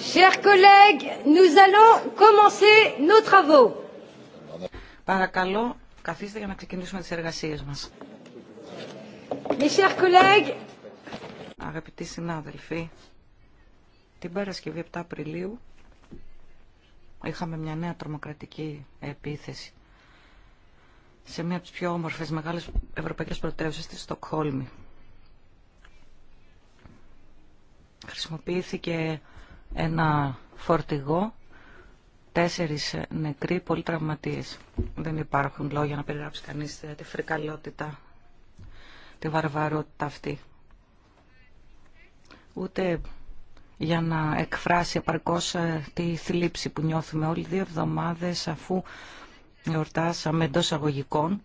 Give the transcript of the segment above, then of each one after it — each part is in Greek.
Chers collègues, nous allons commencer nos travaux. Παρακαλώ, καθίστε για να ξεκινήσουμε τις εργασίες μας. Mes chers collègues, αγαπητοί συνάδελφοι, την Παρασκευή 7 Απριλίου είχαμε μια νέα τρομοκρατική επίθεση σε μία από τις πιο όμορφες μεγάλες ευρωπαϊκές πρωτεύουσες στη Στοκχόλμη. Χρησιμοποιήθηκε ένα φορτηγό, τέσσερις νεκροί, πολύ τραυματίες. Δεν υπάρχουν λόγια να περιγράψει κανείς ε, τη φρικαλότητα, τη βαρβαρότητα αυτή. Ούτε για να εκφράσει επαρκώς ε, τη θλίψη που νιώθουμε όλοι δύο εβδομάδες αφού Εορτάσαμε εντό αγωγικών.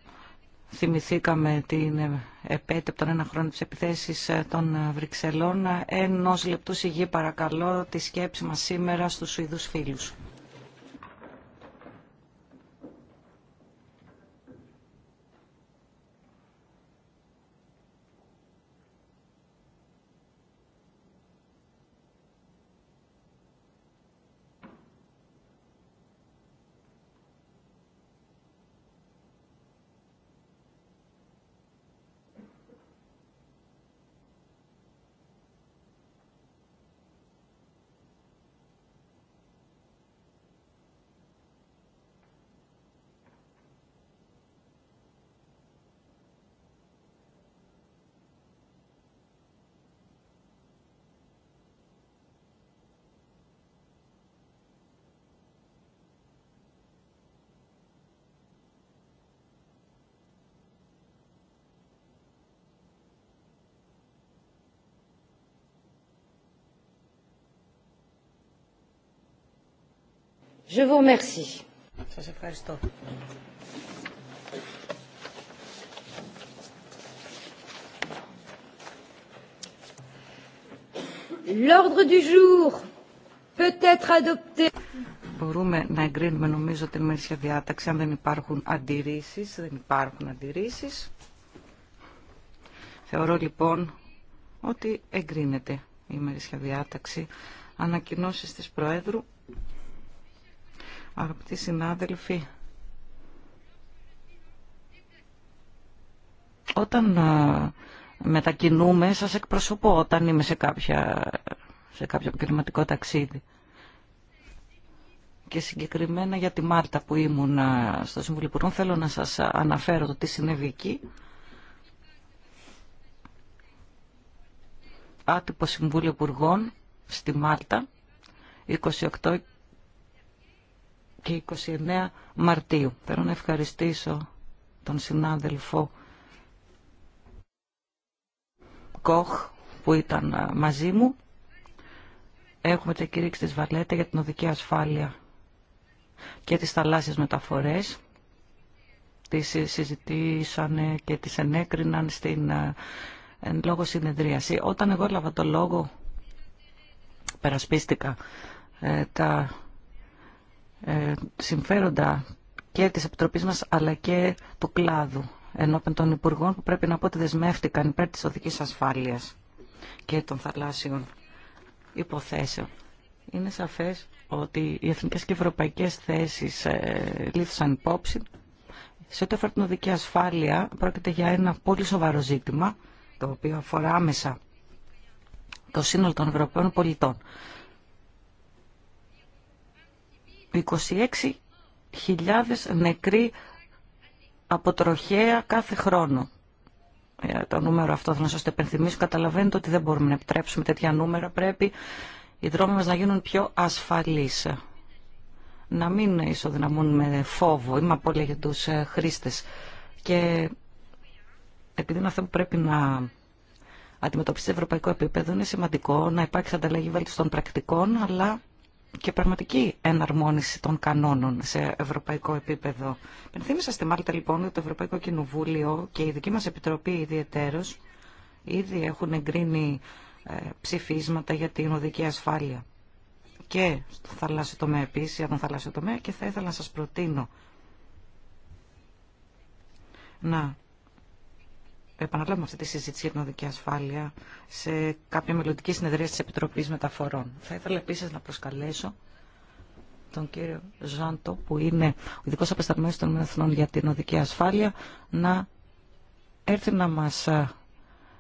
Θυμηθήκαμε την επέτειο των ένα χρόνο της επιθέσεις ε, των ε, Βρυξελών. Ενός λεπτού σιγή παρακαλώ τη σκέψη μας σήμερα στους Σουηδούς φίλους. Je vous remercie. Σας ευχαριστώ. L'ordre du jour peut être adopté. Μπορούμε να εγκρίνουμε νομίζω την ημερήσια διάταξη αν δεν υπάρχουν αντιρρήσεις. Δεν υπάρχουν αντιρρήσεις. Θεωρώ λοιπόν ότι εγκρίνεται η ημερήσια διάταξη. Ανακοινώσεις της Προέδρου. Αγαπητοί συνάδελφοι, όταν ε, μετακινούμε σας εκπροσωπώ όταν είμαι σε, κάποια, σε κάποιο επαγγελματικό ταξίδι. Και συγκεκριμένα για τη Μάλτα που ήμουν ε, στο Συμβουλίο θέλω να σας αναφέρω το τι συνέβη εκεί. Άτυπο Συμβούλιο Υπουργών στη Μάλτα 28 και 29 Μαρτίου. Θέλω να ευχαριστήσω τον συνάδελφο Κοχ που ήταν μαζί μου. Έχουμε την κηρύξη της Βαλέτα για την οδική ασφάλεια και τις θαλάσσιες μεταφορές. Τις συζητήσαν και τις ενέκριναν στην εν λόγω συνεδρίαση. Όταν εγώ έλαβα το λόγο, περασπίστηκα ε, τα ε, συμφέροντα και της Επιτροπής μας αλλά και του κλάδου ενώπιν των Υπουργών που πρέπει να πω ότι δεσμεύτηκαν υπέρ της οδικής ασφάλειας και των θαλάσσιων υποθέσεων. Είναι σαφές ότι οι εθνικές και ευρωπαϊκές θέσεις ε, λήφθησαν υπόψη. Σε ό,τι αφορά την οδική ασφάλεια πρόκειται για ένα πολύ σοβαρό ζήτημα το οποίο αφορά άμεσα το σύνολο των Ευρωπαίων πολιτών. 26.000 νεκροί από τροχέα κάθε χρόνο. Ε, το νούμερο αυτό θα σας το επενθυμίσω. Καταλαβαίνετε ότι δεν μπορούμε να επιτρέψουμε τέτοια νούμερα. Πρέπει οι δρόμοι μας να γίνουν πιο ασφαλείς. Να μην ισοδυναμούν με φόβο. Είμαι απόλυτα για τους ε, χρήστες. Και επειδή είναι αυτό που πρέπει να αντιμετωπίσει σε ευρωπαϊκό επίπεδο, είναι σημαντικό να υπάρξει ανταλλαγή βέλτιστων των πρακτικών, αλλά και πραγματική εναρμόνιση των κανόνων σε ευρωπαϊκό επίπεδο. Πενθύμησα στη Μάλτα λοιπόν ότι το Ευρωπαϊκό Κοινοβούλιο και η δική μας Επιτροπή ιδιαιτέρως ήδη έχουν εγκρίνει ε, ψηφίσματα για την οδική ασφάλεια και στο θαλάσσιο τομέα επίσης, για τον θαλάσσιο τομέα και θα ήθελα να σας προτείνω να επαναλάβουμε αυτή τη συζήτηση για την οδική ασφάλεια σε κάποια μελλοντική συνεδρία της Επιτροπής Μεταφορών. Θα ήθελα επίσης να προσκαλέσω τον κύριο Ζάντο, που είναι ο ειδικό απεσταλμένο των Εθνών για την Οδική Ασφάλεια, να έρθει να μα ε,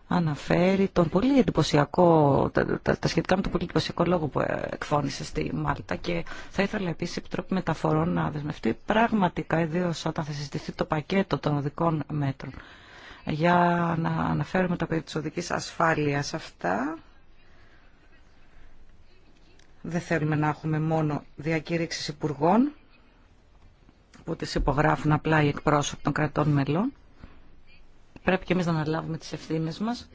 αναφέρει τον πολύ εντυπωσιακό, τα, τα, σχετικά με τον πολύ εντυπωσιακό λόγο που ε, εκφώνησε στη Μάλτα και θα ήθελα επίση η Επιτροπή Μεταφορών να δεσμευτεί πραγματικά, ιδίω όταν θα συζητηθεί το πακέτο των οδικών μέτρων για να αναφέρουμε τα περί της οδικής ασφάλειας αυτά. Δεν θέλουμε να έχουμε μόνο διακήρυξεις υπουργών που τις υπογράφουν απλά οι εκπρόσωποι των κρατών μελών. Πρέπει και εμείς να αναλάβουμε τις ευθύνες μας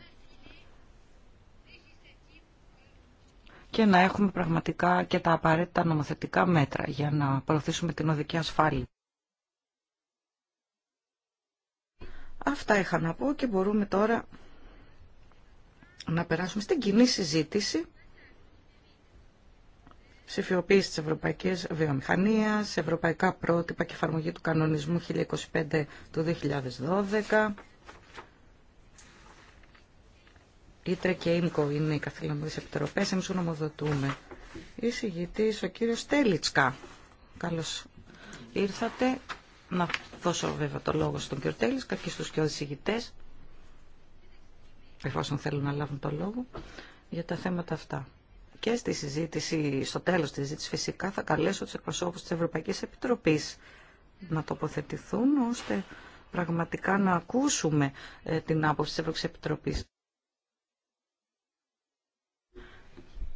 και να έχουμε πραγματικά και τα απαραίτητα νομοθετικά μέτρα για να προωθήσουμε την οδική ασφάλεια. Αυτά είχα να πω και μπορούμε τώρα να περάσουμε στην κοινή συζήτηση ψηφιοποίηση της Ευρωπαϊκής Βιομηχανίας, ευρωπαϊκά πρότυπα και εφαρμογή του κανονισμού 1025 του 2012. Ήτρε και ΙΜΚΟ είναι οι καθηγητές επιτροπές, εμείς γνωμοδοτούμε. Η συγητής, ο κύριος Τέλιτσκα. Καλώς ήρθατε. Να δώσω βέβαια το λόγο στον κ. Τέλης, και στους κοιόδης ηγητές, εφόσον θέλουν να λάβουν το λόγο, για τα θέματα αυτά. Και στη συζήτηση, στο τέλος της συζήτησης φυσικά θα καλέσω τους εκπροσώπους της Ευρωπαϊκής Επιτροπής να τοποθετηθούν, ώστε πραγματικά να ακούσουμε ε, την άποψη της Ευρωπαϊκής Επιτροπής.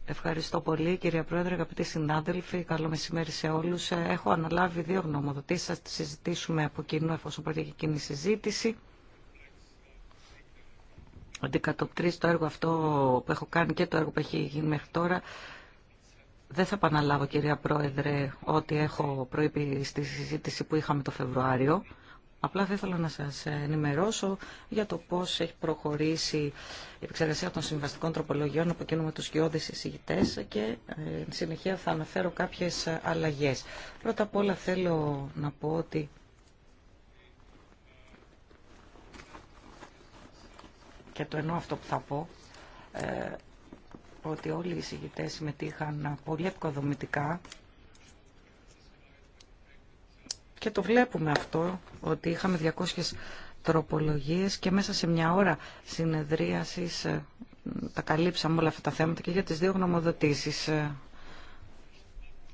Ευχαριστώ πολύ κυρία Πρόεδρε, αγαπητοί συνάδελφοι. Καλό μεσημέρι σε όλους. Ε, έχω αναλάβει δύο γνωμοδοτήσεις. Θα τι συζητήσουμε από κοινού εφόσον πρόκειται για κοινή συζήτηση. Αντικατοπτρίζει το έργο αυτό που έχω κάνει και το έργο που έχει γίνει μέχρι τώρα. Δεν θα επαναλάβω κυρία Πρόεδρε ότι έχω προείπει στη συζήτηση που είχαμε το Φεβρουάριο. Απλά θα ήθελα να σας ενημερώσω για το πώς έχει προχωρήσει η επεξεργασία των συμβαστικών τροπολογιών από εκείνο με τους γιώδες εισηγητές και ε, συνεχεία θα αναφέρω κάποιες αλλαγές. Πρώτα απ' όλα θέλω να πω ότι και το εννοώ αυτό που θα πω, ε, ότι όλοι οι εισηγητές συμμετείχαν πολύ επικοδομητικά και το βλέπουμε αυτό, ότι είχαμε 200 τροπολογίες και μέσα σε μια ώρα συνεδρίασης ε, τα καλύψαμε όλα αυτά τα θέματα και για τις δύο γνωμοδοτήσεις. Ε,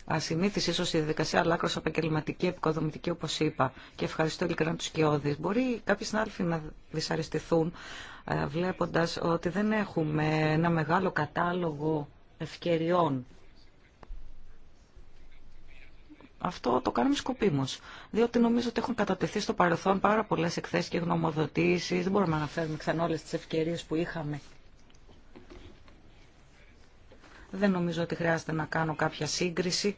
ασυνήθιση ίσω η διαδικασία, αλλά επαγγελματική, επικοδομητική, όπω είπα. Και ευχαριστώ ειλικρινά του κοιόδη. Μπορεί κάποιοι συνάδελφοι να δυσαρεστηθούν ε, βλέποντα ότι δεν έχουμε ένα μεγάλο κατάλογο ευκαιριών αυτό το κάνουμε σκοπίμως, διότι νομίζω ότι έχουν κατατεθεί στο παρελθόν πάρα πολλές εκθέσεις και γνωμοδοτήσεις. Δεν μπορούμε να αναφέρουμε ξανά όλες τις ευκαιρίες που είχαμε. Δεν νομίζω ότι χρειάζεται να κάνω κάποια σύγκριση.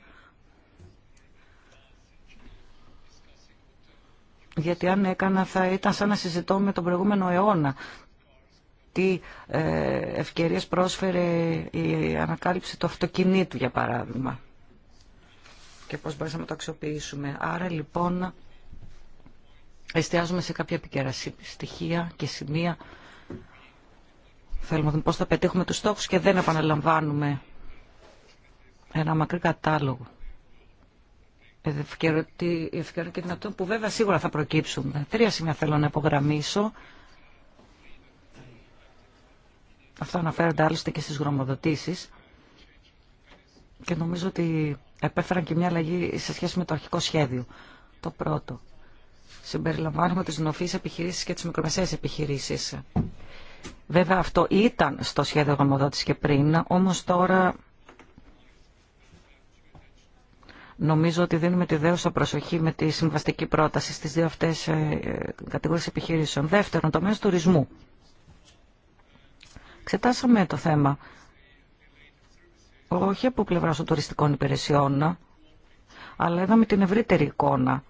Γιατί αν έκανα θα ήταν σαν να συζητώ με τον προηγούμενο αιώνα τι ε, ευκαιρίες πρόσφερε η ανακάλυψη του αυτοκινήτου, για παράδειγμα και πώς μπορέσαμε να το αξιοποιήσουμε. Άρα λοιπόν εστιάζουμε σε κάποια επικαιρά στοιχεία και σημεία. Θέλουμε να δούμε πώς θα πετύχουμε τους στόχους και δεν επαναλαμβάνουμε ένα μακρύ κατάλογο Ευχαριστώ και δυνατόν που βέβαια σίγουρα θα προκύψουν. Τρία σημεία θέλω να υπογραμμίσω. Αυτά αναφέρονται άλλωστε και στις γνωμοδοτήσεις. Και νομίζω ότι επέφεραν και μια αλλαγή σε σχέση με το αρχικό σχέδιο. Το πρώτο. Συμπεριλαμβάνουμε τις νοφεί επιχειρήσει και τι μικρομεσαίες επιχειρήσεις. Βέβαια αυτό ήταν στο σχέδιο γνωμοδότηση και πριν, όμως τώρα νομίζω ότι δίνουμε τη δέουσα προσοχή με τη συμβαστική πρόταση στις δύο αυτές ε, κατηγορίες επιχειρήσεων. Δεύτερον, μέσο τουρισμού. Ξετάσαμε το θέμα όχι από πλευρά των τουριστικών υπηρεσιών, αλλά είδαμε την ευρύτερη εικόνα.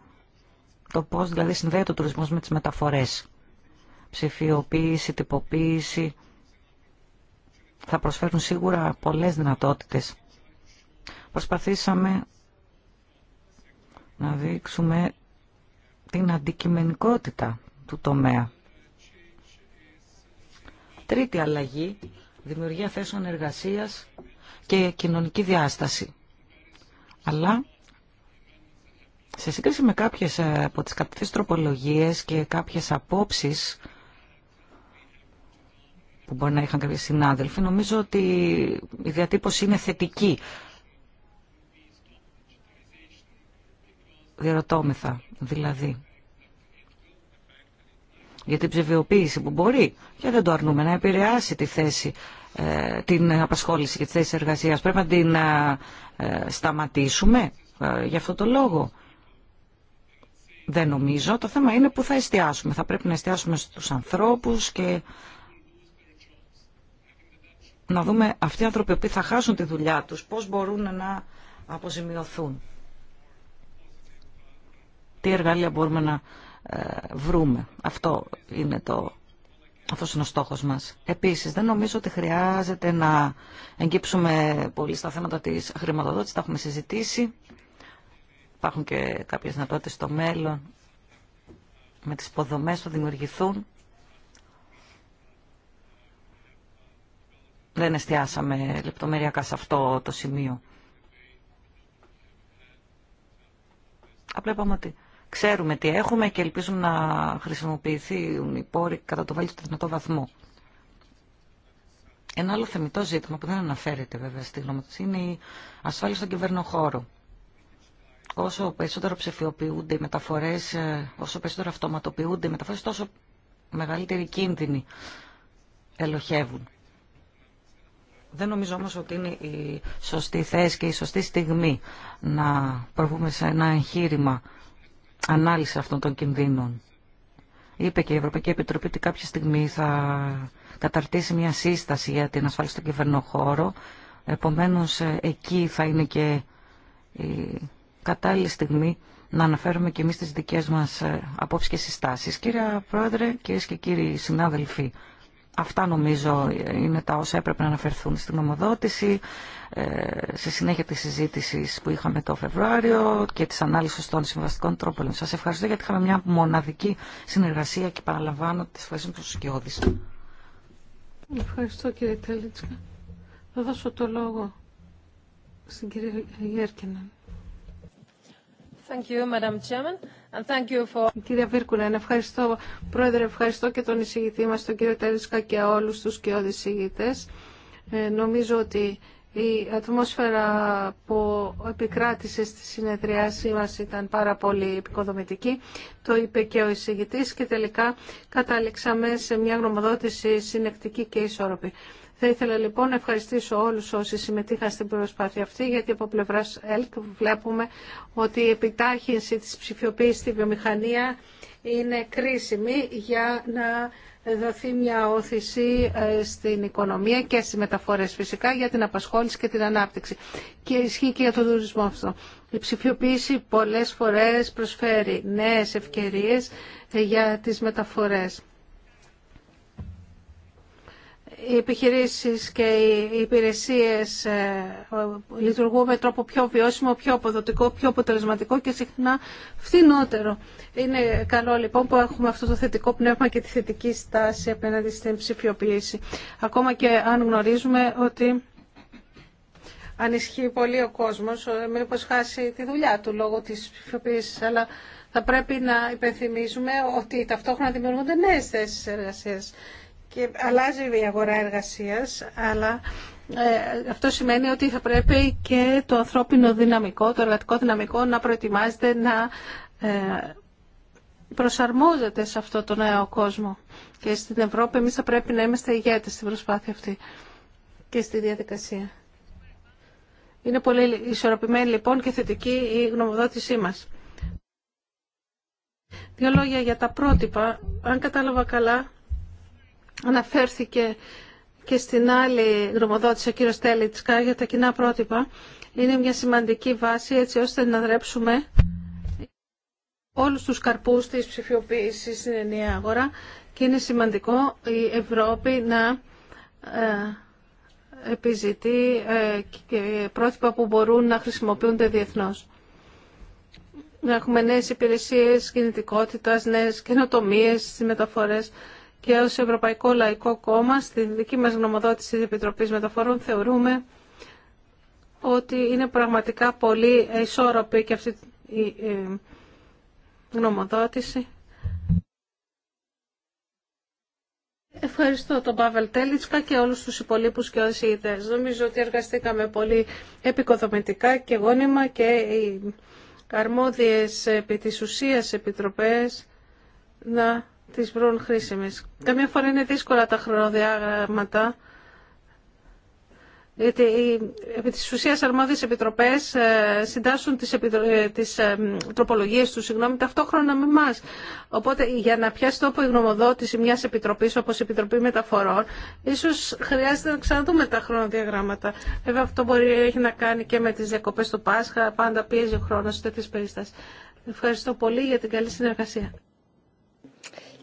Το πώ δηλαδή συνδέεται ο τουρισμό με τις μεταφορές. Ψηφιοποίηση, τυποποίηση θα προσφέρουν σίγουρα πολλέ δυνατότητες. Προσπαθήσαμε να δείξουμε την αντικειμενικότητα του τομέα. Τρίτη αλλαγή, δημιουργία θέσεων εργασίας και κοινωνική διάσταση. Αλλά σε σύγκριση με κάποιες ε, από τις κάποιες τροπολογίες και κάποιες απόψεις που μπορεί να είχαν κάποιοι συνάδελφοι, νομίζω ότι η διατύπωση είναι θετική. Διερωτώμεθα, δηλαδή. Για την ψηφιοποίηση που μπορεί, και δεν το αρνούμε, να επηρεάσει τη θέση ε, την απασχόληση και τις θέσεις εργασίας. Πρέπει να την ε, ε, σταματήσουμε για αυτό το λόγο. Δεν νομίζω. Το θέμα είναι που θα εστιάσουμε. Θα πρέπει να εστιάσουμε στους ανθρώπους και να δούμε αυτοί οι άνθρωποι που θα χάσουν τη δουλειά τους, πώς μπορούν να αποζημιωθούν. Τι εργαλεία μπορούμε να βρούμε. Αυτό είναι το αυτός είναι ο στόχος μας. Επίσης, δεν νομίζω ότι χρειάζεται να εγκύψουμε πολύ στα θέματα της χρηματοδότηση. Τα έχουμε συζητήσει. Υπάρχουν και κάποιες δυνατότητε στο μέλλον με τις υποδομέ που δημιουργηθούν. Δεν εστιάσαμε λεπτομεριακά σε αυτό το σημείο. Απλά είπαμε ότι Ξέρουμε τι έχουμε και ελπίζουμε να χρησιμοποιηθούν οι πόροι κατά το του δυνατό βαθμό. Ένα άλλο θεμητό ζήτημα που δεν αναφέρεται βέβαια στη της είναι η ασφάλεια στον κυβερνοχώρο. Όσο περισσότερο ψηφιοποιούνται οι μεταφορέ, ε, όσο περισσότερο αυτοματοποιούνται οι μεταφορέ, τόσο μεγαλύτεροι κίνδυνοι ελοχεύουν. Δεν νομίζω όμως ότι είναι η σωστή θέση και η σωστή στιγμή να προβούμε σε ένα εγχείρημα ανάλυση αυτών των κινδύνων. Είπε και η Ευρωπαϊκή Επιτροπή ότι κάποια στιγμή θα καταρτήσει μια σύσταση για την ασφάλεια στον κυβερνοχώρο. Επομένως, ε, εκεί θα είναι και η κατάλληλη στιγμή να αναφέρουμε και εμείς τις δικές μας ε, απόψεις και συστάσεις. Κύριε Πρόεδρε, κυρίες και κύριοι συνάδελφοι, Αυτά νομίζω είναι τα όσα έπρεπε να αναφερθούν στην νομοδότηση ε, σε συνέχεια της συζήτηση που είχαμε το Φεβρουάριο και της ανάλυσης των συμβαστικών τρόπων. Σας ευχαριστώ γιατί είχαμε μια μοναδική συνεργασία και παραλαμβάνω τις φορές του Σκιώδης. Ευχαριστώ κύριε Τέλιτσκα. Θα δώσω το λόγο στην κυρία Γέρκινα. Thank Κύριε ευχαριστώ Πρόεδρε, ευχαριστώ και τον εισηγητή μας, τον κύριο Τέρισκα και όλους τους και όλους εισηγητές. Ε, νομίζω ότι η ατμόσφαιρα που επικράτησε στη συνεδριάση μας ήταν πάρα πολύ επικοδομητική. Το είπε και ο εισηγητής και τελικά κατάληξαμε σε μια γνωμοδότηση συνεκτική και ισόρροπη. Θα ήθελα λοιπόν να ευχαριστήσω όλους όσοι συμμετείχαν στην προσπάθεια αυτή, γιατί από πλευράς ΕΛΚ βλέπουμε ότι η επιτάχυνση της ψηφιοποίησης στη βιομηχανία είναι κρίσιμη για να δοθεί μια όθηση ε, στην οικονομία και στις μεταφορές φυσικά για την απασχόληση και την ανάπτυξη. Και ισχύει και για τον τουρισμό αυτό. Η ψηφιοποίηση πολλές φορές προσφέρει νέες ευκαιρίες ε, για τις μεταφορές οι επιχειρήσεις και οι υπηρεσίες ε, λειτουργούν με τρόπο πιο βιώσιμο, πιο αποδοτικό, πιο αποτελεσματικό και συχνά φθηνότερο. Είναι καλό λοιπόν που έχουμε αυτό το θετικό πνεύμα και τη θετική στάση απέναντι στην ψηφιοποίηση. Ακόμα και αν γνωρίζουμε ότι ανισχύει πολύ ο κόσμος, μήπως χάσει τη δουλειά του λόγω της ψηφιοποίησης, αλλά θα πρέπει να υπενθυμίζουμε ότι ταυτόχρονα δημιουργούνται νέες θέσεις εργασίας και αλλάζει η αγορά εργασίας, αλλά ε, αυτό σημαίνει ότι θα πρέπει και το ανθρώπινο δυναμικό, το εργατικό δυναμικό να προετοιμάζεται, να ε, προσαρμόζεται σε αυτό το νέο κόσμο. Και στην Ευρώπη εμείς θα πρέπει να είμαστε ηγέτες στην προσπάθεια αυτή και στη διαδικασία. Είναι πολύ ισορροπημένη λοιπόν και θετική η γνωμοδότησή μας. Δύο λόγια για τα πρότυπα. Αν κατάλαβα καλά, αναφέρθηκε και στην άλλη γνωμοδότηση ο κύριος Τέλητσκα, για τα κοινά πρότυπα είναι μια σημαντική βάση έτσι ώστε να δρέψουμε όλους τους καρπούς της ψηφιοποίησης στην ενιαία αγορά και είναι σημαντικό η Ευρώπη να ε, επιζητεί ε, πρότυπα που μπορούν να χρησιμοποιούνται διεθνώς. Να έχουμε νέες υπηρεσίες κινητικότητας, νέες καινοτομίες στις μεταφορές και ως Ευρωπαϊκό Λαϊκό Κόμμα στη δική μας γνωμοδότηση της Επιτροπής Μεταφορών θεωρούμε ότι είναι πραγματικά πολύ ισόρροπη και αυτή η ε, γνωμοδότηση. Ευχαριστώ τον Παύελ Τέλιτσκα και όλους τους υπολείπους και όσοι ιδέες. Νομίζω ότι εργαστήκαμε πολύ επικοδομητικά και γόνιμα και οι αρμόδιες επί της ουσίας επιτροπές να τις βρουν χρήσιμες. Καμιά φορά είναι δύσκολα τα χρονοδιάγραμματα, γιατί επί της ουσίας αρμόδιες επιτροπές ε, συντάσσουν τις, επιτρο... Ε, ε, τροπολογίες του συγγνώμη, ταυτόχρονα με εμά. Οπότε για να πιάσει τόπο η γνωμοδότηση μιας επιτροπής όπως η Επιτροπή Μεταφορών ίσως χρειάζεται να ξαναδούμε τα χρονοδιαγράμματα. Βέβαια αυτό μπορεί έχει να κάνει και με τις διακοπές του Πάσχα, πάντα πιέζει ο χρόνος σε τέτοιες περιστάσεις. Ευχαριστώ πολύ για την καλή συνεργασία.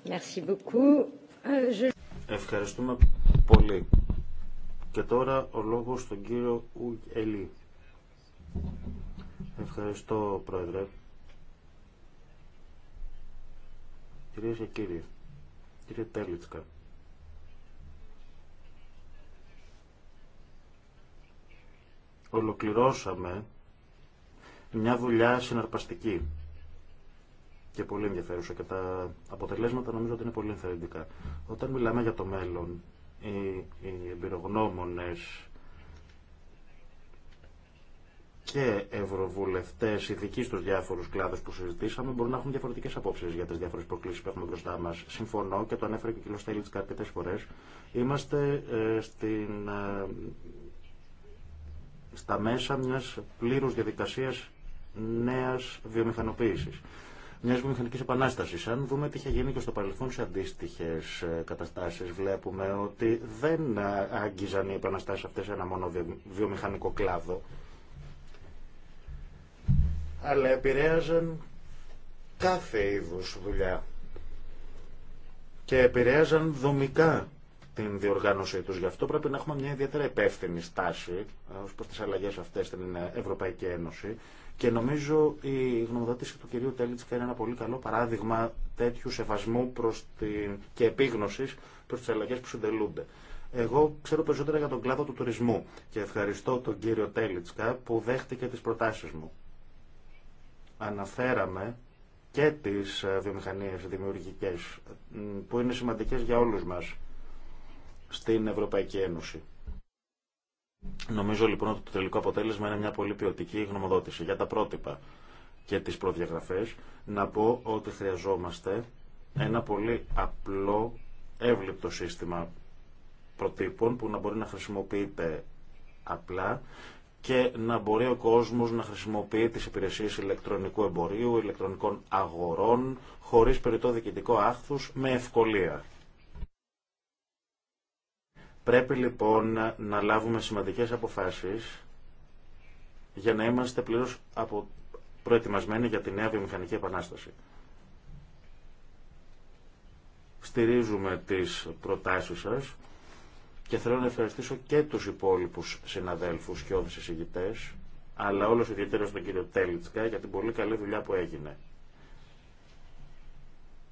Euh, Ευχαριστούμε πολύ. Και τώρα ο λόγος στον κύριο Ουγγελή. Ευχαριστώ, Πρόεδρε. Κυρίες και κύριοι, κύριε Τέλιτσκα, ολοκληρώσαμε μια δουλειά συναρπαστική και πολύ ενδιαφέρουσα και τα αποτελέσματα νομίζω ότι είναι πολύ ενθαρρυντικά. Όταν μιλάμε για το μέλλον, οι, οι εμπειρογνώμονες και ευρωβουλευτέ ειδικοί στου διάφορου κλάδου που συζητήσαμε μπορούν να έχουν διαφορετικέ απόψει για τι διάφορε προκλήσει που έχουμε μπροστά μα. Συμφωνώ και το ανέφερε και ο κ. Στέλιτ αρκετέ φορέ. Είμαστε ε, ε, στα μέσα μια πλήρου διαδικασία νέα βιομηχανοποίηση μια βιομηχανική επανάσταση. Αν δούμε τι είχε γίνει και στο παρελθόν σε αντίστοιχε καταστάσει, βλέπουμε ότι δεν ε, άγγιζαν οι επαναστάσει αυτέ ένα μόνο βιομηχανικό κλάδο, αλλά επηρέαζαν κάθε είδου δουλειά και επηρέαζαν δομικά την διοργάνωσή τους. Γι' αυτό πρέπει να έχουμε μια ιδιαίτερα υπεύθυνη στάση ε, ως προ τις αλλαγές αυτές στην ε, Ευρωπαϊκή Ένωση και νομίζω η γνωμοδότηση του κυρίου Τέλιτσκα είναι ένα πολύ καλό παράδειγμα τέτοιου σεβασμού προς την... και επίγνωση προ τι αλλαγέ που συντελούνται. Εγώ ξέρω περισσότερα για τον κλάδο του τουρισμού και ευχαριστώ τον κύριο Τέλιτσκα που δέχτηκε τι προτάσει μου. Αναφέραμε και τι ε, βιομηχανίε δημιουργικέ που είναι σημαντικέ για όλου μα στην Ευρωπαϊκή Ένωση. Νομίζω λοιπόν ότι το τελικό αποτέλεσμα είναι μια πολύ ποιοτική γνωμοδότηση για τα πρότυπα και τις προδιαγραφές. Να πω ότι χρειαζόμαστε ένα πολύ απλό, εύληπτο σύστημα προτύπων που να μπορεί να χρησιμοποιείται απλά και να μπορεί ο κόσμος να χρησιμοποιεί τις υπηρεσίες ηλεκτρονικού εμπορίου, ηλεκτρονικών αγορών, χωρίς περιττό διοικητικό άχθους, με ευκολία. Πρέπει λοιπόν να λάβουμε σημαντικές αποφάσεις για να είμαστε πλήρως από... προετοιμασμένοι για τη νέα βιομηχανική επανάσταση. Στηρίζουμε τις προτάσεις σας και θέλω να ευχαριστήσω και τους υπόλοιπους συναδέλφους και όλους εισηγητές, αλλά όλος ιδιαίτερα τον κύριο Τέλιτσκα για την πολύ καλή δουλειά που έγινε.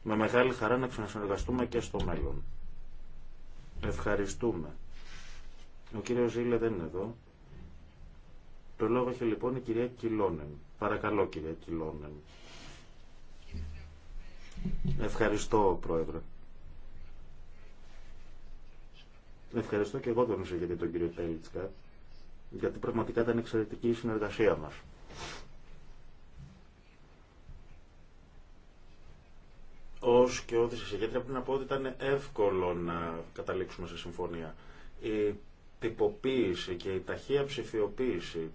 Με μεγάλη χαρά να ξανασυνεργαστούμε και στο μέλλον. Ευχαριστούμε. Ο κύριο Ζήλε δεν είναι εδώ. Το λόγο έχει λοιπόν η κυρία Κιλόνεν. Παρακαλώ κυρία Κιλόνεν. Ευχαριστώ πρόεδρε. Ευχαριστώ και εγώ τον γιατί τον κύριο Τέλητσκα. γιατί πραγματικά ήταν εξαιρετική η συνεργασία μας. Ω και ό,τι συγκέντρια πρέπει να πω ότι ήταν εύκολο να καταλήξουμε σε συμφωνία. Η τυποποίηση και η ταχεία ψηφιοποίηση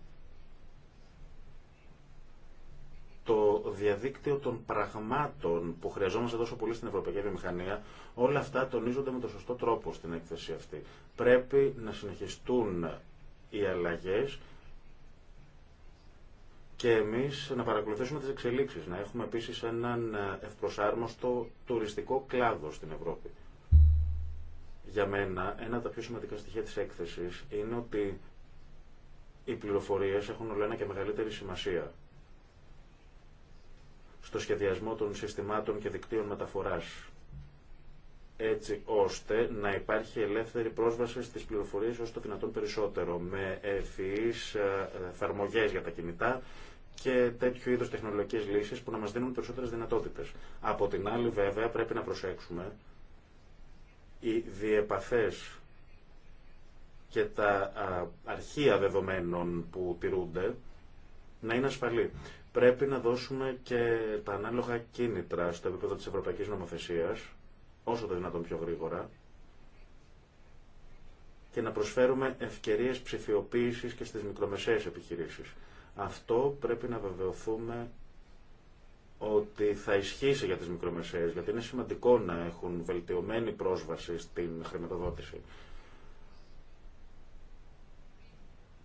το διαδίκτυο των πραγμάτων που χρειαζόμαστε τόσο πολύ στην Ευρωπαϊκή Βιομηχανία, όλα αυτά τονίζονται με τον σωστό τρόπο στην έκθεση αυτή. Πρέπει να συνεχιστούν οι αλλαγές και εμείς να παρακολουθήσουμε τις εξελίξεις, να έχουμε επίσης έναν ευπροσάρμοστο τουριστικό κλάδο στην Ευρώπη. Για μένα, ένα από τα πιο σημαντικά στοιχεία της έκθεσης είναι ότι οι πληροφορίες έχουν όλο ένα και μεγαλύτερη σημασία στο σχεδιασμό των συστημάτων και δικτύων μεταφοράς έτσι ώστε να υπάρχει ελεύθερη πρόσβαση στις πληροφορίες όσο το δυνατόν περισσότερο με ευφυείς ε, εφαρμογέ για τα κινητά και τέτοιου είδους τεχνολογικές λύσεις που να μας δίνουν περισσότερες δυνατότητες. Από την άλλη βέβαια πρέπει να προσέξουμε οι διεπαθές και τα αρχεία δεδομένων που τηρούνται να είναι ασφαλή. Πρέπει να δώσουμε και τα ανάλογα κίνητρα στο επίπεδο της Ευρωπαϊκής Νομοθεσίας όσο το δυνατόν πιο γρήγορα και να προσφέρουμε ευκαιρίες ψηφιοποίησης και στις μικρομεσαίες επιχειρήσεις. Αυτό πρέπει να βεβαιωθούμε ότι θα ισχύσει για τις μικρομεσαίες, γιατί είναι σημαντικό να έχουν βελτιωμένη πρόσβαση στην χρηματοδότηση.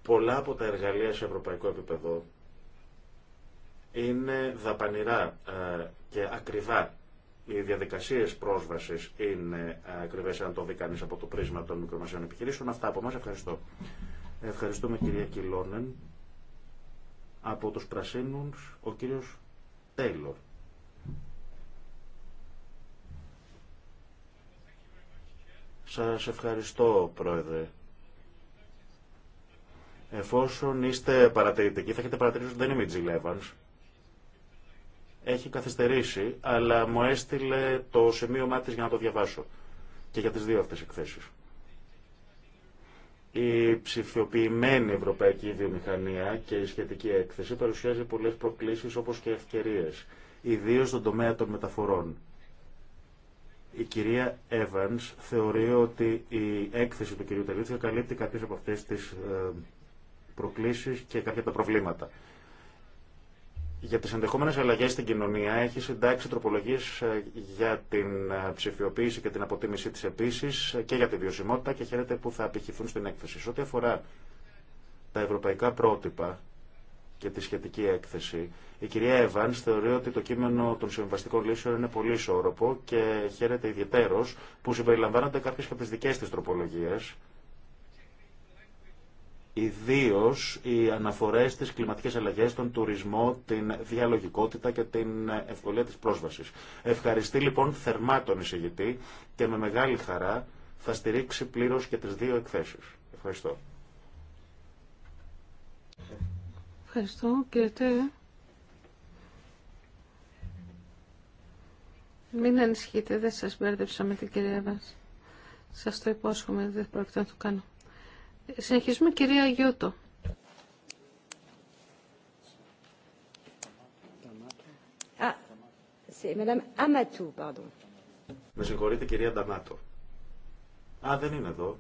Πολλά από τα εργαλεία σε ευρωπαϊκό επίπεδο είναι δαπανηρά ε, και ακριβά οι διαδικασίε πρόσβαση είναι ακριβέ αν το δει κανεί από το πρίσμα των μικρομεσαίων επιχειρήσεων. Αυτά από εμά. Ευχαριστώ. Ευχαριστούμε κυρία Κιλόνεν. Από τους πράσινου ο κύριος Τέιλορ. Σα ευχαριστώ, Πρόεδρε. Εφόσον είστε παρατηρητικοί, θα έχετε παρατηρήσει ότι δεν είμαι η έχει καθυστερήσει, αλλά μου έστειλε το σημείο της για να το διαβάσω. Και για τις δύο αυτές εκθέσεις. Η ψηφιοποιημένη ευρωπαϊκή βιομηχανία και η σχετική έκθεση παρουσιάζει πολλές προκλήσεις όπως και ευκαιρίες, ιδίως στον τομέα των μεταφορών. Η κυρία Evans θεωρεί ότι η έκθεση του κυρίου Τελίτσια καλύπτει κάποιες από αυτές τις ε, προκλήσεις και κάποια τα προβλήματα για τις ενδεχόμενες αλλαγές στην κοινωνία έχει συντάξει τροπολογίες ε, για την ε, ψηφιοποίηση και την αποτίμησή της επίσης ε, και για τη βιωσιμότητα και χαίρεται που θα απηχηθούν στην έκθεση. Σε ό,τι αφορά τα ευρωπαϊκά πρότυπα και τη σχετική έκθεση, η κυρία Εβανς θεωρεί ότι το κείμενο των συμβαστικών λύσεων είναι πολύ ισόρροπο και χαίρεται ιδιαίτερος που συμπεριλαμβάνονται κάποιες από τις δικές της τροπολογίες Ιδίω οι αναφορέ στι κλιματικέ αλλαγέ, τον τουρισμό, την διαλογικότητα και την ευκολία τη πρόσβαση. Ευχαριστεί λοιπόν θερμά τον εισηγητή και με μεγάλη χαρά θα στηρίξει πλήρω και τι δύο εκθέσει. Ευχαριστώ. Ευχαριστώ κύριε Τέ. Μην ανησυχείτε, δεν σας μπέρδεψα με την κυρία μας. Σας το υπόσχομαι, δεν πρόκειται να το κάνω. Συνεχίζουμε κυρία Γιώτο. Με συγχωρείτε κυρία Ντανάτο. Α, δεν είναι εδώ.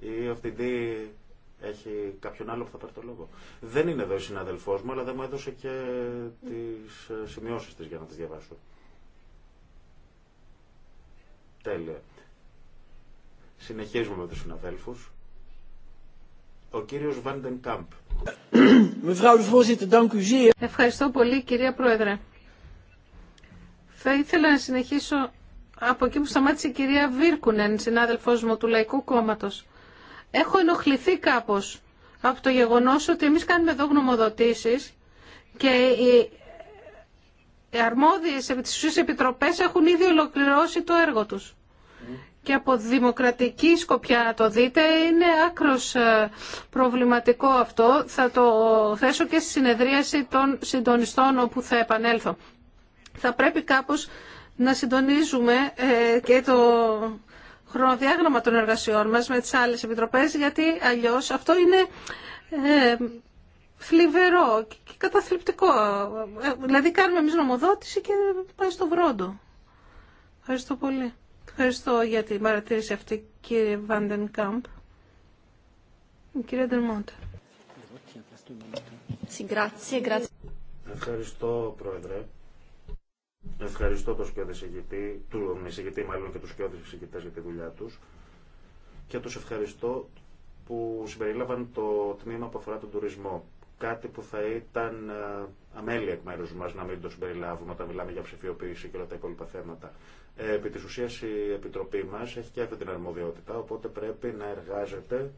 Η Αυτιντή έχει κάποιον άλλο που θα πάρει το λόγο. Δεν είναι εδώ η συνάδελφός μου, αλλά δεν μου έδωσε και τις ε, σημειώσεις της για να τις διαβάσω. Τέλεια. Συνεχίζουμε με τους συναδέλφους. Ο κύριος Βάντεν Κάμπ. Ευχαριστώ πολύ κυρία Πρόεδρε. Θα ήθελα να συνεχίσω από εκεί που σταμάτησε η κυρία Βίρκουνεν, συνάδελφός μου του Λαϊκού Κόμματος. Έχω ενοχληθεί κάπως από το γεγονός ότι εμείς κάνουμε εδώ γνωμοδοτήσεις και οι αρμόδιες επί επιτροπές έχουν ήδη ολοκληρώσει το έργο τους και από δημοκρατική σκοπιά να το δείτε είναι άκρος ε, προβληματικό αυτό. Θα το θέσω και στη συνεδρίαση των συντονιστών όπου θα επανέλθω. Θα πρέπει κάπως να συντονίζουμε ε, και το χρονοδιάγραμμα των εργασιών μας με τις άλλες επιτροπές γιατί αλλιώς αυτό είναι φλιβερό ε, και καταθλιπτικό. Δηλαδή κάνουμε εμείς νομοδότηση και πάει στο βρόντο. Ευχαριστώ πολύ. Ευχαριστώ για την παρατήρηση αυτή, κύριε Βάντεν Κάμπ. Κύριε Ντερμόντα. Ευχαριστώ, Πρόεδρε. Ευχαριστώ τον σκιώδη εισηγητή, του εισηγητή μάλλον και τους σκιώδη εισηγητέ για τη δουλειά του, και του ευχαριστώ που συμπερίλαβαν το τμήμα που αφορά τον τουρισμό κάτι που θα ήταν ε, αμέλεια εκ μέρου μα να μην το συμπεριλάβουμε όταν μιλάμε για ψηφιοποίηση και όλα τα υπόλοιπα θέματα. Ε, επί τη ουσία η Επιτροπή μα έχει και αυτή την αρμοδιότητα, οπότε πρέπει να εργάζεται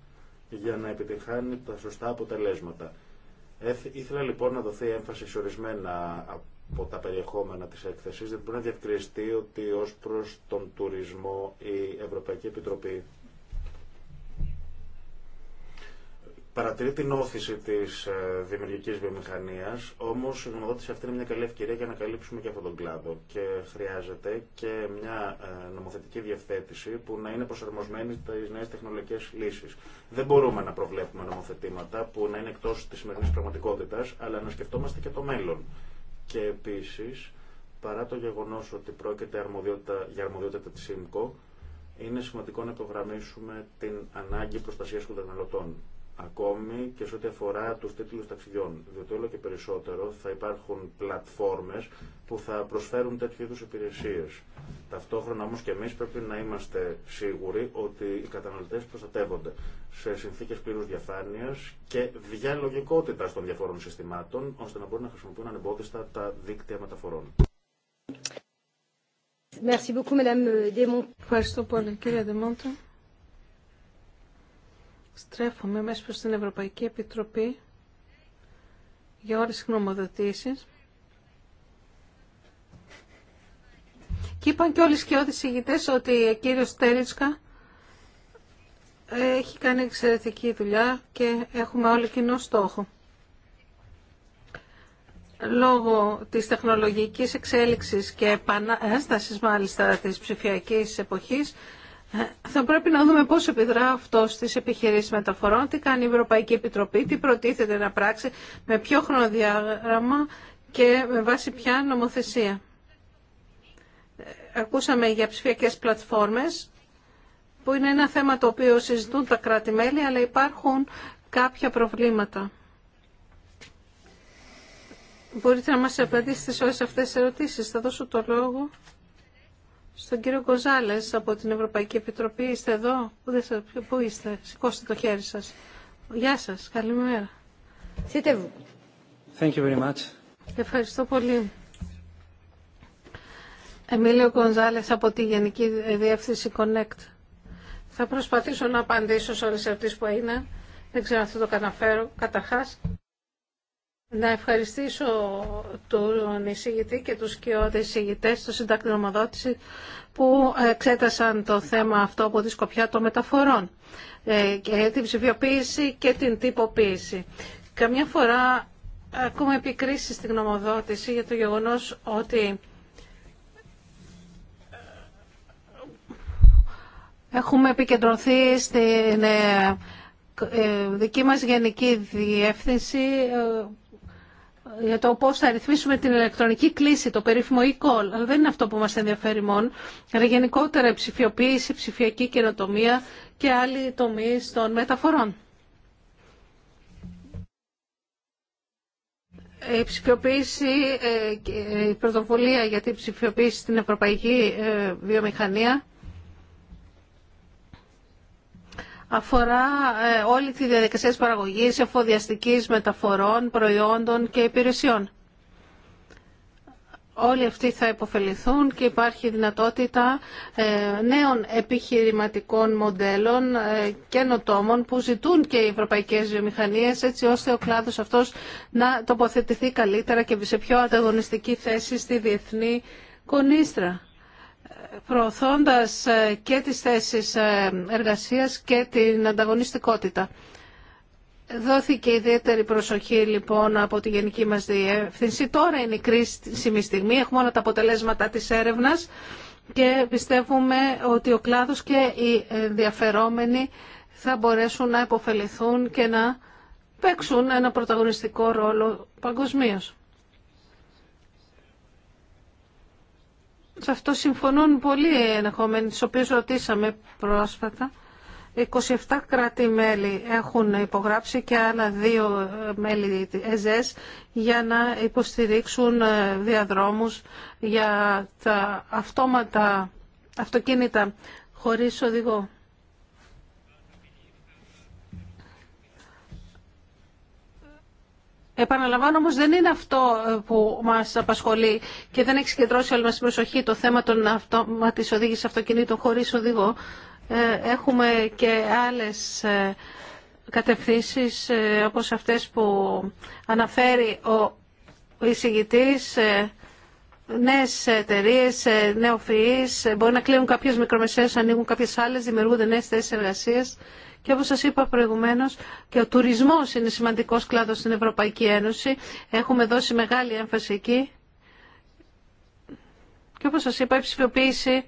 για να επιτυχάνει τα σωστά αποτελέσματα. Ήθελα λοιπόν να δοθεί έμφαση σε ορισμένα από τα περιεχόμενα της έκθεσης, δεν μπορεί να διευκριστεί ότι ω προς τον τουρισμό η Ευρωπαϊκή Επιτροπή παρατηρεί την όθηση τη ε, δημιουργική βιομηχανία, όμω η γνωμοδότηση αυτή είναι μια καλή ευκαιρία για να καλύψουμε και αυτόν τον κλάδο. Και χρειάζεται και μια ε, νομοθετική διευθέτηση που να είναι προσαρμοσμένη στι νέε τεχνολογικέ λύσει. Δεν μπορούμε να προβλέπουμε νομοθετήματα που να είναι εκτό τη σημερινή πραγματικότητα, αλλά να σκεφτόμαστε και το μέλλον. Και επίση, παρά το γεγονό ότι πρόκειται αρμοδιότητα, για αρμοδιότητα τη ΣΥΜΚΟ, είναι σημαντικό να υπογραμμίσουμε την ανάγκη προστασία των καταναλωτών ακόμη και σε ό,τι αφορά τους τίτλους ταξιδιών, διότι όλο και περισσότερο θα υπάρχουν πλατφόρμες που θα προσφέρουν τέτοιου είδους υπηρεσίες. Ταυτόχρονα όμως και εμείς πρέπει να είμαστε σίγουροι ότι οι καταναλωτές προστατεύονται σε συνθήκες πλήρους διαφάνειας και διαλογικότητας των διαφόρων συστημάτων, ώστε να μπορούν να χρησιμοποιούν ανεμπόδιστα τα δίκτυα μεταφορών. Ευχαριστώ πολύ, κύριε Στρέφομαι μέσα προς την Ευρωπαϊκή Επιτροπή για όρες γνωμοδοτήσεις. Και είπαν και όλοι οι σκιώδεις ηγητές ότι ο κύριος Τέριτσκα έχει κάνει εξαιρετική δουλειά και έχουμε όλοι κοινό στόχο. Λόγω της τεχνολογικής εξέλιξης και επανάστασης μάλιστα της ψηφιακής εποχής, θα πρέπει να δούμε πώς επιδρά αυτό στις επιχειρήσεις μεταφορών, τι κάνει η Ευρωπαϊκή Επιτροπή, τι προτίθεται να πράξει, με ποιο χρονοδιάγραμμα και με βάση ποια νομοθεσία. Ε, ακούσαμε για ψηφιακές πλατφόρμες, που είναι ένα θέμα το οποίο συζητούν τα κράτη-μέλη, αλλά υπάρχουν κάποια προβλήματα. Μπορείτε να μας απαντήσετε σε αυτές τις ερωτήσεις. Θα δώσω το λόγο. Στον κύριο Κονζάλε από την Ευρωπαϊκή Επιτροπή, είστε εδώ, πού είστε, σηκώστε το χέρι σας. Γεια σας, καλημέρα. Thank you very much. Ευχαριστώ πολύ. Εμίλιο Κονζάλε από τη Γενική Διεύθυνση Connect. Θα προσπαθήσω να απαντήσω σε όλες τις που είναι. Δεν ξέρω αν θα το καταφέρω. Καταρχά, να ευχαριστήσω τον εισηγητή και τους κοιόδες εισηγητές στο συντακτηνομοδότηση που εξέτασαν το θέμα αυτό από τη σκοπιά των μεταφορών ε, και την ψηφιοποίηση και την τυποποίηση. Καμιά φορά ακούμε επικρίσει στην γνωμοδότηση για το γεγονός ότι έχουμε επικεντρωθεί στην ε, ε, δική μας γενική διεύθυνση για το πώς θα ρυθμίσουμε την ηλεκτρονική κλίση, το περίφημο e-call. Αλλά δεν είναι αυτό που μας ενδιαφέρει μόνο, αλλά γενικότερα ψηφιοποίηση, ψηφιακή καινοτομία και άλλοι τομεί των μεταφορών. Η ψηφιοποίηση, ε, η πρωτοβουλία για την ψηφιοποίηση στην ευρωπαϊκή ε, βιομηχανία αφορά ε, όλη τη διαδικασία της παραγωγής, εφοδιαστικής μεταφορών, προϊόντων και υπηρεσιών. Όλοι αυτοί θα υποφεληθούν και υπάρχει δυνατότητα ε, νέων επιχειρηματικών μοντέλων ε, και νοτόμων που ζητούν και οι ευρωπαϊκές βιομηχανίες έτσι ώστε ο κλάδος αυτός να τοποθετηθεί καλύτερα και σε πιο ανταγωνιστική θέση στη διεθνή κονίστρα προωθώντας ε, και τις θέσεις ε, εργασίας και την ανταγωνιστικότητα. Δόθηκε ιδιαίτερη προσοχή λοιπόν από τη Γενική μας Διεύθυνση. Τώρα είναι η κρίσιμη στιγμή, έχουμε όλα τα αποτελέσματα της έρευνας και πιστεύουμε ότι ο κλάδος και οι ενδιαφερόμενοι θα μπορέσουν να υποφεληθούν και να παίξουν ένα πρωταγωνιστικό ρόλο παγκοσμίως. Σε αυτό συμφωνούν πολλοί ενεχομένοι, τους οποίους ρωτήσαμε πρόσφατα. 27 κράτη-μέλη έχουν υπογράψει και άλλα δύο ε, μέλη ΕΖΕΣ για να υποστηρίξουν ε, διαδρόμους για τα αυτόματα αυτοκίνητα χωρίς οδηγό. Επαναλαμβάνω όμω δεν είναι αυτό ε, που μας απασχολεί και δεν έχει συγκεντρώσει όλη μας την προσοχή το θέμα των οδήγηση της οδήγησης αυτοκινήτων χωρίς οδηγό. Ε, έχουμε και άλλες ε, κατευθύνσεις όπως αυτές που αναφέρει ο εισηγητής νέες εταιρείε, νεοφυείς, μπορεί να κλείνουν κάποιες μικρομεσαίες, ανοίγουν κάποιες άλλες, δημιουργούνται νέες θέσεις εργασίας. Και όπως σας είπα προηγουμένως, και ο τουρισμός είναι σημαντικός κλάδος στην Ευρωπαϊκή Ένωση. Έχουμε δώσει μεγάλη έμφαση εκεί. Και όπως σας είπα, η ψηφιοποίηση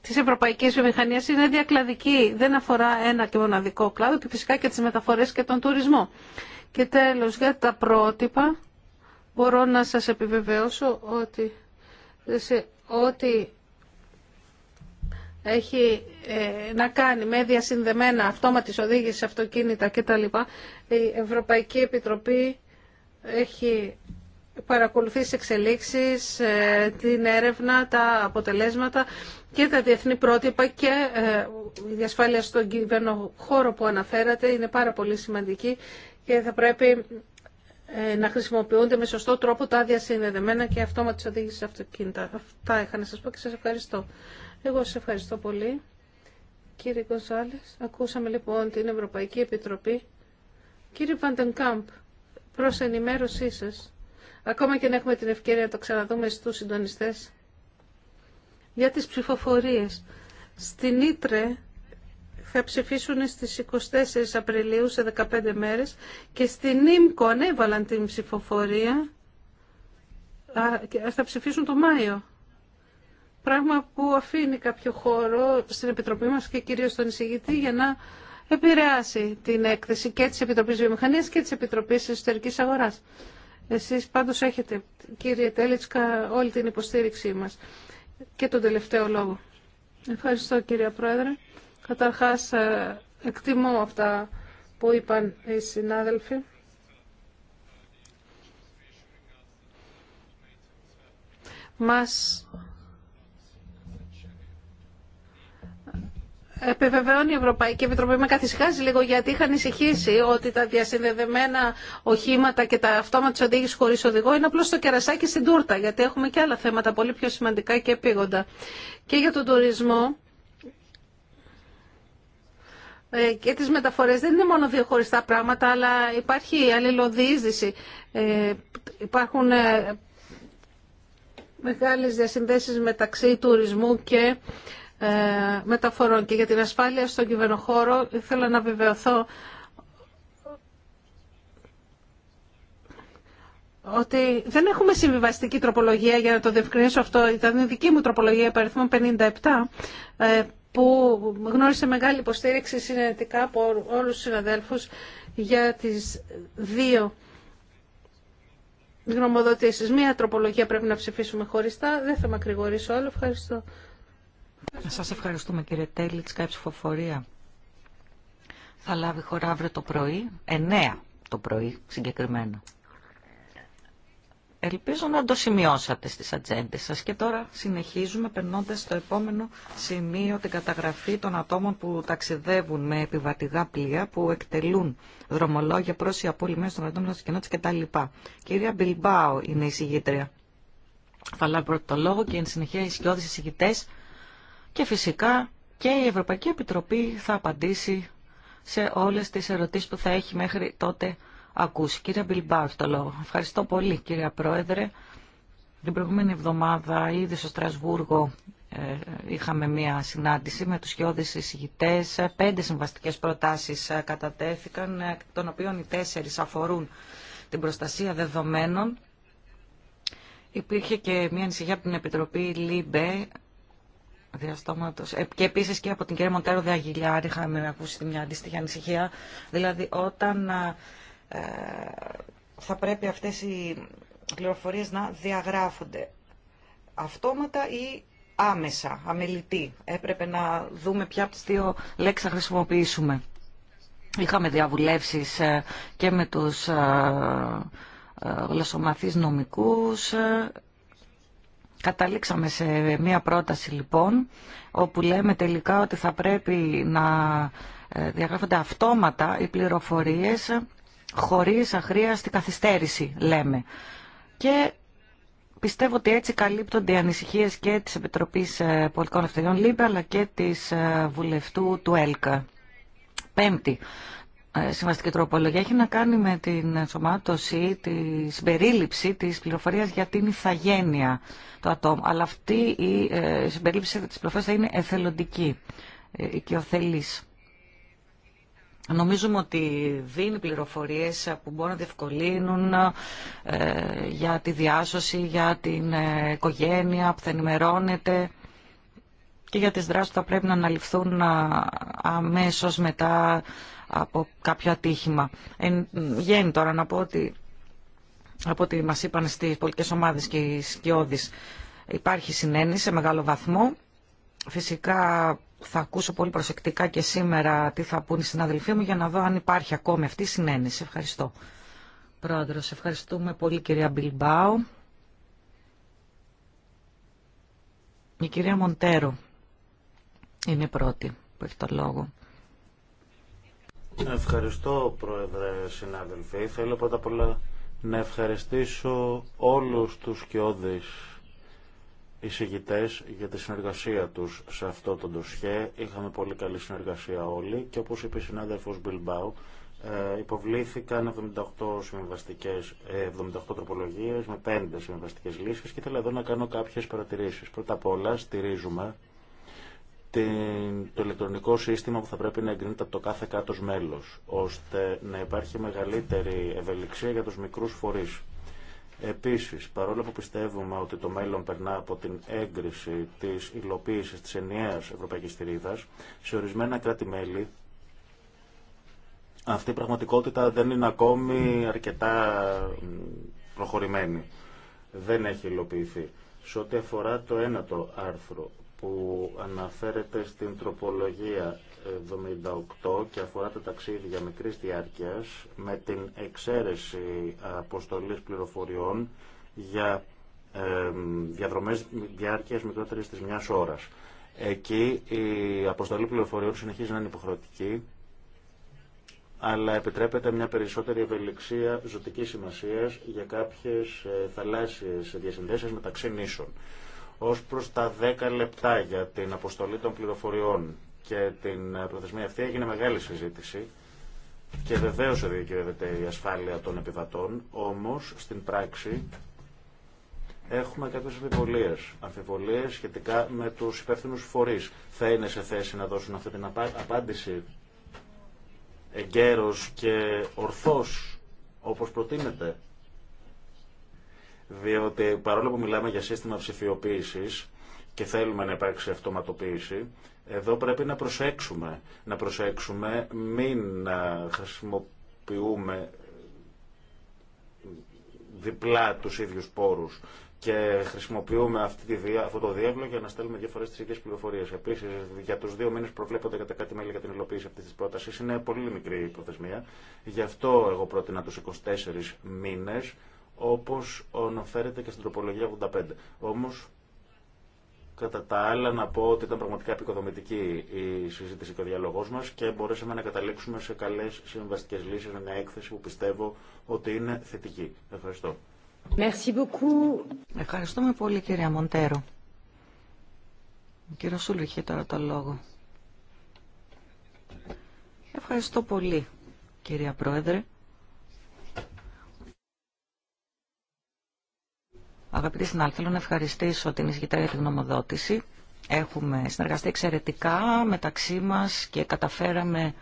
της ευρωπαϊκής βιομηχανίας είναι διακλαδική. Δεν αφορά ένα και μοναδικό κλάδο και φυσικά και τις μεταφορές και τον τουρισμό. Και τέλος, για τα πρότυπα, μπορώ να σας επιβεβαιώσω ότι ό,τι έχει ε, να κάνει με διασυνδεμένα αυτόματης οδήγηση αυτοκίνητα κτλ. Η Ευρωπαϊκή Επιτροπή έχει παρακολουθήσει εξελίξεις, ε, την έρευνα, τα αποτελέσματα και τα διεθνή πρότυπα και ε, η διασφάλεια στον κυβερνό χώρο που αναφέρατε είναι πάρα πολύ σημαντική και θα πρέπει να χρησιμοποιούνται με σωστό τρόπο τα διασυνδεδεμένα και αυτόματης οδήγηση αυτοκίνητα. Αυτά είχα να σας πω και σας ευχαριστώ. Εγώ σε ευχαριστώ πολύ. Κύριε Κονσάλες, ακούσαμε λοιπόν την Ευρωπαϊκή Επιτροπή. Κύριε Βαντενκάμπ, προς ενημέρωσή σας, ακόμα και να έχουμε την ευκαιρία να το ξαναδούμε στους συντονιστές, για τις ψηφοφορίες. Στην Ήτρε θα ψηφίσουν στις 24 Απριλίου σε 15 μέρες και στην Ήμκο ανέβαλαν την ψηφοφορία. θα ψηφίσουν το Μάιο. Πράγμα που αφήνει κάποιο χώρο στην Επιτροπή μας και κυρίως στον εισηγητή για να επηρεάσει την έκθεση και της Επιτροπής Βιομηχανίας και της Επιτροπής Εσωτερικής Αγοράς. Εσείς πάντως έχετε, κύριε Τέλιτσκα, όλη την υποστήριξή μας και τον τελευταίο λόγο. Ευχαριστώ κύριε Πρόεδρε. Καταρχάς ε, εκτιμώ αυτά που είπαν οι συνάδελφοι. Μας επιβεβαιώνει η Ευρωπαϊκή Επιτροπή, με καθυσυχάζει λίγο γιατί είχα ανησυχήσει ότι τα διασυνδεδεμένα οχήματα και τα αυτόματα οδήγηση χωρί οδηγό είναι απλώς το κερασάκι στην τούρτα, γιατί έχουμε και άλλα θέματα πολύ πιο σημαντικά και επίγοντα. Και για τον τουρισμό ε, και τις μεταφορές δεν είναι μόνο δύο χωριστά πράγματα, αλλά υπάρχει αλληλοδιείσδυση. Ε, υπάρχουν ε, μεγάλες διασυνδέσεις μεταξύ τουρισμού και ε, μεταφορών και για την ασφάλεια στον κυβερνοχώρο θέλω να βεβαιωθώ ότι δεν έχουμε συμβιβαστική τροπολογία για να το διευκρινίσω αυτό. Ήταν η δική μου τροπολογία υπαριθμών 57 ε, που γνώρισε μεγάλη υποστήριξη συνενετικά από όλους τους συναδέλφους για τις δύο γνωμοδοτήσεις. Μία τροπολογία πρέπει να ψηφίσουμε χωριστά. Δεν θα ακρηγορήσω άλλο. Ευχαριστώ. Σας ευχαριστούμε κύριε Τέλη. Τσικά ψηφοφορία θα λάβει χώρα αύριο το πρωί, 9 το πρωί συγκεκριμένα. Ελπίζω να το σημειώσατε στις ατζέντες σας και τώρα συνεχίζουμε περνώντας στο επόμενο σημείο την καταγραφή των ατόμων που ταξιδεύουν με επιβατηγά πλοία που εκτελούν δρομολόγια προς οι απόλυμες των ατόμων της κοινότητας κτλ. Κυρία Μπιλμπάο είναι η συγγήτρια. Θα λάβω πρώτο λόγο και εν συνεχεία οι σκιώδεις εισηγητές και φυσικά και η Ευρωπαϊκή Επιτροπή θα απαντήσει σε όλες τις ερωτήσεις που θα έχει μέχρι τότε ακούσει. Κύριε Μπιλμπάου, το λόγο. Ευχαριστώ πολύ κύριε Πρόεδρε. Την προηγούμενη εβδομάδα ήδη στο Στρασβούργο ε, είχαμε μία συνάντηση με τους χιώδες εισηγητές. Πέντε συμβαστικές προτάσεις ε, κατατέθηκαν, ε, των οποίων οι τέσσερις αφορούν την προστασία δεδομένων. Υπήρχε και μία ανησυχία από την Επιτροπή ΛΥΜΠΕ ε, και επίση και από την κυρία Μοντέρο Αγγιλιάρη είχαμε ακούσει μια αντίστοιχη ανησυχία. Δηλαδή όταν ε, θα πρέπει αυτές οι πληροφορίε να διαγράφονται αυτόματα ή άμεσα, αμελητή. Έπρεπε να δούμε ποια από τις δύο λέξεις θα χρησιμοποιήσουμε. Είχαμε διαβουλεύσεις ε, και με τους γλωσσομαθείς νομικούς Καταλήξαμε σε μία πρόταση λοιπόν, όπου λέμε τελικά ότι θα πρέπει να ε, διαγράφονται αυτόματα οι πληροφορίες χωρίς αχρίαστη καθυστέρηση, λέμε. Και πιστεύω ότι έτσι καλύπτονται οι ανησυχίες και της Επιτροπής ε, Πολιτικών Ευθεριών ΛΥΜΠΕ αλλά και της ε, Βουλευτού του ΕΛΚΑ. Πέμπτη, ε, συμβαστική τροπολογία έχει να κάνει με την ενσωμάτωση, τη συμπερίληψη της πληροφορίας για την ηθαγένεια του ατόμου. Αλλά αυτή η ε, συμπερίληψη της πληροφορίας θα είναι εθελοντική, ε, οθελή. Νομίζουμε ότι δίνει πληροφορίες που μπορούν να διευκολύνουν για τη διάσωση, για την οικογένεια που θα ενημερώνεται και για τις δράσεις που θα πρέπει να αναλυφθούν αμέσως μετά από κάποιο ατύχημα. Εν γέννη τώρα να πω ότι από ό,τι μας είπαν στις πολιτικές ομάδες και οι σκιώδεις υπάρχει συνένεση σε μεγάλο βαθμό. Φυσικά θα ακούσω πολύ προσεκτικά και σήμερα τι θα πούν οι συναδελφοί μου για να δω αν υπάρχει ακόμη αυτή η συνένεση. Ευχαριστώ. Πρόεδρος, ευχαριστούμε πολύ κυρία Μπιλμπάου. Η κυρία Μοντέρο είναι η πρώτη που έχει το λόγο. Ευχαριστώ, Πρόεδρε, συνάδελφοι. Θέλω πρώτα απ' όλα να ευχαριστήσω όλους τους κοιόδης εισηγητές για τη συνεργασία τους σε αυτό το ντοσχέ. Είχαμε πολύ καλή συνεργασία όλοι και όπως είπε η συνάδελφος Μπιλμπάου, ε, υποβλήθηκαν 78, συμβαστικές, 78 ε, τροπολογίες με 5 συμβαστικές λύσεις και ήθελα εδώ να κάνω κάποιες παρατηρήσεις. Πρώτα απ' όλα στηρίζουμε το ηλεκτρονικό σύστημα που θα πρέπει να εγκρίνεται από το κάθε κάτω μέλος, ώστε να υπάρχει μεγαλύτερη ευελιξία για τους μικρούς φορείς. Επίσης, παρόλο που πιστεύουμε ότι το μέλλον περνά από την έγκριση της υλοποίησης της ενιαίας Ευρωπαϊκής Στηρίδας, σε ορισμένα κράτη-μέλη αυτή η πραγματικότητα δεν είναι ακόμη αρκετά προχωρημένη. Δεν έχει υλοποιηθεί. Σε ό,τι αφορά το ένατο άρθρο που αναφέρεται στην τροπολογία 78 και αφορά τα ταξίδια μικρής διάρκειας με την εξαίρεση αποστολής πληροφοριών για ε, διαδρομές διάρκειας μικρότερης της μιας ώρας. Εκεί η αποστολή πληροφοριών συνεχίζει να είναι υποχρεωτική αλλά επιτρέπεται μια περισσότερη ευελιξία ζωτικής σημασίας για κάποιες ε, θαλάσσιες διασυνδέσεις μεταξύ νήσων ως προς τα 10 λεπτά για την αποστολή των πληροφοριών και την ε, προθεσμία αυτή έγινε μεγάλη συζήτηση και βεβαίως εδικαιωδεται η ασφάλεια των επιβατών, όμως στην πράξη έχουμε κάποιες αμφιβολίες. Αμφιβολίες σχετικά με τους υπεύθυνους φορείς. Θα είναι σε θέση να δώσουν αυτή την απάντηση εγκαίρως και ορθώς όπως προτείνεται. Διότι παρόλο που μιλάμε για σύστημα ψηφιοποίηση και θέλουμε να υπάρξει αυτοματοποίηση, εδώ πρέπει να προσέξουμε. Να προσέξουμε μην ε, χρησιμοποιούμε διπλά τους ίδιους πόρους και χρησιμοποιούμε αυτή τη, αυτό το διάβλο για να στέλνουμε δύο φορέ τι ίδιε πληροφορίε. Επίση, για του δύο μήνε προβλέπονται κατά κάτι μέλη για την υλοποίηση αυτή τη πρόταση είναι πολύ μικρή η προθεσμία. Γι' αυτό εγώ πρότεινα του 24 μήνε όπως αναφέρεται και στην τροπολογία 85. Όμως, κατά τα άλλα, να πω ότι ήταν πραγματικά επικοδομητική η συζήτηση και ο διαλογός μας και μπορέσαμε να καταλήξουμε σε καλές συμβαστικές λύσεις με μια έκθεση που πιστεύω ότι είναι θετική. Ευχαριστώ. Merci beaucoup. Ευχαριστούμε πολύ κυρία Μοντέρο. Ο κύριος Σούλου είχε τώρα το λόγο. Ευχαριστώ πολύ κυρία Πρόεδρε. Αγαπητοί συνάδελφοι, θέλω να ευχαριστήσω την εισηγητά για την γνωμοδότηση. Έχουμε συνεργαστεί εξαιρετικά μεταξύ μας και καταφέραμε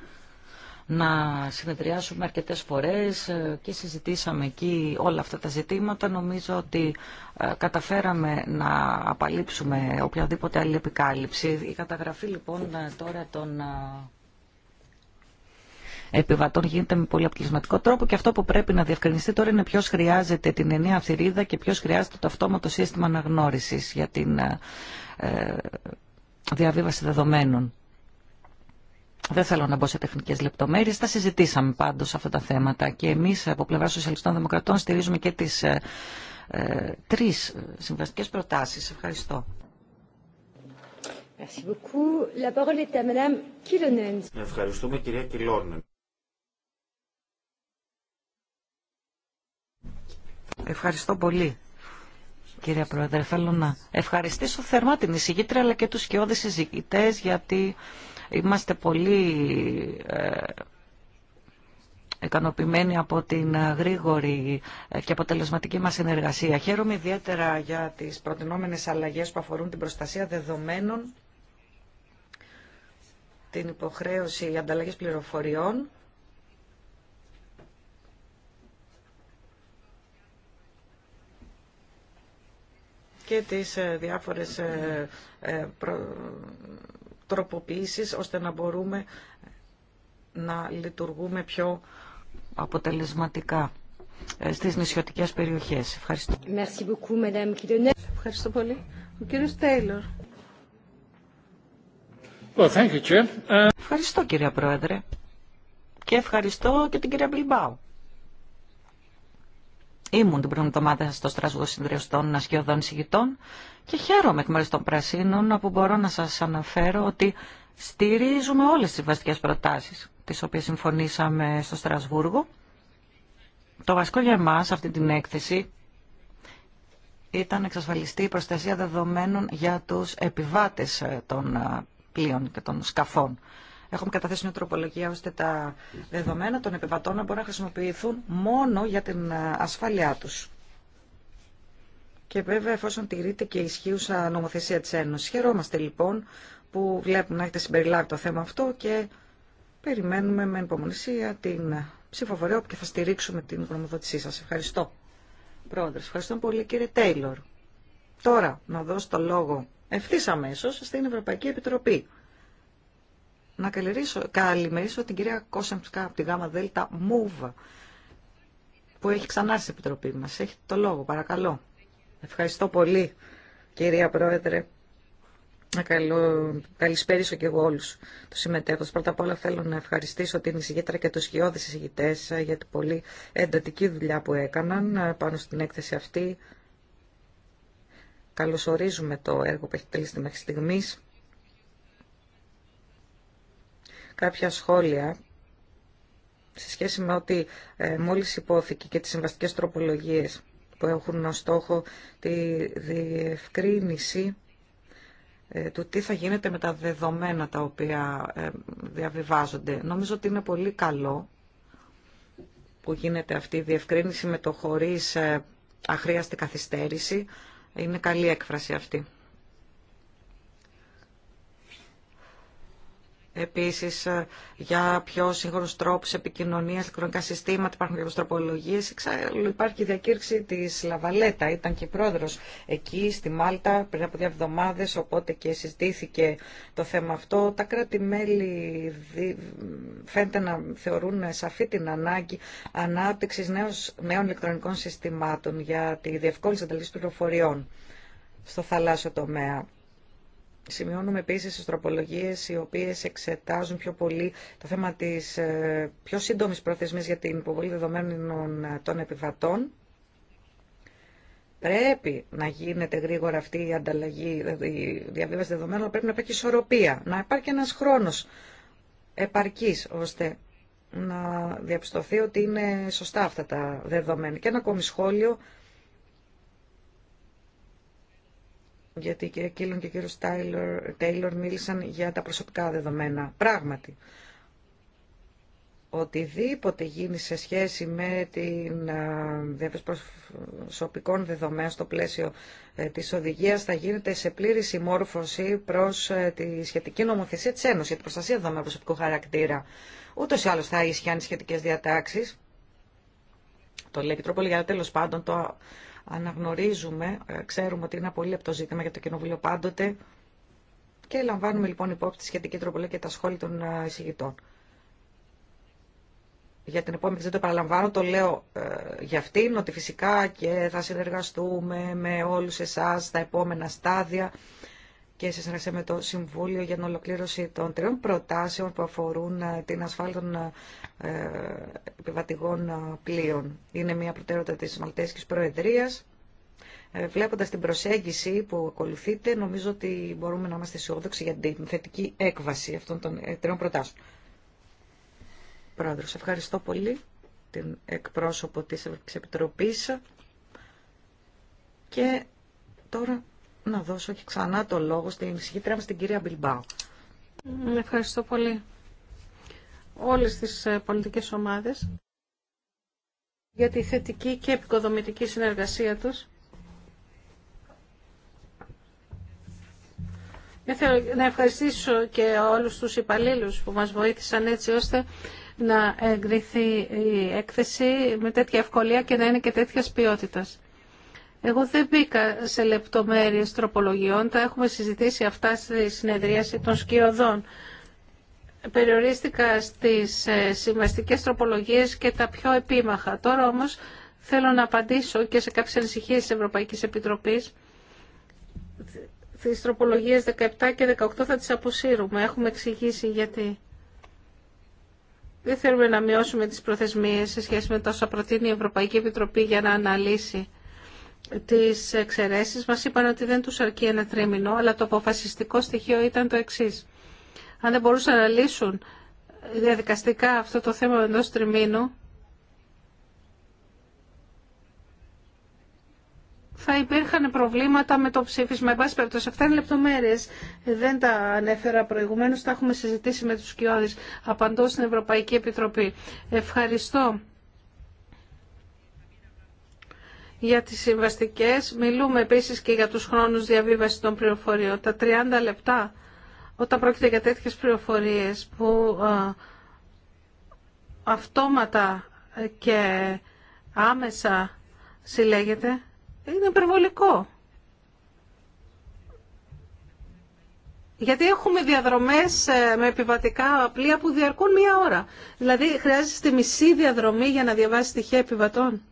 να συνεδριάσουμε αρκετές φορές ε, και συζητήσαμε εκεί όλα αυτά τα ζητήματα. Νομίζω ότι ε, καταφέραμε να απαλείψουμε οποιαδήποτε άλλη επικάλυψη. Η καταγραφή λοιπόν ε, τώρα των επιβατών γίνεται με πολύ αποκλεισματικό τρόπο και αυτό που πρέπει να διευκρινιστεί τώρα είναι ποιο χρειάζεται την ενιαία θηρίδα και ποιο χρειάζεται το αυτόματο σύστημα αναγνώριση για την ε, ε, διαβίβαση δεδομένων. Δεν θέλω να μπω σε τεχνικέ λεπτομέρειε. Τα συζητήσαμε πάντω αυτά τα θέματα και εμεί, από πλευρά Σοσιαλιστών Δημοκρατών στηρίζουμε και τι ε, ε, τρεις συμβαστικέ προτάσεις. Ευχαριστώ. Ευχαριστούμε κυρία Κιλόνεν. Ευχαριστώ πολύ. Κύριε Πρόεδρε, θέλω να ευχαριστήσω θερμά την εισηγήτρια αλλά και τους σκιώδεις εισηγητές γιατί είμαστε πολύ ε, ικανοποιημένοι από την γρήγορη ε, και αποτελεσματική μας συνεργασία. Χαίρομαι ιδιαίτερα για τις προτινόμενες αλλαγές που αφορούν την προστασία δεδομένων, την υποχρέωση ανταλλαγής πληροφοριών και τις ε, διάφορες ε, ε, τροποποιήσεις ώστε να μπορούμε να λειτουργούμε πιο αποτελεσματικά στις νησιωτικές περιοχές. Ευχαριστώ. Ευχαριστώ πολύ. Ο κύριος Τέιλορ. Ευχαριστώ, κυρία Πρόεδρε. Και ευχαριστώ και την κυρία Μπιλμπάου Ήμουν την πρώτη εβδομάδα στο Στρασβούργο Συνδριωστών των Ασκιωδών Συγητών και χαίρομαι εκ μέρου των Πρασίνων που μπορώ να σας αναφέρω ότι στηρίζουμε όλες τις βασικέ προτάσεις τις οποίες συμφωνήσαμε στο Στρασβούργο. Το βασικό για εμά, αυτή την έκθεση ήταν να εξασφαλιστεί η προστασία δεδομένων για τους επιβάτες των πλοίων και των σκαφών. Έχουμε καταθέσει μια τροπολογία ώστε τα δεδομένα των επιβατών να μπορούν να χρησιμοποιηθούν μόνο για την ε, ασφάλειά του. Και βέβαια εφόσον τηρείται και η ισχύουσα νομοθεσία της Ένωσης. Χαιρόμαστε λοιπόν που βλέπουμε να έχετε συμπεριλάβει το θέμα αυτό και περιμένουμε με υπομονησία την ψηφοφορία όπου και θα στηρίξουμε την γνωμοδότησή σας. Ευχαριστώ. Πρόεδρε, ευχαριστώ πολύ κύριε Τέιλορ. Τώρα να δώσω το λόγο ευθύ αμέσω στην Ευρωπαϊκή Επιτροπή να καλημερίσω την κυρία Κόσεμψκα από τη ΓΑΜΑ ΔΕΛΤΑ ΜΟΥΒ που έχει ξανάρθει στην Επιτροπή μας. Έχει το λόγο, παρακαλώ. Ευχαριστώ πολύ, κυρία Πρόεδρε. Να καλώ, καλησπέρισω και εγώ όλους τους συμμετέχοντες. Πρώτα απ' όλα θέλω να ευχαριστήσω την εισηγήτρα και τους χειώδεις εισηγητές για την πολύ εντατική δουλειά που έκαναν ε, πάνω στην έκθεση αυτή. Καλωσορίζουμε το έργο που έχει τελειώσει μέχρι στιγμής κάποια σχόλια σε σχέση με ό,τι ε, μόλις υπόθηκε και τις συμβαστικές τροπολογίες που έχουν ως στόχο τη διευκρίνηση ε, του τι θα γίνεται με τα δεδομένα τα οποία ε, διαβιβάζονται. Νομίζω ότι είναι πολύ καλό που γίνεται αυτή η διευκρίνηση με το χωρίς αχρίαστη καθυστέρηση. Είναι καλή έκφραση αυτή. Επίσης, ε, για πιο σύγχρονου τρόπους επικοινωνίας, ηλεκτρονικά συστήματα, υπάρχουν και τροπολογίε, υπάρχει η διακήρυξη τη Λαβαλέτα, ήταν και πρόεδρο εκεί στη Μάλτα πριν από δύο εβδομάδε, οπότε και συζητήθηκε το θέμα αυτό. Τα κράτη-μέλη φαίνεται να θεωρούν σαφή την ανάγκη ανάπτυξη νέων ηλεκτρονικών συστημάτων για τη διευκόλυνση ανταλλαγή πληροφοριών στο θαλάσσιο τομέα. Σημειώνουμε επίση τι τροπολογίε, οι οποίες εξετάζουν πιο πολύ το θέμα της ε, πιο σύντομης προθεσμή για την υποβολή δεδομένων ε, των επιβατών. Πρέπει να γίνεται γρήγορα αυτή η ανταλλαγή, η διαβίβαση δεδομένων, πρέπει να υπάρχει ισορροπία, να υπάρχει ένας χρόνος επαρκής ώστε να διαπιστωθεί ότι είναι σωστά αυτά τα δεδομένα. Και ένα ακόμη σχόλιο γιατί και Κίλον και ο κύριος Τέιλορ, μίλησαν για τα προσωπικά δεδομένα. Πράγματι, οτιδήποτε γίνει σε σχέση με την διεύθυνση προσωπικών δεδομένων στο πλαίσιο ε, της οδηγίας θα γίνεται σε πλήρη συμμόρφωση προς ε, τη σχετική νομοθεσία της Ένωσης για την προστασία δεδομένων προσωπικού χαρακτήρα. Ούτως ή άλλως θα ίσχυαν οι σχετικές διατάξεις. Το λέει η Επιτροπολή, για τέλος πάντων το Αναγνωρίζουμε, ε, ξέρουμε ότι είναι ένα πολύ λεπτό ζήτημα για το Κοινοβούλιο πάντοτε και λαμβάνουμε λοιπόν υπόψη τη σχετική τροπολογία και τα σχόλια των ε, εισηγητών. Για την επόμενη δεν το παραλαμβάνω, το λέω ε, για αυτήν, ότι φυσικά και θα συνεργαστούμε με όλους εσάς στα επόμενα στάδια και σε συνεργασία με το Συμβούλιο για την ολοκλήρωση των τριών προτάσεων που αφορούν ε, την ασφάλεια των ε, ε, επιβατηγών πλοίων. Είναι μια προτεραιότητα της Μαλτέσκης Προεδρίας. Βλέποντας την προσέγγιση που ακολουθείτε, νομίζω ότι μπορούμε να είμαστε αισιόδοξοι για την θετική έκβαση αυτών των τριών προτάσεων. Πρόεδρος, ευχαριστώ πολύ την εκπρόσωπο της Επιτροπής και τώρα να δώσω και ξανά το λόγο στην συγκήτρια μας, στην κυρία Μπιλμπάου. Ευχαριστώ πολύ όλες τις ε, πολιτικές ομάδες για τη θετική και επικοδομητική συνεργασία τους. Θέλω να ευχαριστήσω και όλους τους υπαλλήλους που μας βοήθησαν έτσι ώστε να εγκριθεί η έκθεση με τέτοια ευκολία και να είναι και τέτοια ποιότητας. Εγώ δεν μπήκα σε λεπτομέρειες τροπολογιών, τα έχουμε συζητήσει αυτά στη συνεδρίαση των σκιωδών. Περιορίστηκα στις ε, συμβαστικές τροπολογίες και τα πιο επίμαχα. Τώρα όμως θέλω να απαντήσω και σε κάποιες ανησυχίες της Ευρωπαϊκής Επιτροπής. Τις τροπολογίες 17 και 18 θα τις αποσύρουμε. Έχουμε εξηγήσει γιατί. Δεν θέλουμε να μειώσουμε τις προθεσμίες σε σχέση με όσα προτείνει η Ευρωπαϊκή Επιτροπή για να αναλύσει τις εξαιρέσεις μας είπαν ότι δεν τους αρκεί ένα τρίμηνο, αλλά το αποφασιστικό στοιχείο ήταν το εξής. Αν δεν μπορούσαν να λύσουν διαδικαστικά αυτό το θέμα εντός τριμήνου, θα υπήρχαν προβλήματα με το ψήφισμα. Εν πάση περιπτώσει, αυτά είναι λεπτομέρειε. Δεν τα ανέφερα προηγουμένω. Τα έχουμε συζητήσει με του κοιόδη. Απαντώ στην Ευρωπαϊκή Επιτροπή. Ευχαριστώ για τις συμβαστικές. Μιλούμε επίσης και για τους χρόνους διαβίβασης των πληροφοριών. Τα 30 λεπτά όταν πρόκειται για τέτοιες πληροφορίες που ε, αυτόματα και άμεσα συλλέγεται, είναι υπερβολικό. Γιατί έχουμε διαδρομές ε, με επιβατικά πλοία που διαρκούν μία ώρα. Δηλαδή χρειάζεται μισή διαδρομή για να διαβάσει στοιχεία επιβατών.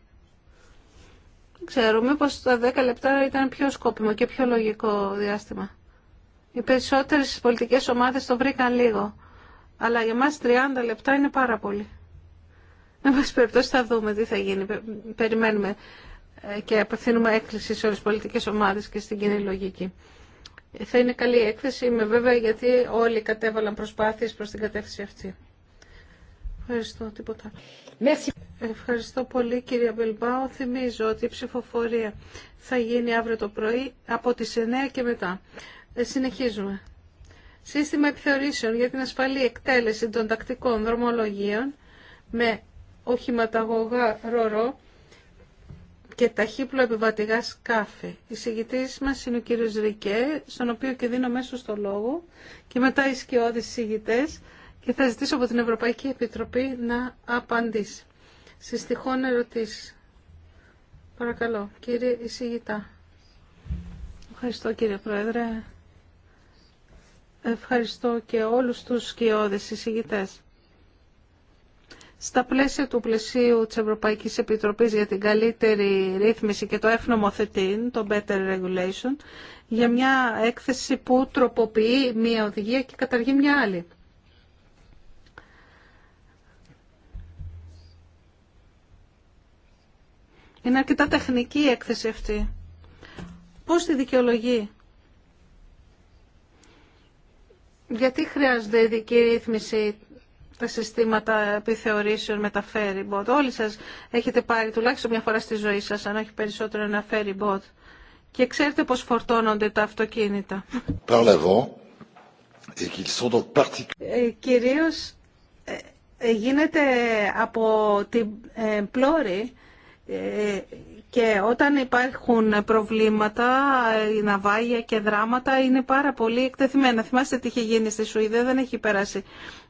Ξέρουμε πως τα 10 λεπτά ήταν πιο σκόπιμο και πιο λογικό διάστημα. Οι περισσότερες πολιτικές ομάδες το βρήκαν λίγο. Αλλά για μας 30 λεπτά είναι πάρα πολύ. Εν πάση περιπτώσει θα δούμε τι θα γίνει. Περιμένουμε ε, και απευθύνουμε έκκληση σε όλες τις πολιτικές ομάδες και στην κοινή λογική. Ε, θα είναι καλή έκθεση, είμαι βέβαια, γιατί όλοι κατέβαλαν προσπάθειες προς την κατεύθυνση αυτή. Ευχαριστώ, τίποτα. Ευχαριστώ πολύ κυρία Μπελμπάου. Θυμίζω ότι η ψηφοφορία θα γίνει αύριο το πρωί από τις 9 και μετά. Ε, συνεχίζουμε. Σύστημα επιθεωρήσεων για την ασφαλή εκτέλεση των τακτικών δρομολογίων με οχηματαγωγά ρορό και ταχύπλο επιβατηγά σκάφη. Η συγκητή μα είναι ο κύριο Ρικέ, στον οποίο και δίνω μέσω στο λόγο και μετά οι σκιώδεις συγητές και θα ζητήσω από την Ευρωπαϊκή Επιτροπή να απαντήσει στις ερωτήσει. Παρακαλώ, κύριε εισηγητά. Ευχαριστώ κύριε Πρόεδρε. Ευχαριστώ και όλους τους σκιώδες εισηγητές. Στα πλαίσια του πλαισίου της Ευρωπαϊκής Επιτροπής για την καλύτερη ρύθμιση και το θετήν, το Better Regulation, για μια έκθεση που τροποποιεί μια οδηγία και καταργεί μια άλλη. Είναι αρκετά τεχνική η έκθεση αυτή. Πώς τη δικαιολογεί. Γιατί χρειάζεται ειδική ρύθμιση τα συστήματα επιθεωρήσεων με τα ferry Όλοι σας έχετε πάρει τουλάχιστον μια φορά στη ζωή σας, αν όχι περισσότερο, ένα ferry bot. Και ξέρετε πώς φορτώνονται τα αυτοκίνητα. Ε, κυρίως ε, ε, γίνεται από την πλώρη ε, και όταν υπάρχουν προβλήματα, ε, ναυάγια και δράματα είναι πάρα πολύ εκτεθειμένα. Θυμάστε τι είχε γίνει στη Σουηδία, δεν έχει περάσει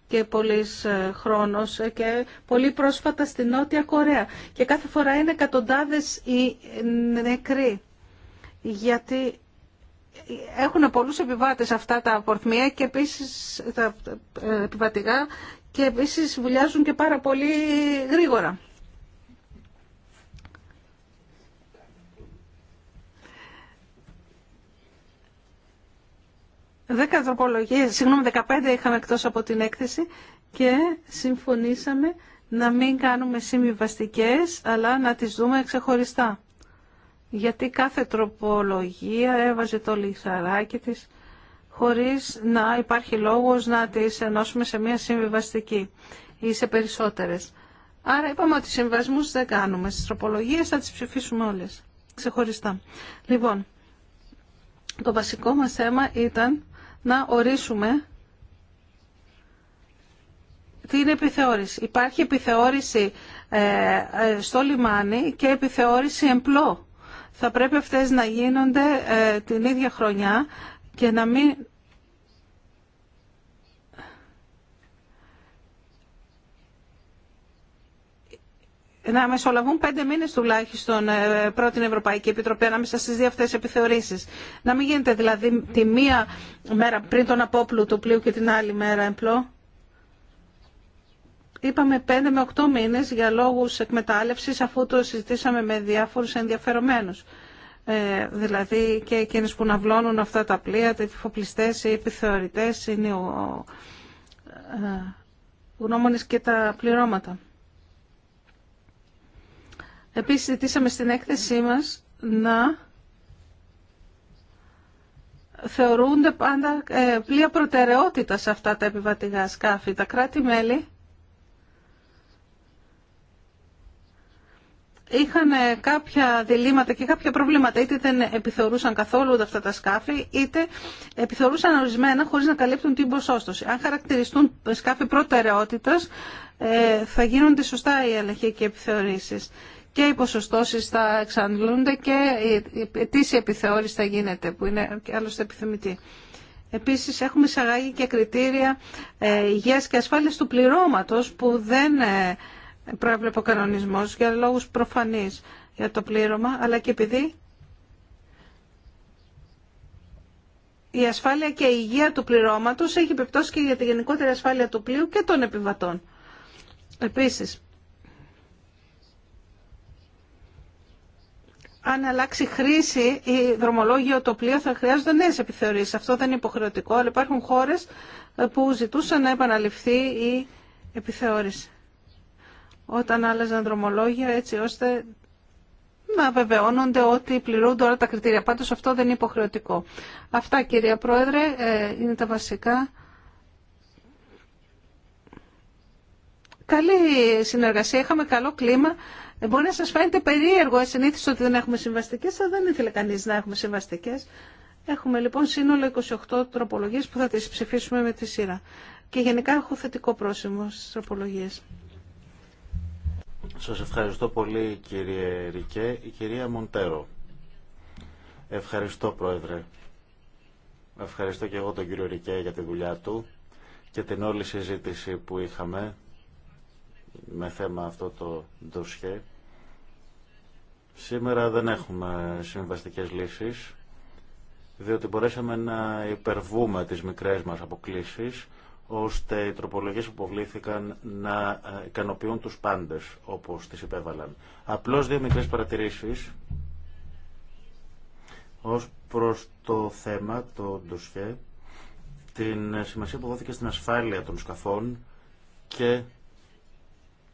και πολλή ε, χρόνος και πολύ πρόσφατα στη Νότια Κορέα. Και κάθε φορά είναι εκατοντάδε οι νεκροί. Γιατί έχουν πολλούς επιβάτες αυτά τα απορθμία και επίσης τα επιβατικά και επίσης βουλιάζουν και πάρα πολύ γρήγορα. Δέκα τροπολογίες, συγγνώμη 15 είχαμε εκτός από την έκθεση και συμφωνήσαμε να μην κάνουμε συμβιβαστικέ, αλλά να τις δούμε ξεχωριστά. Γιατί κάθε τροπολογία έβαζε το λιθαράκι της χωρίς να υπάρχει λόγος να τις ενώσουμε σε μια συμβιβαστική ή σε περισσότερες. Άρα είπαμε ότι συμβασμούς δεν κάνουμε. Στις τροπολογίες θα τις ψηφίσουμε όλες ξεχωριστά. Λοιπόν, το βασικό μας θέμα ήταν να ορίσουμε τι είναι επιθεώρηση. Υπάρχει επιθεώρηση ε, ε, στο λιμάνι και επιθεώρηση εμπλό. Θα πρέπει αυτές να γίνονται ε, την ίδια χρονιά και να μην να μεσολαβούν πέντε μήνες τουλάχιστον ε, πρώτην Ευρωπαϊκή Επιτροπή ανάμεσα στις δύο αυτές επιθεωρήσεις. Να μην γίνεται δηλαδή τη μία μέρα πριν τον απόπλου του πλοίου και την άλλη μέρα εμπλό. Είπαμε πέντε με οκτώ μήνες για λόγους εκμετάλλευσης αφού το συζητήσαμε με διάφορους ενδιαφερομένους. Ε, δηλαδή και εκείνες που ναυλώνουν αυτά τα πλοία, οι τυφοπλιστέ, οι επιθεωρητές, είναι ο, ε, και τα πληρώματα. Επίσης ζητήσαμε στην έκθεσή μας να θεωρούνται πάντα ε, πλοία προτεραιότητα σε αυτά τα επιβατηγά σκάφη. Τα κράτη-μέλη είχαν κάποια διλήμματα και κάποια προβλήματα. Είτε δεν επιθεωρούσαν καθόλου αυτά τα σκάφη, είτε επιθεωρούσαν ορισμένα χωρίς να καλύπτουν την ποσόστοση. Αν χαρακτηριστούν σκάφη προτεραιότητας, ε, θα γίνονται σωστά οι έλεγχοι και επιθεωρήσεις και οι ποσοστώσει θα εξαντλούνται και η αιτήσια επιθεώρηση θα γίνεται, που είναι άλλωστε επιθυμητή. Επίσης έχουμε εισαγάγει και κριτήρια ε, υγείας και ασφάλειας του πληρώματος που δεν ε, προέβλεπε ο κανονισμό, για λόγους προφανείς για το πλήρωμα, αλλά και επειδή η ασφάλεια και η υγεία του πληρώματος έχει επιπτώσει και για τη γενικότερη ασφάλεια του πλοίου και των επιβατών. Επίσης, αν αλλάξει χρήση η δρομολόγιο το πλοίο θα χρειάζονται νέες επιθεωρήσεις. Αυτό δεν είναι υποχρεωτικό, αλλά υπάρχουν χώρες ε, που ζητούσαν να επαναληφθεί η επιθεώρηση. Όταν άλλαζαν δρομολόγια έτσι ώστε να βεβαιώνονται ότι πληρούνται όλα τα κριτήρια. Πάντως αυτό δεν είναι υποχρεωτικό. Αυτά κυρία Πρόεδρε ε, είναι τα βασικά. Καλή συνεργασία, είχαμε καλό κλίμα ε, μπορεί να σα φαίνεται περίεργο, ε, συνήθω ότι δεν έχουμε συμβαστικέ, αλλά δεν ήθελε κανεί να έχουμε συμβαστικέ. Έχουμε λοιπόν σύνολο 28 τροπολογίε που θα τι ψηφίσουμε με τη σειρά. Και γενικά έχω θετικό πρόσημο στι τροπολογίες. Σα ευχαριστώ πολύ κύριε Ρικέ. Η κυρία Μοντέρο. Ευχαριστώ πρόεδρε. Ευχαριστώ και εγώ τον κύριο Ρικέ για τη δουλειά του και την όλη συζήτηση που είχαμε με θέμα αυτό το ντοσχέ. Σήμερα δεν έχουμε συμβαστικές λύσεις, διότι μπορέσαμε να υπερβούμε τις μικρές μας αποκλήσεις, ώστε οι τροπολογίες που αποβλήθηκαν να ικανοποιούν τους πάντες, όπως τις υπέβαλαν. Απλώς δύο μικρές παρατηρήσεις ως προς το θέμα, το ντοσχέ, την σημασία που δόθηκε στην ασφάλεια των σκαφών και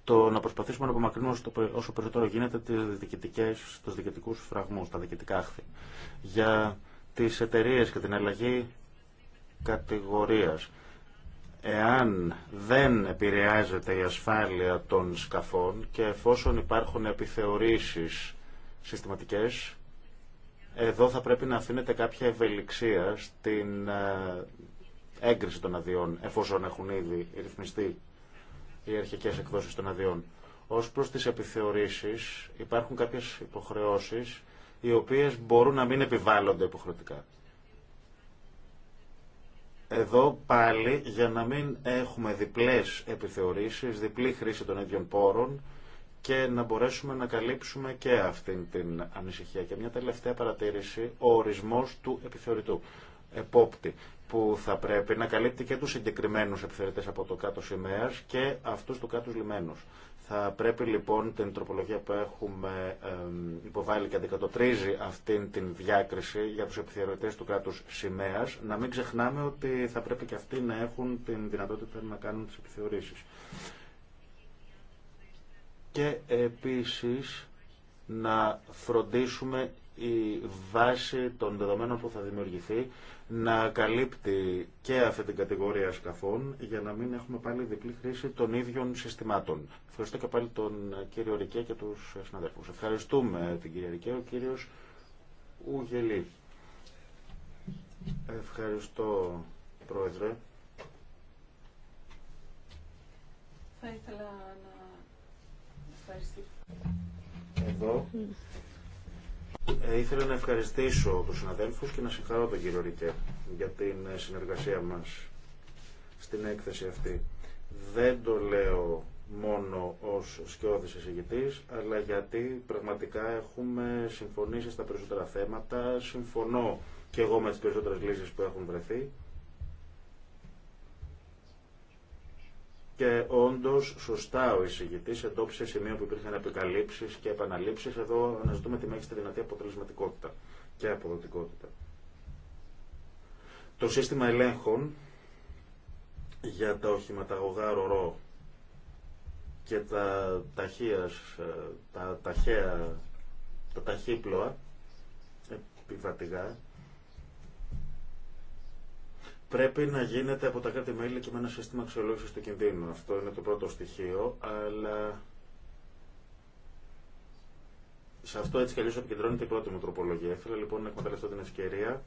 το να προσπαθήσουμε να απομακρύνουμε όσο περισσότερο γίνεται τις τους διοικητικούς φραγμούς, τα διοικητικά άχθη. Για τις εταιρείε και την αλλαγή κατηγορίας. Εάν δεν επηρεάζεται η ασφάλεια των σκαφών και εφόσον υπάρχουν επιθεωρήσεις συστηματικές, εδώ θα πρέπει να αφήνεται κάποια ευελιξία στην ε, έγκριση των αδειών, εφόσον έχουν ήδη ρυθμιστεί οι αρχικέ εκδόσει των αδειών. Ως προς τις επιθεωρήσεις υπάρχουν κάποιες υποχρεώσεις οι οποίες μπορούν να μην επιβάλλονται υποχρεωτικά. Εδώ πάλι για να μην έχουμε διπλές επιθεωρήσεις, διπλή χρήση των ίδιων πόρων και να μπορέσουμε να καλύψουμε και αυτήν την ανησυχία. Και μια τελευταία παρατήρηση, ο ορισμός του επιθεωρητού, επόπτη που θα πρέπει να καλύπτει και τους συγκεκριμένους επιθεωρητές από το κάτω σημαία και αυτούς του κάτω λιμένους. Θα πρέπει λοιπόν την τροπολογία που έχουμε υποβάλει και αντικατοτρίζει αυτήν την διάκριση για τους επιθεωρητές του κάτω σημαία να μην ξεχνάμε ότι θα πρέπει και αυτοί να έχουν την δυνατότητα να κάνουν τις επιθεωρήσεις. Και επίσης να φροντίσουμε η βάση των δεδομένων που θα δημιουργηθεί να καλύπτει και αυτή την κατηγορία σκαφών για να μην έχουμε πάλι διπλή χρήση των ίδιων συστημάτων. Ευχαριστώ και πάλι τον κύριο Ρικέ και τους συναδέλφους. Ευχαριστούμε την κυρία Ρικέ, ο κύριος Ουγελή. Ευχαριστώ πρόεδρε. Θα ήθελα να Εδώ. Ε, ήθελα να ευχαριστήσω τους συναδέλφους και να συγχαρώ τον κύριο Ρικέ για την ε, συνεργασία μας στην έκθεση αυτή. Δεν το λέω μόνο ως σκιώδης εισηγητής, αλλά γιατί πραγματικά έχουμε συμφωνήσει στα περισσότερα θέματα, συμφωνώ και εγώ με τις περισσότερες λύσεις που έχουν βρεθεί Και όντω, σωστά ο εισηγητή εντόπισε σημεία που υπήρχαν επικαλύψει και επαναλήψει. Εδώ αναζητούμε τη μέγιστη δυνατή αποτελεσματικότητα και αποδοτικότητα. Το σύστημα ελέγχων για τα οχηματαγωγά ρορό και τα ταχεία, ε, τα ταχαία, τα ταχύπλοα επιβατηγά πρέπει να γίνεται από τα κράτη-μέλη και με ένα σύστημα αξιολόγηση του κινδύνου. Αυτό είναι το πρώτο στοιχείο, αλλά σε αυτό έτσι κι αλλιώ επικεντρώνεται η πρώτη μου τροπολογία. Θέλω, λοιπόν να εκμεταλλευτώ την ευκαιρία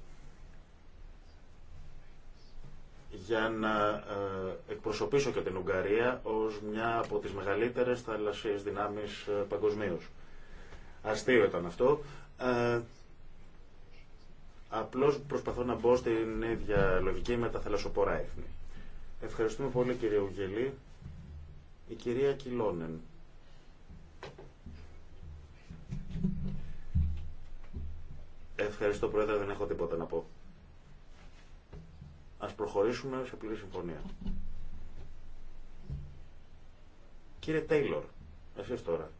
για να ε, εκπροσωπήσω και την Ουγγαρία ως μια από τις μεγαλύτερες θαλασσίες δυνάμεις ε, παγκοσμίω. Αστείο ήταν αυτό. Ε, Απλώ προσπαθώ να μπω στην ίδια λογική με τα θελασσοπόρα έθνη. Ευχαριστούμε πολύ κύριε Ουγγελή. Η κυρία Κιλόνεν. Ευχαριστώ Πρόεδρε, δεν έχω τίποτα να πω. Ας προχωρήσουμε σε πλήρη συμφωνία. Κύριε Τέιλορ, εσείς τώρα.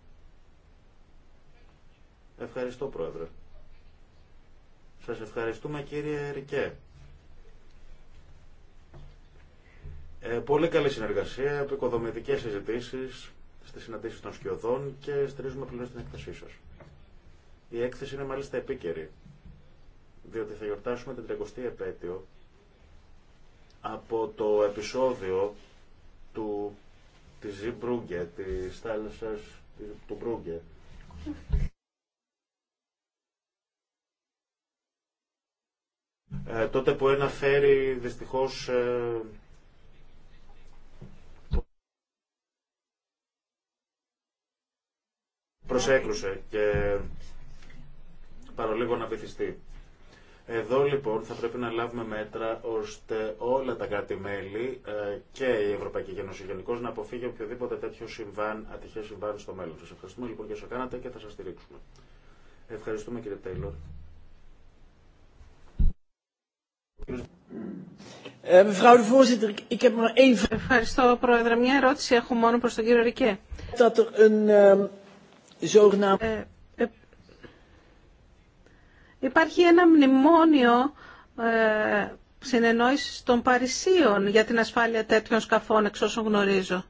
Ευχαριστώ Πρόεδρε. Σας ευχαριστούμε κύριε Ρικέ. Ε, πολύ καλή συνεργασία, επικοδομητικές συζητήσεις στις συναντήσεις των σκιωδών και στηρίζουμε πλέον στην έκθεσή σας. Η έκθεση είναι μάλιστα επίκαιρη, διότι θα γιορτάσουμε την 30η επέτειο από το επεισόδιο του, της Ζιμπρούγκε, της θάλασσας του Μπρούγκε. Ε, τότε που ένα φέρει δυστυχώς ε, προσέκρουσε και παρολίγο να βυθιστεί. Εδώ λοιπόν θα πρέπει να λάβουμε μέτρα ώστε όλα τα κράτη-μέλη ε, και η Ευρωπαϊκή Ένωση γενικώ να αποφύγει οποιοδήποτε τέτοιο συμβάν, ατυχέ συμβάν στο μέλλον. Σα ευχαριστούμε λοιπόν για όσα κάνατε και θα σας στηρίξουμε. Ευχαριστούμε κύριε Τέιλορ. Ευχαριστώ, Πρόεδρε. Μια ερώτηση έχω μόνο προς τον κύριο Ρικέ. Er ehm, ε, ε, υπάρχει ένα μνημόνιο ε, συνεννόησης των Παρισίων για την ασφάλεια τέτοιων σκαφών, εξ όσων γνωρίζω.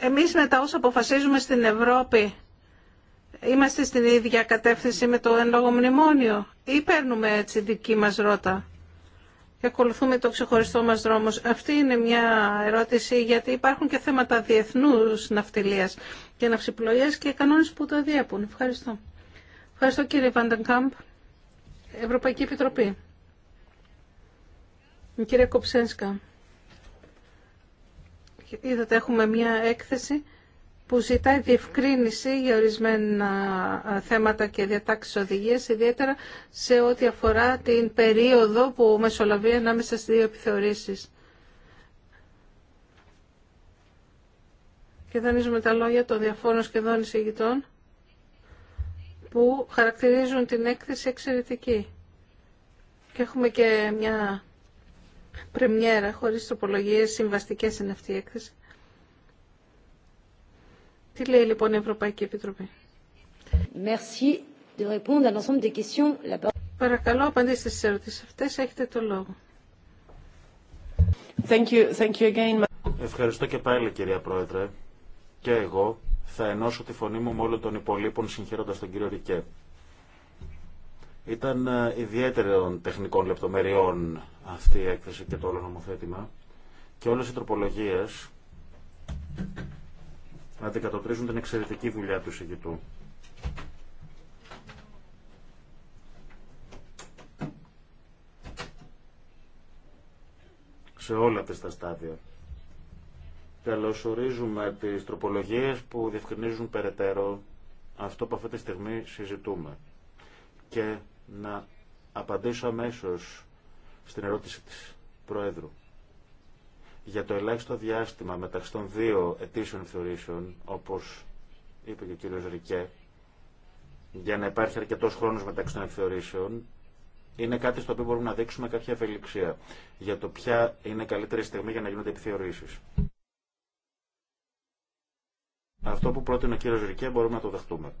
Εμείς μετά όσα αποφασίζουμε στην Ευρώπη είμαστε στην ίδια κατεύθυνση με το εν λόγω μνημόνιο ή παίρνουμε έτσι δική μας ρότα και ακολουθούμε το ξεχωριστό μας δρόμο. Αυτή είναι μια ερώτηση γιατί υπάρχουν και θέματα διεθνούς ναυτιλίας και ναυσιπλοείας και κανόνες που τα διέπουν. Ευχαριστώ. Ευχαριστώ κύριε Βαντεγκάμπ, Ευρωπαϊκή Επιτροπή. Κύριε Κοψένσκα. Είδατε έχουμε μια έκθεση που ζητάει διευκρίνηση για ορισμένα ε, θέματα και διατάξεις οδηγίες, ιδιαίτερα σε ό,τι αφορά την περίοδο που μεσολαβεί ανάμεσα στις δύο επιθεωρήσεις. Και δανείζουμε τα λόγια των διαφόρων σχεδόν εισηγητών που χαρακτηρίζουν την έκθεση εξαιρετική. Και έχουμε και μια πρεμιέρα χωρίς τροπολογίες, συμβαστικές είναι αυτή η έκθεση. Τι λέει λοιπόν η Ευρωπαϊκή Επιτροπή. Παρακαλώ, απαντήστε στις ερωτήσεις αυτές. Έχετε το λόγο. Ευχαριστώ και πάλι κυρία Πρόεδρε. Και εγώ θα ενώσω τη φωνή μου με όλων των υπολείπων συγχαίροντας τον κύριο Ρικέ. Ήταν ε, ιδιαίτερων τεχνικών λεπτομεριών αυτή η έκθεση και το όλο νομοθέτημα και όλες οι τροπολογίες αντικατοπτρίζουν την εξαιρετική δουλειά του εισηγητού. σε όλα αυτά τα στάδια. Καλωσορίζουμε τις τροπολογίες που διευκρινίζουν περαιτέρω αυτό που αυτή τη στιγμή συζητούμε. Και να απαντήσω αμέσω στην ερώτηση της Προέδρου για το ελάχιστο διάστημα μεταξύ των δύο ετήσιων θεωρήσεων, όπως είπε και ο κύριος Ρικέ, για να υπάρχει αρκετό χρόνο μεταξύ των θεωρήσεων είναι κάτι στο οποίο μπορούμε να δείξουμε κάποια ευελιξία για το ποια είναι καλύτερη στιγμή για να γίνονται επιθεωρήσει. Αυτό που πρότεινε ο κύριο Ρικέ μπορούμε να το δεχτούμε.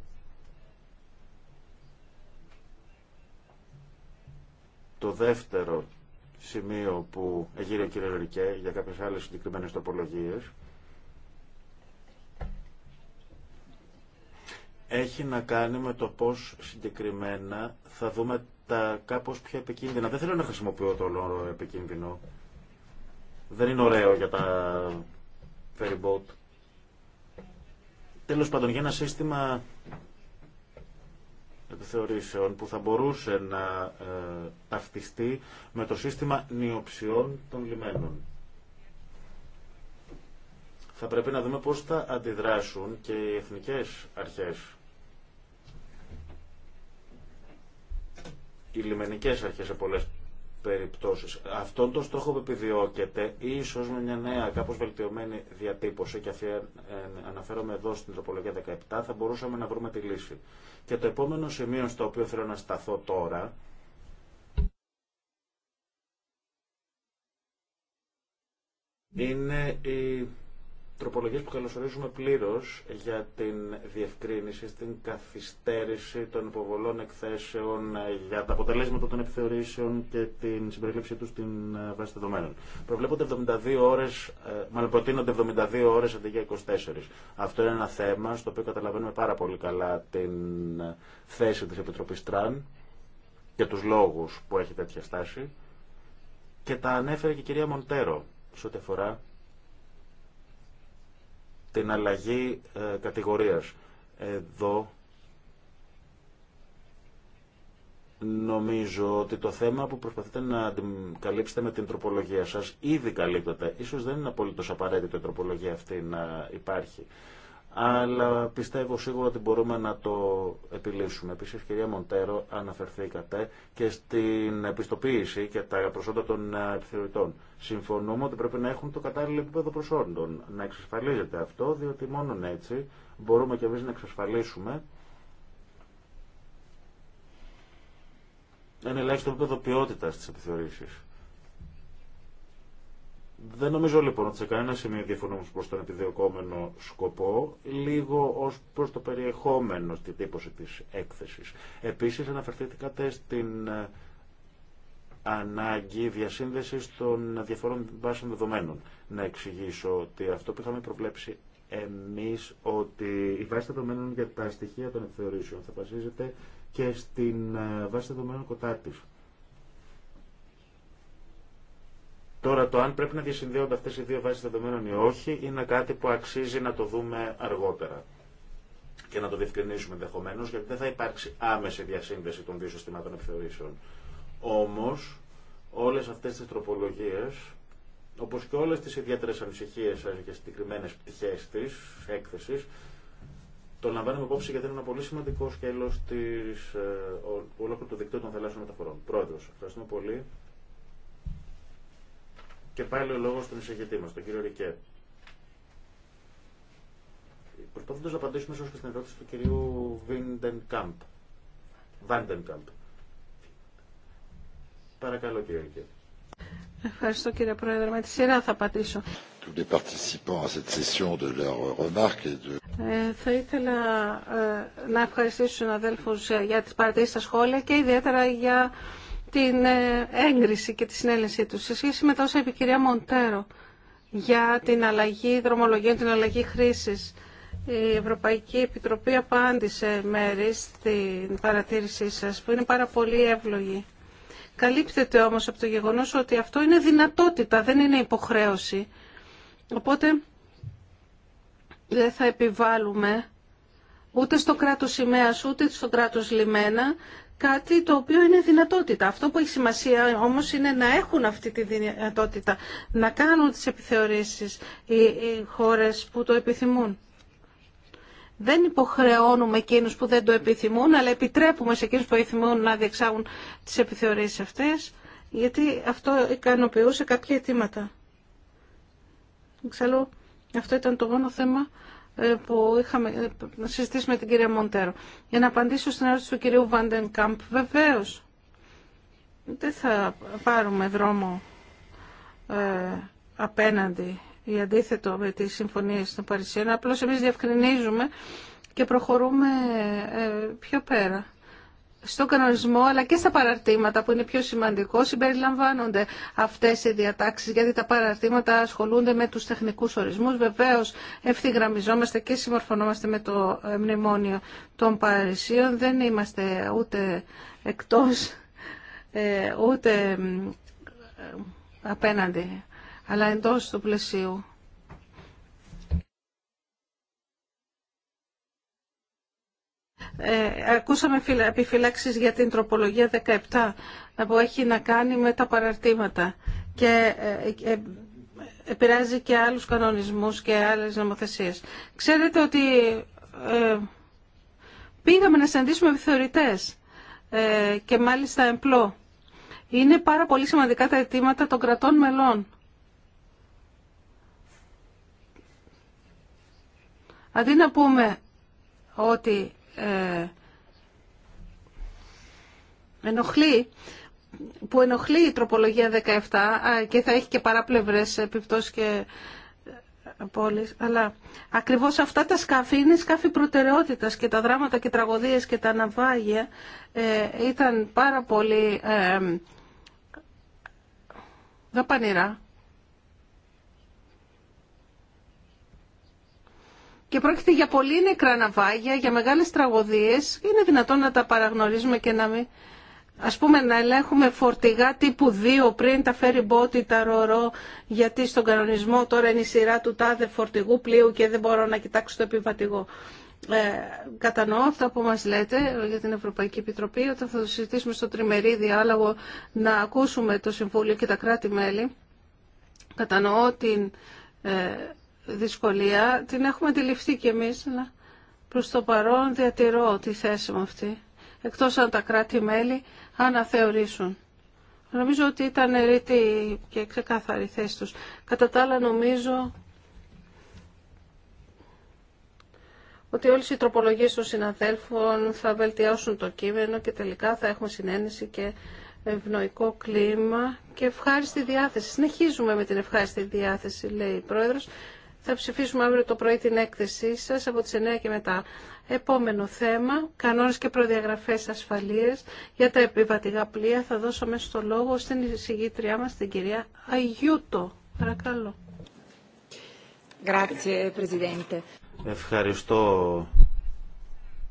Το δεύτερο σημείο που εγείρε ο κ. Ρικέ για κάποιες άλλες συγκεκριμένες τοπολογίες έχει να κάνει με το πώς συγκεκριμένα θα δούμε τα κάπως πιο επικίνδυνα. Δεν θέλω να χρησιμοποιώ το όλο επικίνδυνο. Δεν είναι ωραίο για τα ferry boat. Τέλος πάντων, για ένα σύστημα που θα μπορούσε να ε, ταυτιστεί με το σύστημα νιοψιών των λιμένων. Θα πρέπει να δούμε πώς θα αντιδράσουν και οι εθνικές αρχές. Οι λιμενικές αρχές σε πολλές περιπτώσεις. Αυτόν τον στόχο που επιδιώκεται, ίσως με μια νέα κάπως βελτιωμένη διατύπωση, και ε, αναφέρομαι εδώ στην τροπολογία 17, θα μπορούσαμε να βρούμε τη λύση. Και το επόμενο σημείο στο οποίο θέλω να σταθώ τώρα, είναι η τροπολογίες που καλωσορίζουμε πλήρως για την διευκρίνηση στην καθυστέρηση των υποβολών εκθέσεων ε, για τα αποτελέσματα των επιθεωρήσεων και την συμπερίληψή τους στην ε, βάση δεδομένων. Προβλέπονται 72 ώρες, ε, μάλλον προτείνονται 72 ώρες αντί για 24. Αυτό είναι ένα θέμα στο οποίο καταλαβαίνουμε πάρα πολύ καλά την θέση της Επιτροπής Τραν και τους λόγους που έχει τέτοια στάση. Και τα ανέφερε και η κυρία Μοντέρο σε ό,τι αφορά την αλλαγή ε, κατηγορίας. Εδώ νομίζω ότι το θέμα που προσπαθείτε να καλύψετε με την τροπολογία σας ήδη καλύπτεται. Ίσως δεν είναι απολύτως απαραίτητο η τροπολογία αυτή να υπάρχει αλλά πιστεύω σίγουρα ότι μπορούμε να το επιλύσουμε. Επίσης, κυρία Μοντέρο, αναφερθήκατε και στην επιστοποίηση και τα προσόντα των ε, επιθεωρητών. Συμφωνούμε ότι πρέπει να έχουν το κατάλληλο επίπεδο προσόντων. Να εξασφαλίζεται αυτό, διότι μόνο έτσι μπορούμε και εμείς να εξασφαλίσουμε ένα ελάχιστο επίπεδο ποιότητας της επιθεωρήσης. Δεν νομίζω λοιπόν ότι σε κανένα σημείο διαφωνούμε προ τον επιδιωκόμενο σκοπό, λίγο ω προ το περιεχόμενο στη τύπωση τη έκθεση. Επίση, αναφερθήκατε στην ε, ανάγκη διασύνδεση των διαφορών βάσεων δεδομένων. Να εξηγήσω ότι αυτό που είχαμε προβλέψει εμεί, ότι η βάση δεδομένων για τα στοιχεία των επιθεωρήσεων θα βασίζεται και στην ε, βάση δεδομένων κοντά Τώρα το αν πρέπει να διασυνδέονται αυτές οι δύο βάσεις δεδομένων ή όχι είναι κάτι που αξίζει να το δούμε αργότερα και να το διευκρινίσουμε ενδεχομένω, γιατί δεν θα υπάρξει άμεση διασύνδεση των δύο συστημάτων επιθεωρήσεων. Όμως, όλες αυτές τις τροπολογίες, όπως και όλες τις ιδιαίτερες ανησυχίες σας και συγκεκριμένε πτυχές της έκθεσης, το λαμβάνουμε υπόψη γιατί είναι ένα πολύ σημαντικό σκέλος της, ε, ολόκληρου του δικτύου των θαλάσσιων μεταφορών. Πρόεδρος, ευχαριστούμε πολύ. Και πάλι ο λόγο στον εισηγητή μα, τον κύριο Ρικέ. Προσπαθώντα να απαντήσουμε ίσω και στην ερώτηση του κυρίου Βίντενκαμπ. Βάντενκαμπ. Παρακαλώ κύριε Ρικέ. Ευχαριστώ κύριε Πρόεδρε. Με τη σειρά θα απαντήσω. θα ήθελα ε, να ευχαριστήσω τους αδέλφους ε, για τις παρατηρήσεις στα σχόλια και ιδιαίτερα για την ε, έγκριση και τη συνέλευσή τους. Σε σχέση με τα είπε η κυρία Μοντέρο για την αλλαγή δρομολογίων, την αλλαγή χρήση. η Ευρωπαϊκή Επιτροπή απάντησε μέρη στην παρατήρησή σας, που είναι πάρα πολύ εύλογη. Καλύπτεται όμως από το γεγονός ότι αυτό είναι δυνατότητα, δεν είναι υποχρέωση. Οπότε δεν θα επιβάλλουμε ούτε στο κράτος σημαία ούτε στο κράτος λιμένα κάτι το οποίο είναι δυνατότητα. Αυτό που έχει σημασία όμως είναι να έχουν αυτή τη δυνατότητα, να κάνουν τις επιθεωρήσεις οι χώρες που το επιθυμούν. Δεν υποχρεώνουμε εκείνου που δεν το επιθυμούν, αλλά επιτρέπουμε σε εκείνου που επιθυμούν να διεξάγουν τι επιθεωρήσει αυτέ, γιατί αυτό ικανοποιούσε κάποια αιτήματα. Ξέρω, αυτό ήταν το μόνο θέμα ε, που είχαμε ε, συζητήσει με την κυρία Μοντέρο. Για να απαντήσω στην ερώτηση του κυρίου Βάντεν Κάμπ, βεβαίως δεν θα πάρουμε δρόμο ε, απέναντι ή αντίθετο με τις συμφωνίες των Παρισίων. Απλώς εμείς διευκρινίζουμε και προχωρούμε ε, πιο πέρα στον κανονισμό αλλά και στα παραρτήματα που είναι πιο σημαντικό συμπεριλαμβάνονται αυτές οι διατάξεις γιατί τα παραρτήματα ασχολούνται με τους τεχνικούς ορισμούς. Βεβαίως ευθυγραμμιζόμαστε και συμμορφωνόμαστε με το ε, μνημόνιο των Παρισίων. Δεν είμαστε ούτε εκτός ε, ούτε ε, απέναντι αλλά εντός του πλαισίου Ε, ακούσαμε επιφυλάξεις για την τροπολογία 17 που έχει να κάνει με τα παραρτήματα και ε, ε, επηρεάζει και άλλους κανονισμούς και άλλες νομοθεσίες. Ξέρετε ότι ε, πήγαμε να συναντήσουμε επιθεωρητές και μάλιστα εμπλό. Είναι πάρα πολύ σημαντικά τα αιτήματα των κρατών μελών. Αντί να πούμε ότι ε, ενοχλεί που ενοχλεί η τροπολογία 17 και θα έχει και παράπλευρες επιπτώσεις και ε, πόλεις, αλλά ακριβώς αυτά τα σκάφη είναι σκάφη προτεραιότητας και τα δράματα και τραγωδίες και τα ναυάγια ε, ήταν πάρα πολύ ε, δαπανηρά και πρόκειται για πολύ νεκρά ναυάγια, για μεγάλες τραγωδίες. Είναι δυνατόν να τα παραγνωρίζουμε και να μην... Ας πούμε να ελέγχουμε φορτηγά τύπου 2 πριν τα φέρει μπότι, τα ρορό, γιατί στον κανονισμό τώρα είναι η σειρά του τάδε φορτηγού πλοίου και δεν μπορώ να κοιτάξω το επιβατηγό. Ε, κατανοώ αυτά που μας λέτε για την Ευρωπαϊκή Επιτροπή όταν θα συζητήσουμε στο τριμερή διάλογο να ακούσουμε το Συμβούλιο και τα κράτη-μέλη κατανοώ την ε, δυσκολία. Την έχουμε αντιληφθεί κι εμείς, αλλά προς το παρόν διατηρώ τη θέση μου αυτή, εκτός αν τα κράτη-μέλη αναθεωρήσουν. Νομίζω ότι ήταν ρήτη και ξεκάθαρη θέση τους. Κατά τα άλλα νομίζω ότι όλες οι τροπολογίες των συναδέλφων θα βελτιώσουν το κείμενο και τελικά θα έχουμε συνένεση και ευνοϊκό κλίμα και ευχάριστη διάθεση. Συνεχίζουμε με την ευχάριστη διάθεση, λέει η Πρόεδρος. Θα ψηφίσουμε αύριο το πρωί την έκθεσή σας από τις 9 και μετά. Επόμενο θέμα, κανόνες και προδιαγραφές ασφαλείας για τα επιβατικά πλοία. Θα δώσω μέσα στο λόγο στην εισηγήτριά μας, την κυρία Αγιούτο. Παρακαλώ. Ευχαριστώ,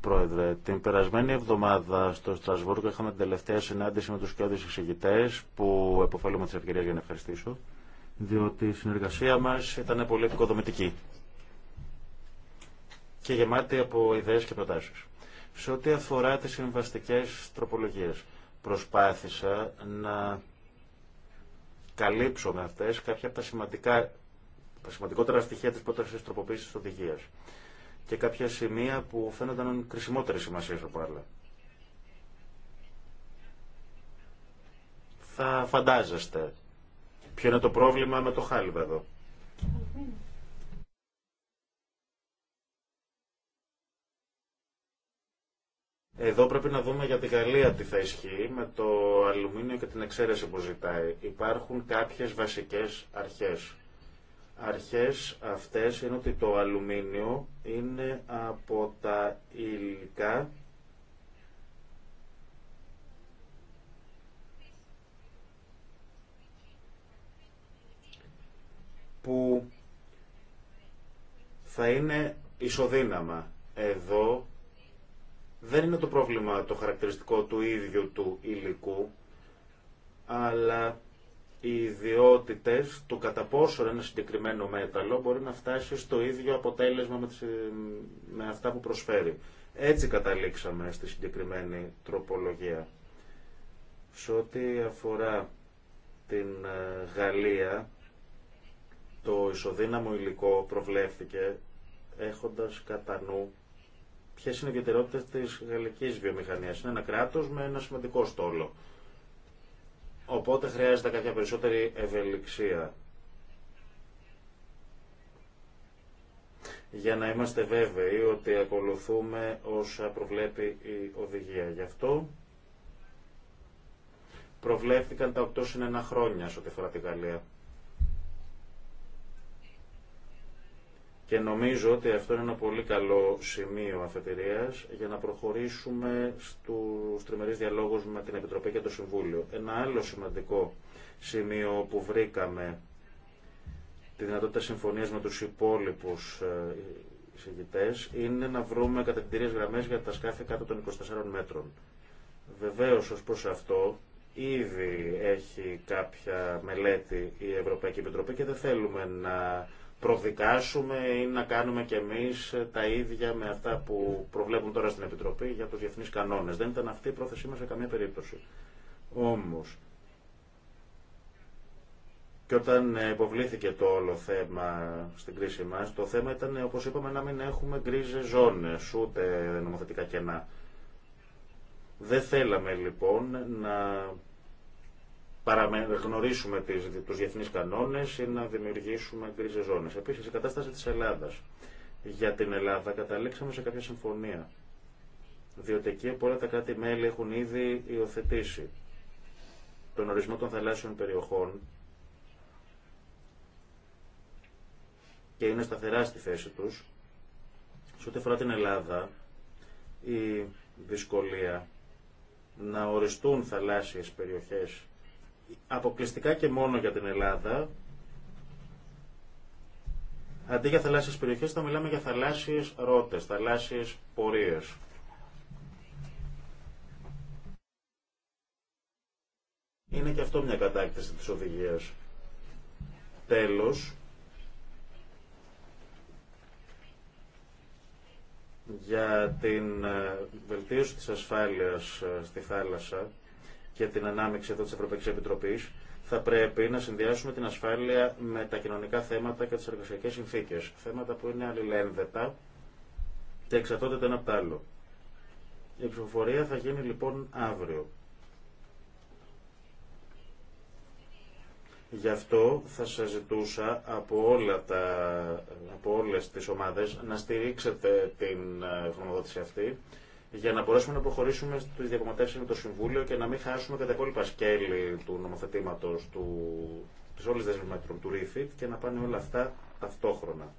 Πρόεδρε. Την περασμένη εβδομάδα στο Στρασβούργο είχαμε την τελευταία συνάντηση με τους κέντρους εισηγητές που επωφελούμε τις ευκαιρίες για να ευχαριστήσω διότι η συνεργασία μας ήταν πολύ επικοδομητική και γεμάτη από ιδέες και προτάσεις. Σε ό,τι αφορά τις συμβαστικές τροπολογίες, προσπάθησα να καλύψω με αυτές κάποια από τα, σημαντικά, τα σημαντικότερα στοιχεία της πρότασης τροποποίησης της οδηγίας και κάποια σημεία που φαίνονταν κρισιμότερη σημασία από άλλα. Θα φαντάζεστε Ποιο είναι το πρόβλημα με το χάλιβα εδώ. Εδώ πρέπει να δούμε για τη Γαλλία τι θα ισχύει με το αλουμίνιο και την εξαίρεση που ζητάει. Υπάρχουν κάποιες βασικές αρχές. Αρχές αυτές είναι ότι το αλουμίνιο είναι από τα υλικά που θα είναι ισοδύναμα. Εδώ δεν είναι το πρόβλημα το χαρακτηριστικό του ίδιου του υλικού, αλλά οι ιδιότητες του κατά πόσο ένα συγκεκριμένο μέταλλο μπορεί να φτάσει στο ίδιο αποτέλεσμα με, με αυτά που προσφέρει. Έτσι καταλήξαμε στη συγκεκριμένη τροπολογία. Σε ό,τι αφορά την ε, Γαλλία, το ισοδύναμο υλικό προβλέφθηκε έχοντας κατά νου ποιες είναι οι ιδιαιτερότητες της γαλλικής βιομηχανίας. Είναι ένα κράτος με ένα σημαντικό στόλο. Οπότε χρειάζεται κάποια περισσότερη ευελιξία. Για να είμαστε βέβαιοι ότι ακολουθούμε όσα προβλέπει η οδηγία. Γι' αυτό προβλέφθηκαν τα 8 συν 1 χρόνια σε ό,τι αφορά τη Γαλλία. Και νομίζω ότι αυτό είναι ένα πολύ καλό σημείο αφετηρίας για να προχωρήσουμε στους τριμερείς διαλόγους με την Επιτροπή και το Συμβούλιο. Ένα άλλο σημαντικό σημείο που βρήκαμε τη δυνατότητα συμφωνίας με τους υπόλοιπους ε, εισηγητές είναι να βρούμε κατευθυντήριες γραμμές για τα σκάφη κάτω των 24 μέτρων. Βεβαίως ως προς αυτό ήδη έχει κάποια μελέτη η Ευρωπαϊκή Επιτροπή και δεν θέλουμε να προδικάσουμε ή να κάνουμε κι εμείς τα ίδια με αυτά που προβλέπουν τώρα στην Επιτροπή για τους διεθνείς κανόνες. Δεν ήταν αυτή η πρόθεσή μας σε καμία περίπτωση. Όμως, και όταν υποβλήθηκε το όλο θέμα στην κρίση μας, το θέμα ήταν, όπως είπαμε, να μην έχουμε γκρίζε ζώνες, ούτε νομοθετικά κενά. Δεν θέλαμε λοιπόν να παραγνωρίσουμε τους διεθνείς κανόνες ή να δημιουργήσουμε κρίζες ζώνες. Επίσης, η κατάσταση της Ελλάδας. Για την Ελλάδα καταλήξαμε σε κάποια συμφωνία. Διότι εκεί όλα τα κράτη-μέλη έχουν ήδη υιοθετήσει τον ορισμό των θαλάσσιων περιοχών και είναι σταθερά στη θέση τους. Σε ό,τι αφορά την Ελλάδα, η δυσκολία να οριστούν θαλάσσιες περιοχές αποκλειστικά και μόνο για την Ελλάδα, αντί για θαλάσσιες περιοχές θα μιλάμε για θαλάσσιες ρότες, θαλάσσιες πορείες. Είναι και αυτό μια κατάκτηση της οδηγίας. Τέλος, για την ε, βελτίωση της ασφάλειας ε, στη θάλασσα, και την ανάμειξη εδώ τη Ευρωπαϊκή Επιτροπή, θα πρέπει να συνδυάσουμε την ασφάλεια με τα κοινωνικά θέματα και τι εργασιακέ συνθήκε. Θέματα που είναι αλληλένδετα και εξαρτώνται το ένα από το άλλο. Η ψηφοφορία θα γίνει λοιπόν αύριο. Γι' αυτό θα σας ζητούσα από, όλα τα, από όλες τις ομάδες να στηρίξετε την χρονοδότηση ε, αυτή για να μπορέσουμε να προχωρήσουμε στις διακομματεύσεις με το Συμβούλιο και να μην χάσουμε τα υπόλοιπα σκέλη του νομοθετήματος του, της όλης μέτρων του Refit και να πάνε όλα αυτά ταυτόχρονα.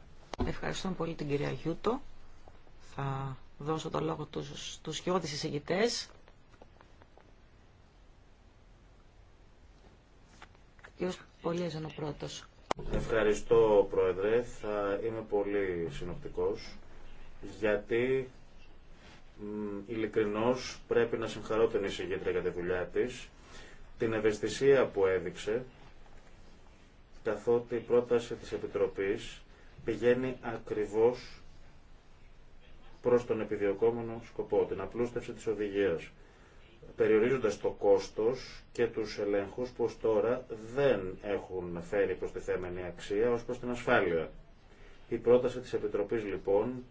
Ευχαριστώ πολύ την κυρία Γιούτο. Θα δώσω το λόγο τους, στους χιώδεις εισηγητές. Κύριος Ευχαριστώ Πρόεδρε. Θα είμαι πολύ συνοπτικός γιατί ειλικρινώ πρέπει να συγχαρώ την εισηγήτρια για τη δουλειά τη. την ευαισθησία που έδειξε, καθότι η πρόταση της Επιτροπής πηγαίνει ακριβώς προς τον επιδιωκόμενο σκοπό, την απλούστευση της οδηγίας, περιορίζοντας το κόστος και τους ελέγχους που ως τώρα δεν έχουν φέρει προς τη θέμενη αξία ως προς την ασφάλεια. Η πρόταση της Επιτροπής λοιπόν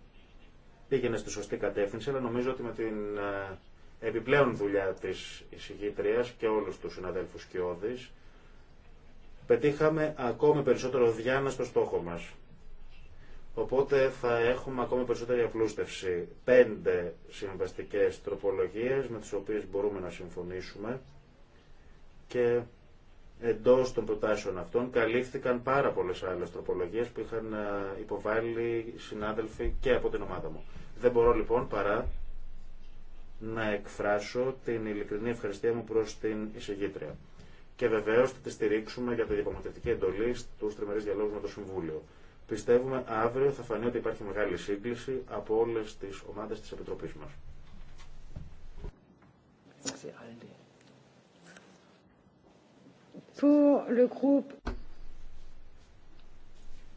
πήγαινε στη σωστή κατεύθυνση, αλλά νομίζω ότι με την ε, επιπλέον δουλειά της εισηγήτριας και όλους τους συναδέλφους Κιώδης, πετύχαμε ακόμη περισσότερο διάνα στο στόχο μας. Οπότε θα έχουμε ακόμη περισσότερη απλούστευση. Πέντε συμβαστικές τροπολογίες με τις οποίες μπορούμε να συμφωνήσουμε και Εντό των προτάσεων αυτών καλύφθηκαν πάρα πολλέ άλλε τροπολογίε που είχαν ε, υποβάλει συνάδελφοι και από την ομάδα μου. Δεν μπορώ λοιπόν παρά να εκφράσω την ειλικρινή ευχαριστία μου προ την εισηγήτρια. Και βεβαίω θα τη στηρίξουμε για τη διαπραγματευτική εντολή στου τριμερεί διαλόγου με το Συμβούλιο. Πιστεύουμε αύριο θα φανεί ότι υπάρχει μεγάλη σύγκληση από όλε τι ομάδε τη Επιτροπή μα.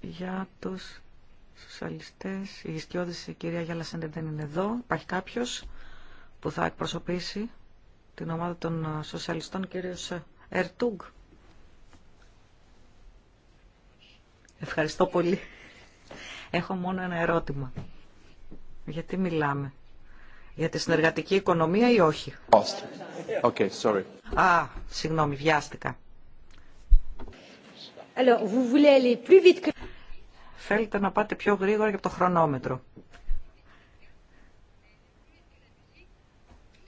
Για τους σοσιαλιστές, η Ιστιώδης η κυρία Γιάλα Σέντερ δεν είναι εδώ. Υπάρχει κάποιος που θα εκπροσωπήσει την ομάδα των σοσιαλιστών, κύριος Ερτούγκ. Ευχαριστώ πολύ. Έχω μόνο ένα ερώτημα. Γιατί μιλάμε. Για τη συνεργατική οικονομία ή όχι. Okay, sorry. Α, συγγνώμη, βιάστηκα. Θέλετε να πάτε πιο γρήγορα για το χρονόμετρο.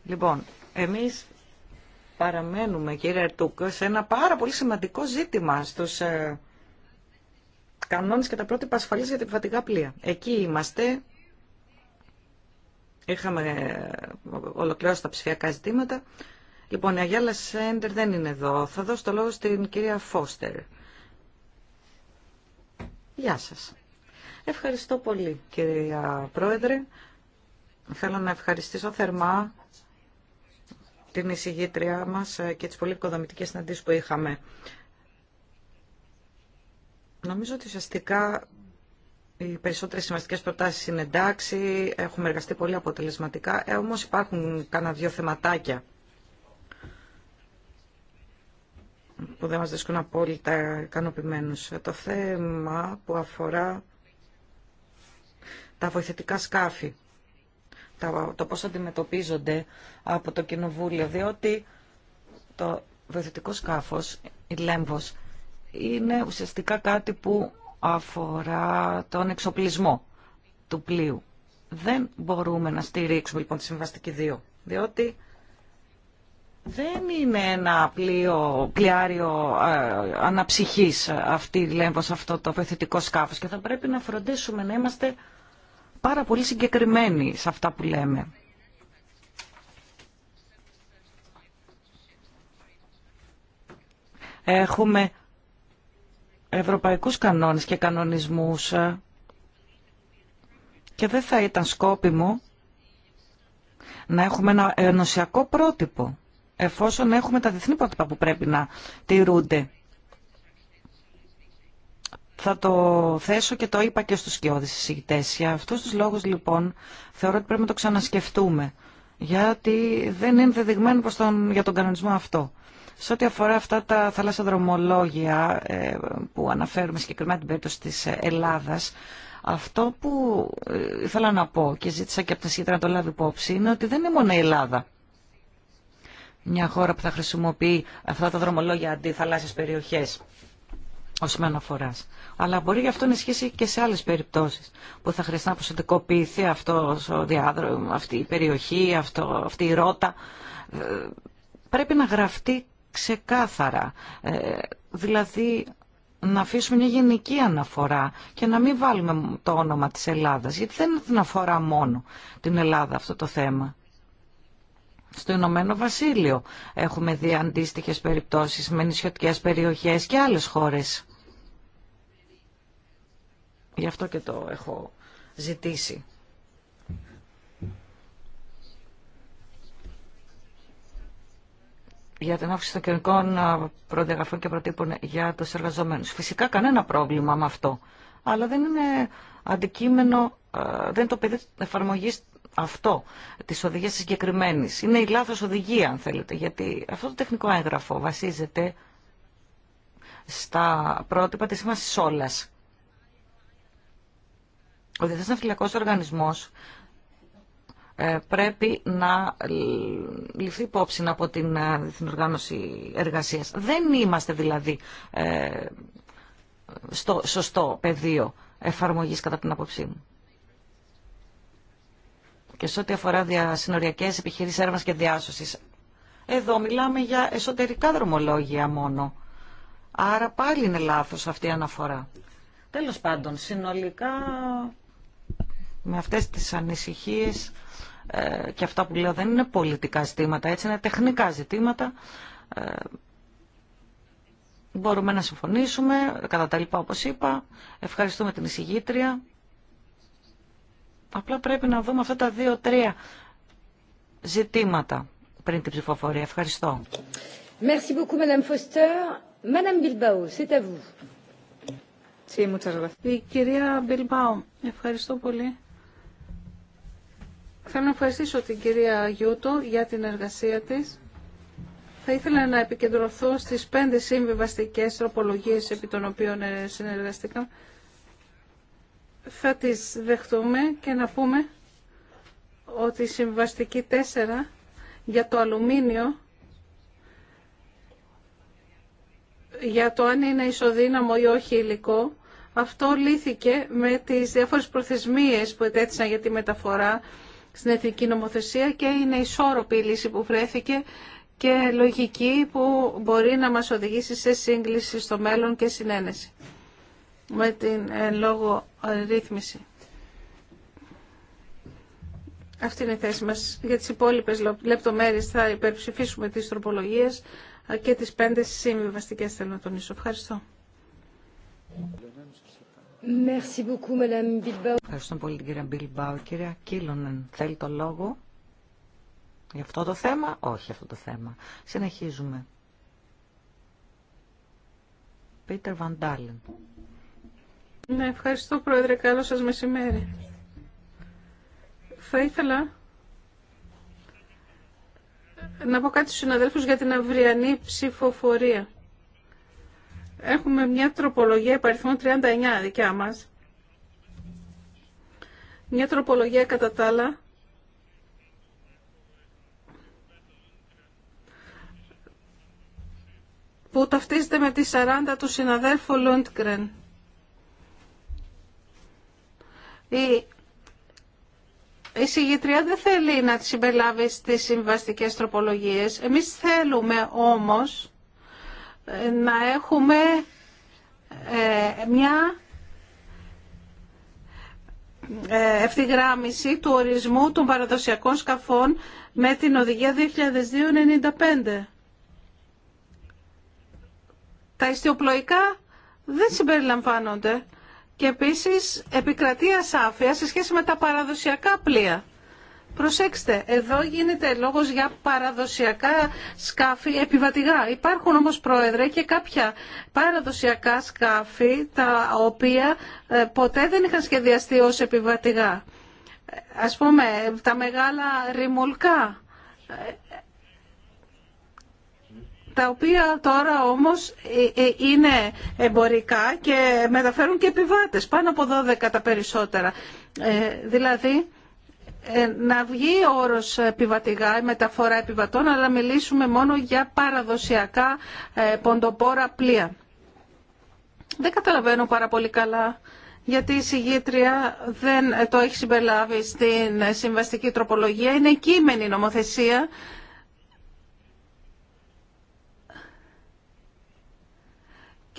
Λοιπόν, εμείς παραμένουμε, κύριε Αρτούκ, σε ένα πάρα πολύ σημαντικό ζήτημα στους ε, κανόνες και τα πρότυπα ασφαλής για την επιβατικά πλοία. Εκεί είμαστε, είχαμε ε, ολοκληρώσει τα ψηφιακά ζητήματα. Λοιπόν, η Αγιάλα Σέντερ δεν είναι εδώ. Θα δώσω το λόγο στην κυρία Φώστερ. Γεια σας. Ευχαριστώ πολύ κυρία Πρόεδρε. Θέλω να ευχαριστήσω θερμά την εισηγήτριά μας και τις πολύ οικοδομητικές συναντήσεις που είχαμε. Νομίζω ότι ουσιαστικά οι περισσότερες σημαντικές προτάσεις είναι εντάξει, έχουμε εργαστεί πολύ αποτελεσματικά, ε, όμως υπάρχουν κάνα δύο θεματάκια που δεν μας βρίσκουν απόλυτα ικανοποιημένους. Το θέμα που αφορά τα βοηθητικά σκάφη, το πώς αντιμετωπίζονται από το Κοινοβούλιο, διότι το βοηθητικό σκάφος, η Λέμβος, είναι ουσιαστικά κάτι που αφορά τον εξοπλισμό του πλοίου. Δεν μπορούμε να στηρίξουμε λοιπόν τη συμβαστική 2, διότι δεν είναι ένα πλοίο, πλοιάριο ε, αναψυχής αυτή η Λέμβος, αυτό το πεθητικό σκάφος και θα πρέπει να φροντίσουμε να είμαστε πάρα πολύ συγκεκριμένοι σε αυτά που λέμε. Έχουμε ευρωπαϊκούς κανόνες και κανονισμούς ε, και δεν θα ήταν σκόπιμο να έχουμε ένα ενωσιακό πρότυπο εφόσον έχουμε τα διεθνή πρότυπα που πρέπει να τηρούνται. Θα το θέσω και το είπα και στους σκιώδεις συζητητές. Για αυτούς τους λόγους λοιπόν θεωρώ ότι πρέπει να το ξανασκεφτούμε. Γιατί δεν είναι δεδειγμένο προς για τον κανονισμό αυτό. Σε ό,τι αφορά αυτά τα θαλάσσια δρομολόγια ε, που αναφέρουμε συγκεκριμένα την περίπτωση της ε, Ελλάδας, αυτό που ε, ήθελα να πω και ζήτησα και από τα σχέδια να το λάβει υπόψη είναι ότι δεν είναι μόνο η Ελλάδα μια χώρα που θα χρησιμοποιεί αυτά τα δρομολόγια αντί θαλάσσιες περιοχές ως σημείο αναφορά. Αλλά μπορεί γι' αυτό να ισχύσει και σε άλλες περιπτώσεις που θα χρειαστεί να προσωπικοποιηθεί αυτό ο διάδρομο, αυτή η περιοχή, αυτό, αυτή η ρότα. Ε, πρέπει να γραφτεί ξεκάθαρα. Ε, δηλαδή να αφήσουμε μια γενική αναφορά και να μην βάλουμε το όνομα της Ελλάδας, γιατί δεν αφορά μόνο την Ελλάδα αυτό το θέμα στο Ηνωμένο Βασίλειο έχουμε δει αντίστοιχε περιπτώσεις με νησιωτικέ περιοχές και άλλες χώρες. Γι' αυτό και το έχω ζητήσει. για την αύξηση των κοινωνικών προδιαγραφών και προτύπων για τους εργαζομένους. Φυσικά κανένα πρόβλημα με αυτό, αλλά δεν είναι αντικείμενο, δεν είναι το πεδίο εφαρμογής αυτό τη οδηγία συγκεκριμένη. Είναι η λάθο οδηγία, αν θέλετε, γιατί αυτό το τεχνικό έγγραφο βασίζεται στα πρότυπα τη σήμανση όλα. Ο Διεθνή Ναυτιλιακό Οργανισμό ε, πρέπει να ληφθεί υπόψη από την ε, Διεθνή Οργάνωση Εργασία. Δεν είμαστε δηλαδή ε, στο σωστό πεδίο εφαρμογής κατά την άποψή μου και σε ό,τι αφορά διασυνοριακές επιχειρήσει έρευνα και διάσωση. Εδώ μιλάμε για εσωτερικά δρομολόγια μόνο. Άρα πάλι είναι λάθος αυτή η αναφορά. Τέλος πάντων, συνολικά με αυτές τις ανησυχίες ε, και αυτά που λέω δεν είναι πολιτικά ζητήματα, έτσι είναι τεχνικά ζητήματα. Ε, μπορούμε να συμφωνήσουμε, κατά τα λοιπά όπως είπα. Ευχαριστούμε την εισηγήτρια. Απλά πρέπει να δούμε αυτά τα δύο-τρία ζητήματα πριν την ψηφοφορία. Ευχαριστώ. Merci beaucoup, Madame Foster. Madame Η κυρία Μπιλμπάου, ευχαριστώ πολύ. Θέλω να ευχαριστήσω την κυρία Γιούτο για την εργασία της. Θα ήθελα να επικεντρωθώ στις πέντε συμβιβαστικές τροπολογίες επί των οποίων συνεργαστήκαμε θα τις δεχτούμε και να πούμε ότι η συμβαστική 4 για το αλουμίνιο για το αν είναι ισοδύναμο ή όχι υλικό αυτό λύθηκε με τις διάφορες προθεσμίες που ετέθησαν για τη μεταφορά στην εθνική νομοθεσία και είναι ισόρροπη η λύση που βρέθηκε και λογική που μπορεί να μας οδηγήσει σε σύγκληση στο μέλλον και συνένεση με την ε, λόγο ε, ρύθμιση. Αυτή είναι η θέση μας. Για τις υπόλοιπες λεπτομέρειες θα υπερψηφίσουμε τις τροπολογίες ε, και τις πέντε συμβιβαστικές θέλω να τονίσω. Ευχαριστώ. Merci Ευχαριστώ πολύ την κυρία Μπιλμπάου. Κυρία Κίλωνεν, θέλει το λόγο για αυτό το θέμα. Όχι αυτό το θέμα. Συνεχίζουμε. Πίτερ Βαντάλεν. Ναι, ευχαριστώ Πρόεδρε. Καλό σας μεσημέρι. Θα ήθελα να πω κάτι στους συναδέλφους για την αυριανή ψηφοφορία. Έχουμε μια τροπολογία υπαριθμών 39 δικιά μας. Μια τροπολογία κατά τα άλλα που ταυτίζεται με τη 40 του συναδέλφου Λούντγκρεν. Η η συγγητρία δεν θέλει να τις συμπεριλάβει στις συμβαστικές τροπολογίες. Εμείς θέλουμε όμως ε, να έχουμε ε, μια ε, ευθυγράμμιση του ορισμού των παραδοσιακών σκαφών με την Οδηγία 2295. Τα ιστιοπλοϊκά δεν συμπεριλαμβάνονται και επίση επικρατεί ασάφεια σε σχέση με τα παραδοσιακά πλοία. Προσέξτε, εδώ γίνεται λόγος για παραδοσιακά σκάφη επιβατηγά. Υπάρχουν όμως, Πρόεδρε, και κάποια παραδοσιακά σκάφη τα οποία ε, ποτέ δεν είχαν σχεδιαστεί ως επιβατηγά. Ε, ας πούμε, τα μεγάλα ρημουλκά ε, τα οποία τώρα όμως ε, ε, είναι εμπορικά και μεταφέρουν και επιβάτες, πάνω από 12 τα περισσότερα. Ε, δηλαδή, να βγει ο όρος επιβατηγά, η μεταφορά επιβατών, αλλά μιλήσουμε μόνο για παραδοσιακά ποντοπόρα πλοία. Δεν καταλαβαίνω πάρα πολύ καλά γιατί η συγγήτρια δεν το έχει συμπεριλάβει στην συμβαστική τροπολογία. Είναι κείμενη νομοθεσία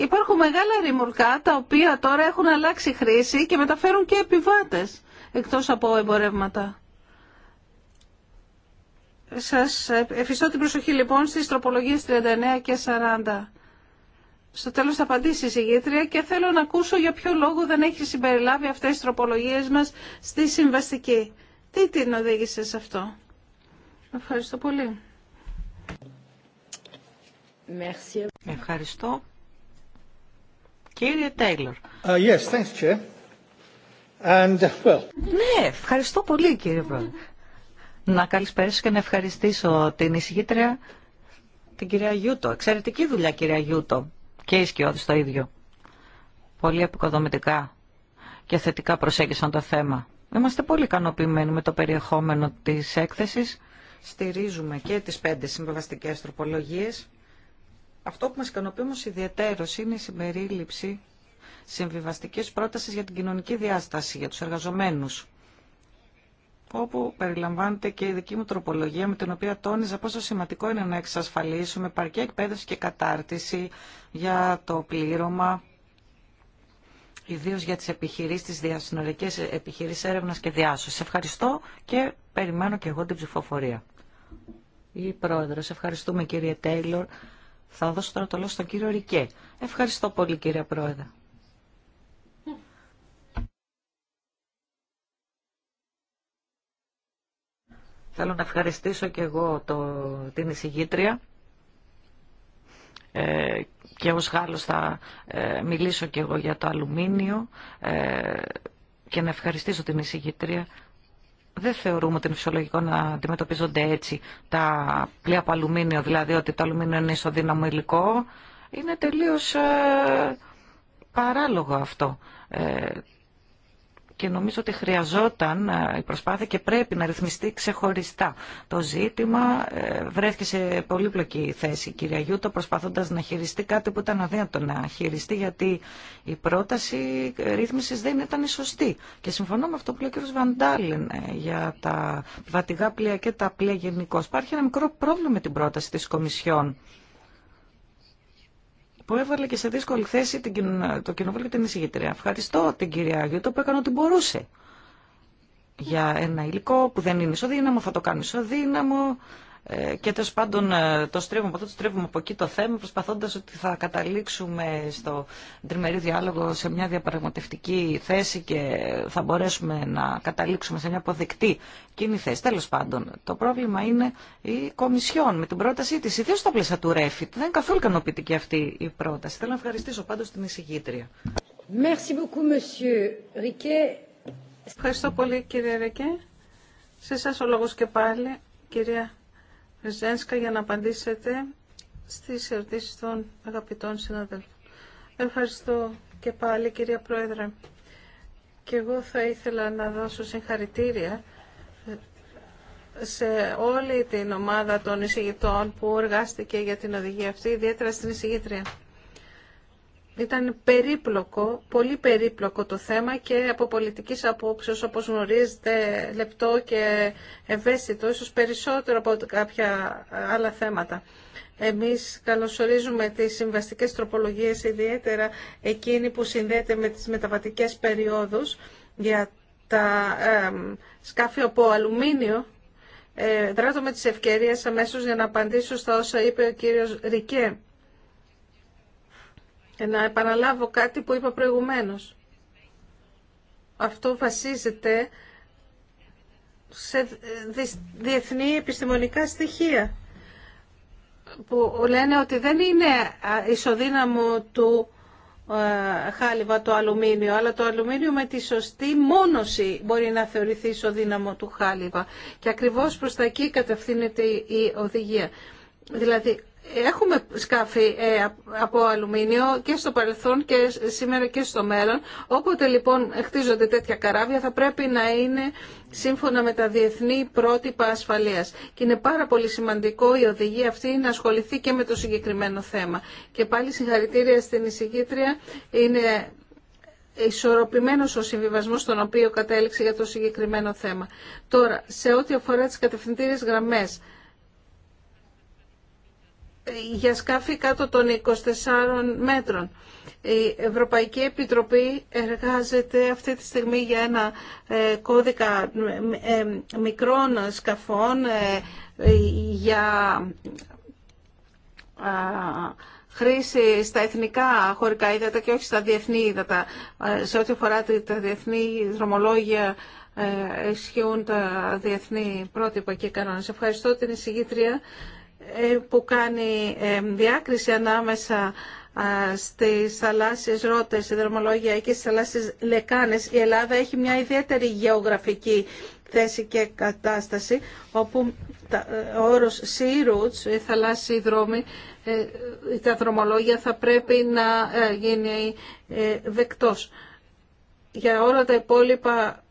Υπάρχουν μεγάλα ρημουρκά τα οποία τώρα έχουν αλλάξει χρήση και μεταφέρουν και επιβάτες εκτός από εμπορεύματα. Σας εφιστώ την προσοχή λοιπόν στις τροπολογίες 39 και 40. Στο τέλος θα απαντήσει η συγγήτρια και θέλω να ακούσω για ποιο λόγο δεν έχει συμπεριλάβει αυτές τις τροπολογίες μας στη συμβαστική. Τι την οδήγησε σε αυτό. Ευχαριστώ πολύ. Ευχαριστώ. Κύριε Τέιλορ. Uh, uh, ναι, ευχαριστώ πολύ κύριε Πρόεδρε. Να καλησπέρισω και να ευχαριστήσω την εισηγήτρια την κυρία Γιούτο. Εξαιρετική δουλειά κυρία Γιούτο και η Σκιώδης το ίδιο. Πολύ επικοδομητικά και θετικά προσέγγισαν το θέμα. Είμαστε πολύ ικανοποιημένοι με το περιεχόμενο της έκθεσης. Στηρίζουμε και τις πέντε συμβαστικές τροπολογίες αυτό που μας ικανοποιεί όμως ιδιαίτερος είναι η συμπερίληψη συμβιβαστική πρότασης για την κοινωνική διάσταση, για τους εργαζομένους όπου περιλαμβάνεται και η δική μου τροπολογία με την οποία τόνιζα πόσο σημαντικό είναι να εξασφαλίσουμε παρκή εκπαίδευση και κατάρτιση για το πλήρωμα ιδίω για τις επιχειρήσει τις διασυνορικές επιχειρήσεις έρευνας και διάσωσης. Ευχαριστώ και περιμένω και εγώ την ψηφοφορία. Η Πρόεδρος, ευχαριστούμε κύριε Τέιλορ. Θα δώσω τώρα το λόγο στον κύριο Ρικέ. Ευχαριστώ πολύ κύριε Πρόεδρε. Θέλω να ευχαριστήσω και εγώ το, την εισηγήτρια ε, και ως Γάλλος θα ε, μιλήσω και εγώ για το αλουμίνιο ε, και να ευχαριστήσω την εισηγήτρια δεν θεωρούμε ότι είναι φυσιολογικό να αντιμετωπίζονται έτσι τα πλοία από αλουμίνιο, δηλαδή ότι το αλουμίνιο είναι ισοδύναμο υλικό. Είναι τελείως ε, παράλογο αυτό. Ε, και νομίζω ότι χρειαζόταν ε, η προσπάθεια και πρέπει να ρυθμιστεί ξεχωριστά. Το ζήτημα ε, βρέθηκε σε πολύπλοκη θέση η κυρία Γιούτο προσπαθώντας να χειριστεί κάτι που ήταν αδύνατο να χειριστεί γιατί η πρόταση ρύθμισης δεν ήταν η σωστή. Και συμφωνώ με αυτό που λέει ο κ. Βαντάλιν ε, για τα βατηγά πλοία και τα πλοία γενικώ. Υπάρχει ένα μικρό πρόβλημα με την πρόταση της Κομισιόν που έβαλε και σε δύσκολη θέση το κοινοβούλιο και την εισηγήτρια. Ευχαριστώ την κυρία Γιούτο που έκανε ό,τι μπορούσε για ένα υλικό που δεν είναι ισοδύναμο, θα το κάνει ισοδύναμο, ε, και τέλο πάντων ε, το στρίβουμε από εδώ, το στρίβουμε από εκεί το θέμα, προσπαθώντα ότι θα καταλήξουμε στο τριμερή διάλογο σε μια διαπραγματευτική θέση και θα μπορέσουμε να καταλήξουμε σε μια αποδεκτή κοινή θέση. Τέλο πάντων, το πρόβλημα είναι η Κομισιόν με την πρότασή τη, ιδίω στα πλαίσια του Ρέφιτ. Δεν είναι καθόλου ικανοποιητική αυτή η πρόταση. Θέλω να ευχαριστήσω πάντω την εισηγήτρια. Merci beaucoup, monsieur Ευχαριστώ πολύ, κύριε Ρικέ. Σε εσά ο λόγο και πάλι, κυρία. Ρεζένσκα για να απαντήσετε στις ερωτήσεις των αγαπητών συναδέλφων. Ευχαριστώ και πάλι κυρία Πρόεδρε. Και εγώ θα ήθελα να δώσω συγχαρητήρια σε όλη την ομάδα των εισηγητών που εργάστηκε για την οδηγία αυτή, ιδιαίτερα στην εισηγήτρια. Ήταν περίπλοκο, πολύ περίπλοκο το θέμα και από πολιτικής απόψεως, όπως γνωρίζετε, λεπτό και ευαίσθητο, ίσως περισσότερο από κάποια άλλα θέματα. Εμείς καλωσορίζουμε τις συμβαστικές τροπολογίες, ιδιαίτερα εκείνη που συνδέεται με τις μεταβατικές περιόδους για τα ε, σκάφη από αλουμίνιο. Ε, δράτω με τις ευκαιρίες αμέσως για να απαντήσω στα όσα είπε ο κύριος Ρικέ ε, να επαναλάβω κάτι που είπα προηγουμένως. Αυτό βασίζεται σε διεθνή επιστημονικά στοιχεία που λένε ότι δεν είναι ισοδύναμο του ε, χάλιβα το αλουμίνιο, αλλά το αλουμίνιο με τη σωστή μόνωση μπορεί να θεωρηθεί ισοδύναμο του χάλιβα. Και ακριβώς προς τα εκεί κατευθύνεται η οδηγία. Δηλαδή Έχουμε σκάφη ε, από αλουμίνιο και στο παρελθόν και σήμερα και στο μέλλον. Όποτε λοιπόν χτίζονται τέτοια καράβια θα πρέπει να είναι σύμφωνα με τα διεθνή πρότυπα ασφαλείας. Και είναι πάρα πολύ σημαντικό η οδηγία αυτή να ασχοληθεί και με το συγκεκριμένο θέμα. Και πάλι συγχαρητήρια στην εισηγήτρια. Είναι ισορροπημένος ο συμβιβασμό στον οποίο κατέληξε για το συγκεκριμένο θέμα. Τώρα, σε ό,τι αφορά τις κατευθυντήριες γραμμέ, για σκάφη κάτω των 24 μέτρων. Η Ευρωπαϊκή Επιτροπή εργάζεται αυτή τη στιγμή για ένα ε, κώδικα ε, μικρών σκαφών ε, για χρήση στα εθνικά χωρικά ύδατα και όχι στα διεθνή ύδατα. Σε ό,τι αφορά τα διεθνή δρομολόγια ισχύουν τα διεθνή πρότυπα και κανόνες. Ευχαριστώ την εισηγήτρια ε, που κάνει ε, διάκριση ανάμεσα στις θαλάσσιες ρότες, δρομολόγια και στις θαλάσσιες λεκάνες. Η Ελλάδα έχει μια ιδιαίτερη γεωγραφική θέση και κατάσταση, όπου ε, ο όρος sea routes, οι θαλάσσιοι δρόμοι, τα δρομολόγια θα πρέπει να γίνει δεκτός. Για όλα τα υπόλοιπα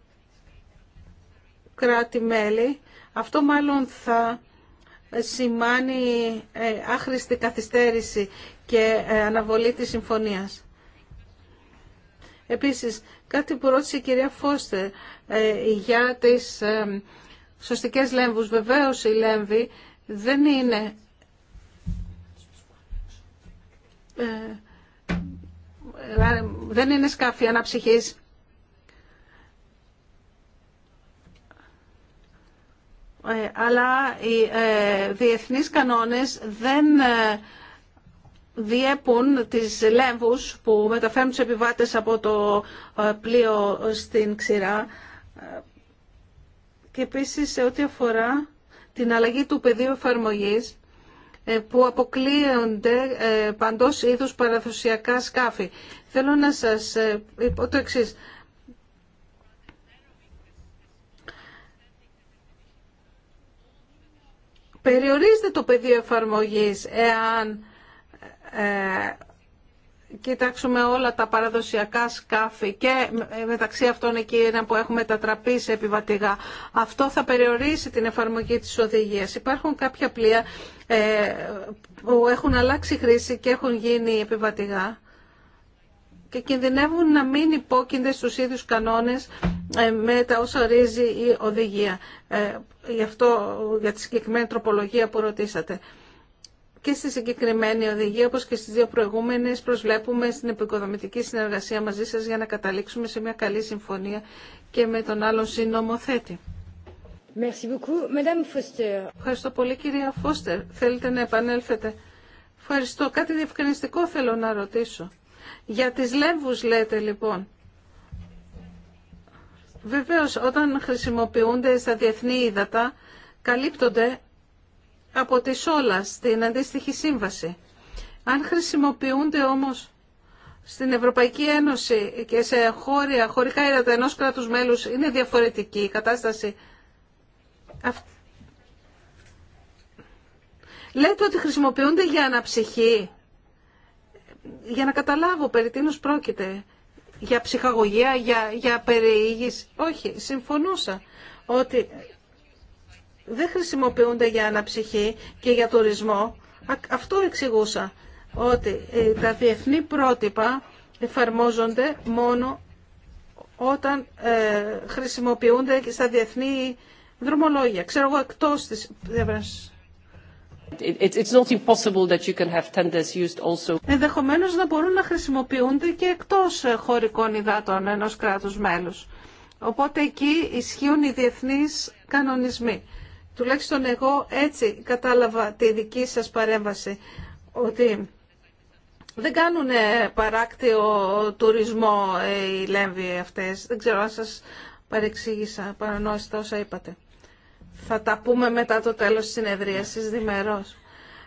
κράτη-μέλη, αυτό μάλλον θα σημάνει ε, άχρηστη καθυστέρηση και ε, αναβολή της συμφωνίας. Επίσης, κάτι που ρώτησε η κυρία Φώστερ ε, για τις σωστικές λέμβους. Βεβαίως η λέμβη δεν είναι δεν είναι σκάφη αναψυχής. Ε, αλλά οι ε, διεθνείς κανόνες δεν ε, διέπουν τις λέμβους που μεταφέρουν τους επιβάτες από το πλοίο στην ξηρά. Και επίσης σε ό,τι αφορά την αλλαγή του πεδίου εφαρμογής που αποκλείονται παντός είδους παραδοσιακά σκάφη. Θέλω να σας πω το εξής. περιορίζεται το πεδίο εφαρμογής εάν ε, κοιτάξουμε όλα τα παραδοσιακά σκάφη και μεταξύ αυτών εκεί ένα που έχουμε μετατραπεί σε επιβατηγά. Αυτό θα περιορίσει την εφαρμογή της οδηγίας. Υπάρχουν κάποια πλοία ε, που έχουν αλλάξει χρήση και έχουν γίνει επιβατηγά και κινδυνεύουν να μην υπόκεινται στους ίδιους κανόνες ε, με τα όσα ορίζει η οδηγία. Ε, γι' αυτό, για τη συγκεκριμένη τροπολογία που ρωτήσατε. Και στη συγκεκριμένη οδηγία, όπως και στις δύο προηγούμενες, προσβλέπουμε στην επικοδομητική συνεργασία μαζί σας για να καταλήξουμε σε μια καλή συμφωνία και με τον άλλον συνομοθέτη. Ευχαριστώ πολύ, κυρία Φώστερ. Θέλετε να επανέλθετε. Ευχαριστώ. Κάτι διευκρινιστικό θέλω να ρωτήσω. Για τις λέμβους λέτε λοιπόν. Βεβαίως, όταν χρησιμοποιούνται στα διεθνή ύδατα, καλύπτονται από τη σόλα στην αντίστοιχη σύμβαση. Αν χρησιμοποιούνται όμως στην Ευρωπαϊκή Ένωση και σε χώρια, χωρικά ύδατα ενός κράτους μέλους, είναι διαφορετική η κατάσταση. Λέτε ότι χρησιμοποιούνται για αναψυχή. Για να καταλάβω περί τίνος πρόκειται για ψυχαγωγία, για, για περιήγηση. Όχι, συμφωνούσα ότι δεν χρησιμοποιούνται για αναψυχή και για τουρισμό. Αυτό εξηγούσα, ότι ε, τα διεθνή πρότυπα εφαρμόζονται μόνο όταν ε, χρησιμοποιούνται και στα διεθνή δρομολόγια. Ξέρω εγώ εκτός της Ενδεχομένω να μπορούν να χρησιμοποιούνται και εκτός ε, χωρικών υδάτων ενός κράτους μέλους. Οπότε εκεί ισχύουν οι διεθνείς κανονισμοί. Τουλάχιστον εγώ έτσι κατάλαβα τη δική σας παρέμβαση, ότι δεν κάνουν παράκτιο τουρισμό ε, οι Λέμβοι αυτές. Δεν ξέρω αν σας παρεξήγησα, παρανόησα όσα είπατε. Θα τα πούμε μετά το τέλος της συνεδρίασης διμερός.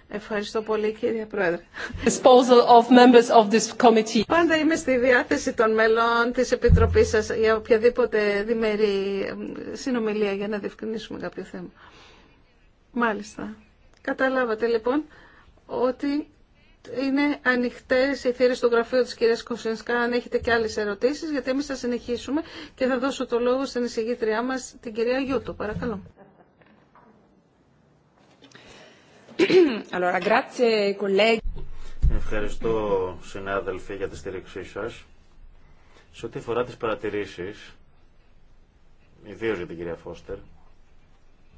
Ευχαριστώ πολύ κύριε Πρόεδρε. Of members of this committee. Πάντα είμαι στη διάθεση των μελών της Επιτροπής σας για οποιαδήποτε διμερή συνομιλία για να διευκρινίσουμε κάποιο θέμα. Μάλιστα. Καταλάβατε λοιπόν ότι είναι ανοιχτέ οι θύρε του γραφείου τη κυρία Κοσενσκά. Αν έχετε και άλλε ερωτήσει, γιατί εμεί θα συνεχίσουμε και θα δώσω το λόγο στην εισηγήτριά μα, την κυρία Γιούτο. Παρακαλώ. Ευχαριστώ συνάδελφοι για τη στήριξή σας. Σε ό,τι αφορά τις παρατηρήσεις, ιδίως για την κυρία Φώστερ,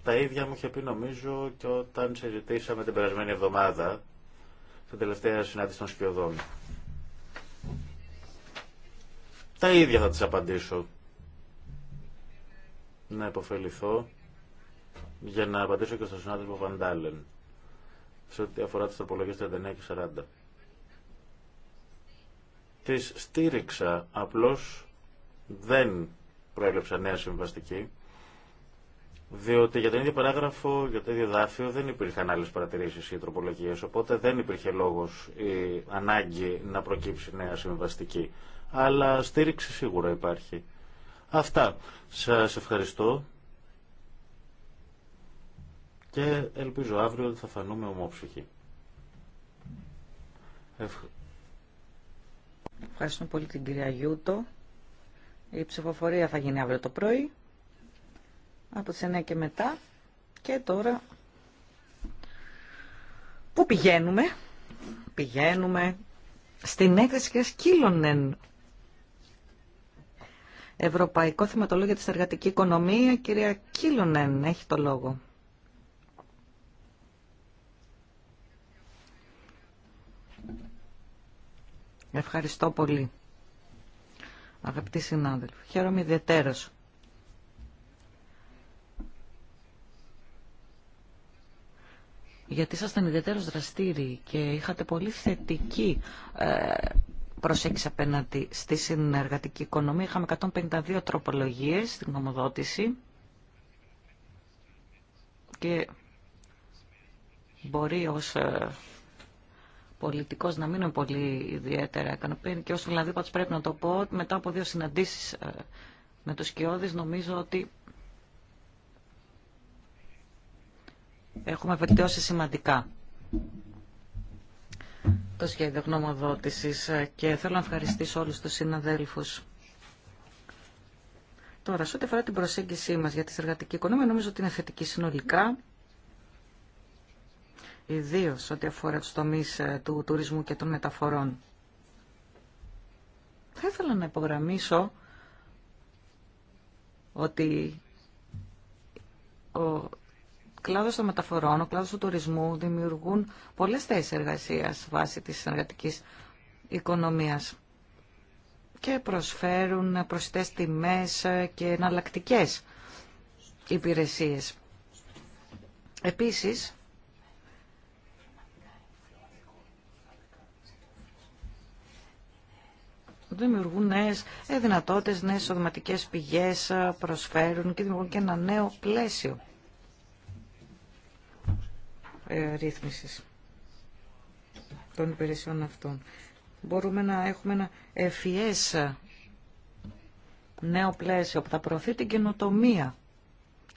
τα ίδια μου είχε πει νομίζω και όταν συζητήσαμε την περασμένη εβδομάδα, στην τελευταία συνάντηση των Σκιωδών. Τα ίδια θα τις απαντήσω. Να υποφεληθώ για να απαντήσω και στον συνάδελφο Βαντάλεν σε ό,τι αφορά τις τροπολογίες 39 και 40. Τις στήριξα, απλώς δεν προέλεψα νέα συμβαστική, διότι για τον ίδιο παράγραφο, για το ίδιο δάφιο δεν υπήρχαν άλλες παρατηρήσεις ή τροπολογίες, οπότε δεν υπήρχε λόγος ή ανάγκη να προκύψει νέα συμβαστική. Αλλά στήριξη σίγουρα υπάρχει. Αυτά. Σας ευχαριστώ και ελπίζω αύριο ότι θα φανούμε ομόψυχοι. Ευχαριστούμε πολύ την κυρία Γιούτο. Η ψηφοφορία θα γίνει αύριο το πρωί, από τις 9 και μετά. Και τώρα, πού πηγαίνουμε. Πηγαίνουμε στην έκθεση κυρίας Κίλονεν. Ευρωπαϊκό Θεματολόγιο της Εργατική Οικονομία, κυρία Κίλονεν, έχει το λόγο. Ευχαριστώ πολύ. Αγαπητοί συνάδελφοι, χαίρομαι ιδιαίτερος γιατί ήσασταν ιδιαίτερο δραστήριοι και είχατε πολύ θετική ε, προσέγγιση απέναντι στη συνεργατική οικονομία. Είχαμε 152 τροπολογίες στην νομοδότηση και μπορεί ως ε, πολιτικό να μην είναι πολύ ιδιαίτερα ικανοποιημένη και ω δηλαδή πρέπει να το πω μετά από δύο συναντήσει ε, με του Σκιώδη νομίζω ότι έχουμε βελτιώσει σημαντικά το σχέδιο γνωμοδότησης ε, και θέλω να ευχαριστήσω όλους τους συναδέλφους. Τώρα, σε ό,τι αφορά την προσέγγιση μας για τη συνεργατική οικονομία, νομίζω ότι είναι θετική συνολικά. Ιδίω ό,τι αφορά του τομεί ε, του τουρισμού και των μεταφορών. Θα ήθελα να υπογραμμίσω ότι ο κλάδος των μεταφορών, ο κλάδος του τουρισμού δημιουργούν πολλές θέσει εργασίας βάσει της συνεργατική οικονομίας και προσφέρουν προσιτέ τιμέ και εναλλακτικέ υπηρεσίες. Επίσης, δημιουργούν νέες ε, δυνατότητες, νέες εισοδηματικές πηγές ε, προσφέρουν και δημιουργούν και ένα νέο πλαίσιο ε, ρύθμισης των υπηρεσιών αυτών. Μπορούμε να έχουμε ένα ευφυές νέο πλαίσιο που θα προωθεί την καινοτομία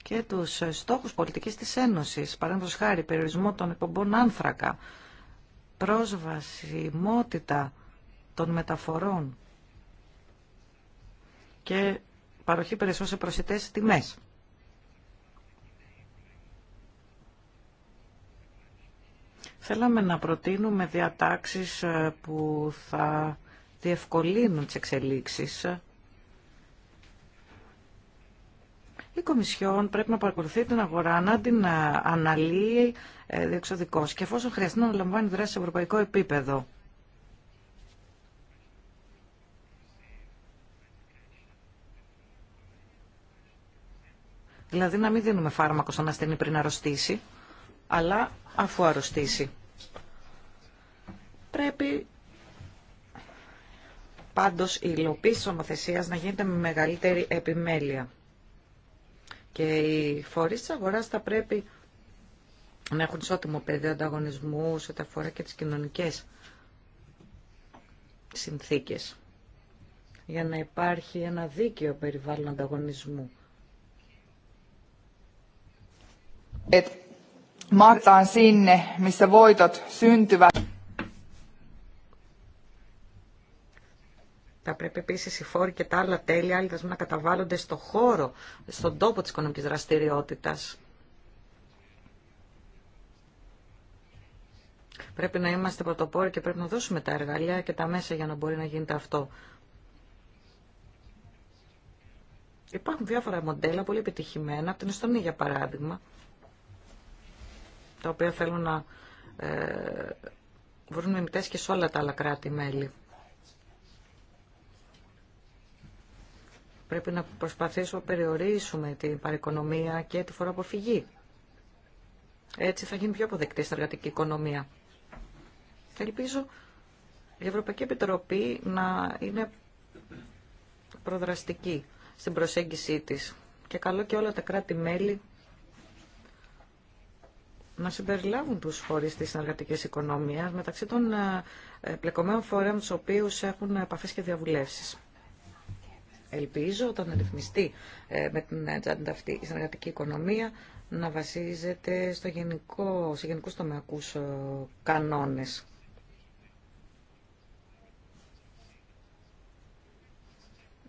και τους στόχους πολιτικής της Ένωσης, παραδείγματος χάρη περιορισμό των εκπομπών άνθρακα, πρόσβασιμότητα των μεταφορών και παροχή περισσότερο σε προσιτές τιμές. Θέλαμε να προτείνουμε διατάξεις ε, που θα διευκολύνουν τις εξελίξεις. Η Κομισιόν πρέπει να παρακολουθεί την αγορά, να την ε, αναλύει ε, διεξοδικώς και εφόσον χρειαστεί να λαμβάνει δράση σε ευρωπαϊκό επίπεδο. Δηλαδή να μην δίνουμε φάρμακο στον ασθενή πριν αρρωστήσει, αλλά αφού αρρωστήσει. Πρέπει πάντως η υλοποίηση της ομοθεσίας να γίνεται με μεγαλύτερη επιμέλεια. Και οι φορείς της αγοράς θα πρέπει να έχουν ισότιμο πεδίο ανταγωνισμού σε τα φορά και τις κοινωνικές συνθήκες για να υπάρχει ένα δίκαιο περιβάλλον ανταγωνισμού sinne, missä voitot syntyvät. Θα πρέπει επίση οι φόροι και τα άλλα τέλη, να καταβάλλονται στο χώρο, στον τόπο τη οικονομική δραστηριότητα. Πρέπει να είμαστε πρωτοπόροι και πρέπει να δώσουμε τα εργαλεία και τα μέσα για να μπορεί να γίνεται αυτό. Υπάρχουν διάφορα μοντέλα πολύ επιτυχημένα, από την Εστονία για παράδειγμα, τα οποία θέλουν να ε, βρουν μιμητές και σε όλα τα άλλα κράτη-μέλη. Πρέπει να προσπαθήσουμε να περιορίσουμε την παρεκονομία και τη φοροαποφυγή. Έτσι θα γίνει πιο αποδεκτή η εργατική οικονομία. Θα ελπίζω η Ευρωπαϊκή Επιτροπή να είναι προδραστική στην προσέγγιση της. Και καλό και όλα τα κράτη-μέλη να συμπεριλάβουν τους φορείς της συνεργατικής οικονομίας μεταξύ των ε, ε, πλεκομένων φορέων τους οποίους έχουν επαφές και διαβουλεύσεις. Ελπίζω όταν ρυθμιστεί ε, με την ατζάντα αυτή η συνεργατική οικονομία να βασίζεται στο γενικό, σε γενικούς τομεακούς κανόνες.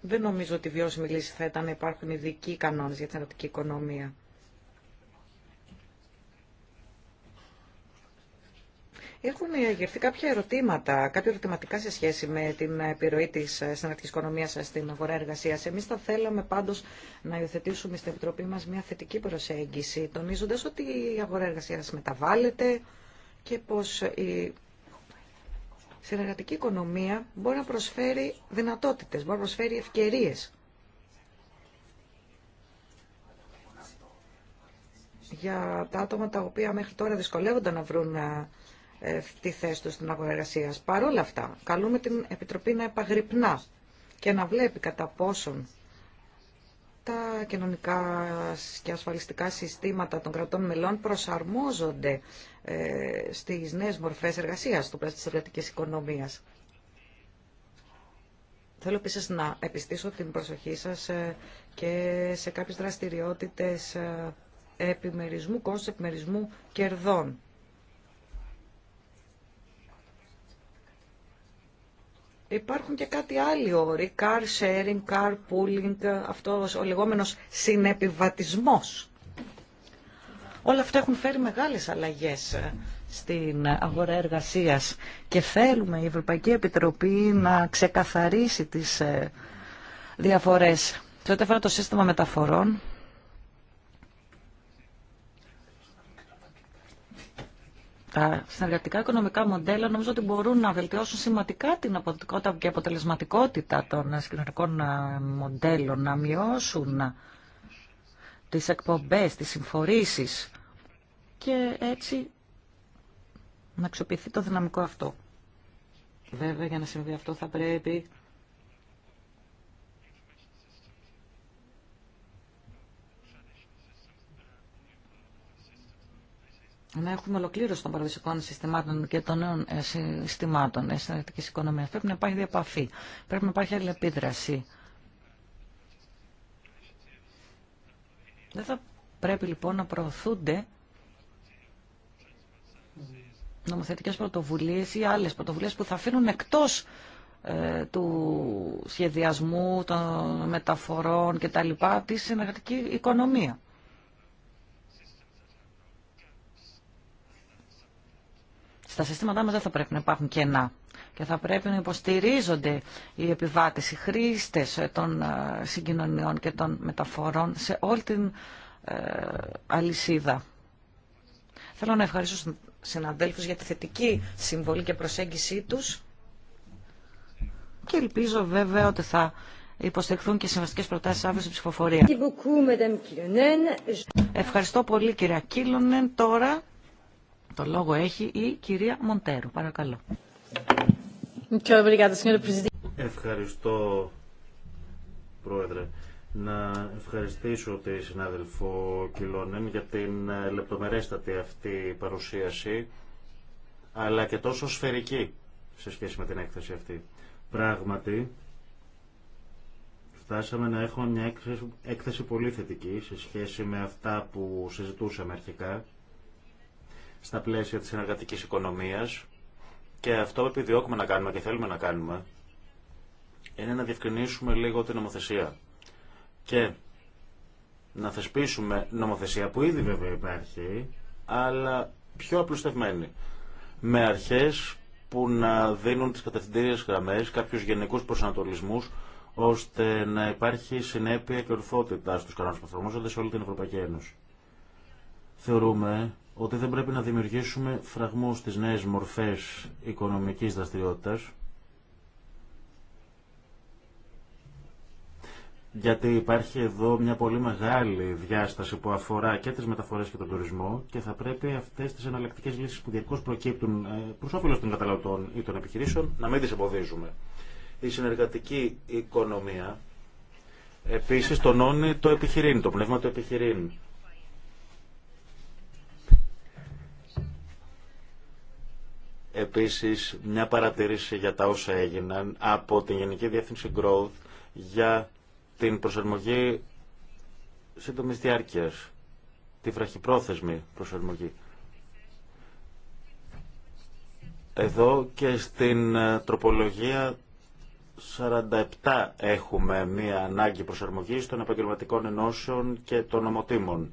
Δεν νομίζω ότι βιώσιμη λύση θα ήταν να υπάρχουν ειδικοί κανόνες για την συνεργατική οικονομία. Έχουν γερθεί κάποια ερωτήματα, κάποια ερωτηματικά σε σχέση με την επιρροή τη συναλλακτική οικονομία στην αγορά εργασία. Εμεί θα θέλαμε πάντω να υιοθετήσουμε στην Επιτροπή μα μια θετική προσέγγιση, τονίζοντα ότι η αγορά εργασία μεταβάλλεται και πω η συνεργατική οικονομία μπορεί να προσφέρει δυνατότητε, μπορεί να προσφέρει ευκαιρίε. για τα άτομα τα οποία μέχρι τώρα δυσκολεύονταν να βρουν τη θέση του στην αγορά εργασία. Παρ' όλα αυτά, καλούμε την Επιτροπή να επαγρυπνά και να βλέπει κατά πόσον τα κοινωνικά και ασφαλιστικά συστήματα των κρατών μελών προσαρμόζονται ε, στις νέες μορφές εργασίας του πλαίσιο της εργατικής οικονομίας. Θέλω επίσης να επιστήσω την προσοχή σας ε, και σε κάποιες δραστηριότητες ε, επιμερισμού, κόστος επιμερισμού κερδών Υπάρχουν και κάτι άλλοι όροι, car sharing, car pooling, αυτός ο λεγόμενος συνεπιβατισμός. Όλα αυτά έχουν φέρει μεγάλες αλλαγές ε, στην αγορά εργασίας και θέλουμε η Ευρωπαϊκή Επιτροπή να ξεκαθαρίσει τις ε, διαφορές. Τότε ό,τι το σύστημα μεταφορών, τα συνεργατικά οικονομικά μοντέλα νομίζω ότι μπορούν να βελτιώσουν σημαντικά την αποδοτικότητα και αποτελεσματικότητα των συγκοινωνικών ε, μοντέλων, να μειώσουν ε, τις εκπομπές, τις συμφορήσεις και έτσι να αξιοποιηθεί το δυναμικό αυτό. Βέβαια για να συμβεί αυτό θα πρέπει να έχουμε ολοκλήρωση των παραδοσιακών συστημάτων και των νέων ε, συστημάτων ε, συνεργατικής οικονομίας. Πρέπει να υπάρχει διαπαφή, πρέπει να υπάρχει αλληλεπίδραση. Δεν θα πρέπει λοιπόν να προωθούνται νομοθετικές πρωτοβουλίες ή άλλες πρωτοβουλίες που θα αφήνουν εκτός ε, του σχεδιασμού, των μεταφορών κτλ. τη συνεργατική οικονομία. Τα συστήματά μας δεν θα πρέπει να υπάρχουν κενά και θα πρέπει να υποστηρίζονται οι επιβάτες, οι χρήστες των ε, συγκοινωνιών και των μεταφορών σε όλη την ε, αλυσίδα. Θέλω να ευχαριστήσω τους συναδέλφους για τη θετική συμβολή και προσέγγιση τους και ελπίζω βέβαια ότι θα υποστηριχθούν και συμβαστικές προτάσεις αύριο στην ψηφοφορία. Ευχαριστώ πολύ κυρία Κίλονεν. Τώρα το λόγο έχει η κυρία Μοντέρο. Παρακαλώ. Ευχαριστώ, Πρόεδρε. Να ευχαριστήσω τη συνάδελφο Κιλόνεν για την ε, λεπτομερέστατη αυτή παρουσίαση, αλλά και τόσο σφαιρική σε σχέση με την έκθεση αυτή. Πράγματι, φτάσαμε να έχουμε μια έκθεση πολύ θετική σε σχέση με αυτά που συζητούσαμε αρχικά στα πλαίσια της συνεργατικής οικονομίας και αυτό που επιδιώκουμε να κάνουμε και θέλουμε να κάνουμε είναι να διευκρινίσουμε λίγο την νομοθεσία και να θεσπίσουμε νομοθεσία που ήδη βέβαια υπάρχει αλλά πιο απλουστευμένη με αρχές που να δίνουν τις κατευθυντήριες γραμμές, κάποιους γενικούς προσανατολισμούς ώστε να υπάρχει συνέπεια και ορθότητα στους κανόνες που εφαρμόζονται σε όλη την Ευρωπαϊκή Ένωση. Θεωρούμε ότι δεν πρέπει να δημιουργήσουμε φραγμούς στις νέες μορφές οικονομικής δραστηριότητας, γιατί υπάρχει εδώ μια πολύ μεγάλη διάσταση που αφορά και τις μεταφορές και τον τουρισμό και θα πρέπει αυτές τις εναλλακτικές λύσεις που διαρκώς προκύπτουν ε, προς όφελος των καταναλωτών ή των επιχειρήσεων να μην τις εμποδίζουμε. Η συνεργατική οικονομία επίσης τονώνει το επιχειρήν, το πνεύμα του επιχειρήν. Επίσης, μια παρατηρήση για τα όσα έγιναν από την Γενική Διεύθυνση Growth για την προσαρμογή σύντομη διάρκεια, τη βραχυπρόθεσμη προσαρμογή. Εδώ και στην ε, τροπολογία 47 έχουμε μία ανάγκη προσαρμογής των επαγγελματικών ενώσεων και των ομοτήμων.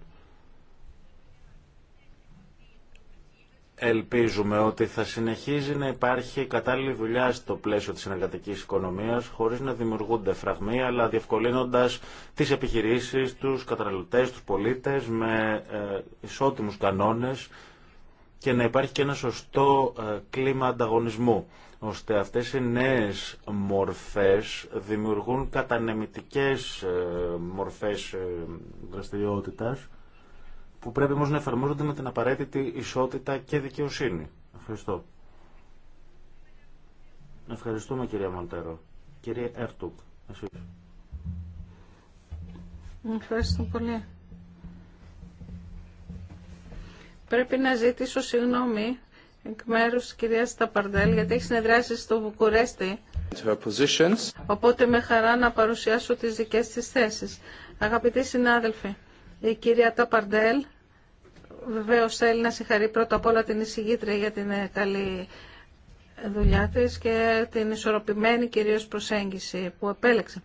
Ελπίζουμε ότι θα συνεχίζει να υπάρχει κατάλληλη δουλειά στο πλαίσιο της συνεργατικής οικονομίας χωρίς να δημιουργούνται φραγμοί αλλά διευκολύνοντας τις επιχειρήσεις, τους καταναλωτές, τους πολίτες με ε, ισότιμους κανόνες και να υπάρχει και ένα σωστό ε, κλίμα ανταγωνισμού ώστε αυτές οι νέες μορφές δημιουργούν κατανεμητικές ε, μορφές δραστηριότητας που πρέπει όμω να εφαρμόζονται με την απαραίτητη ισότητα και δικαιοσύνη. Ευχαριστώ. Ευχαριστούμε κυρία Μοντέρο. Κυρία Ερτούκ, εσύ. Ευχαριστώ πολύ. Πρέπει να ζητήσω συγγνώμη εκ μέρου τη κυρία Ταπαρντέλ γιατί έχει συνεδράσει στο Βουκουρέστι. Οπότε με χαρά να παρουσιάσω τις δικές της θέσεις. Αγαπητοί συνάδελφοι, η κυρία Ταπαρντέλ βεβαίως θέλει να συγχαρεί πρώτα απ' όλα την εισηγήτρια για την ε, καλή δουλειά της και την ισορροπημένη κυρίως προσέγγιση που επέλεξε.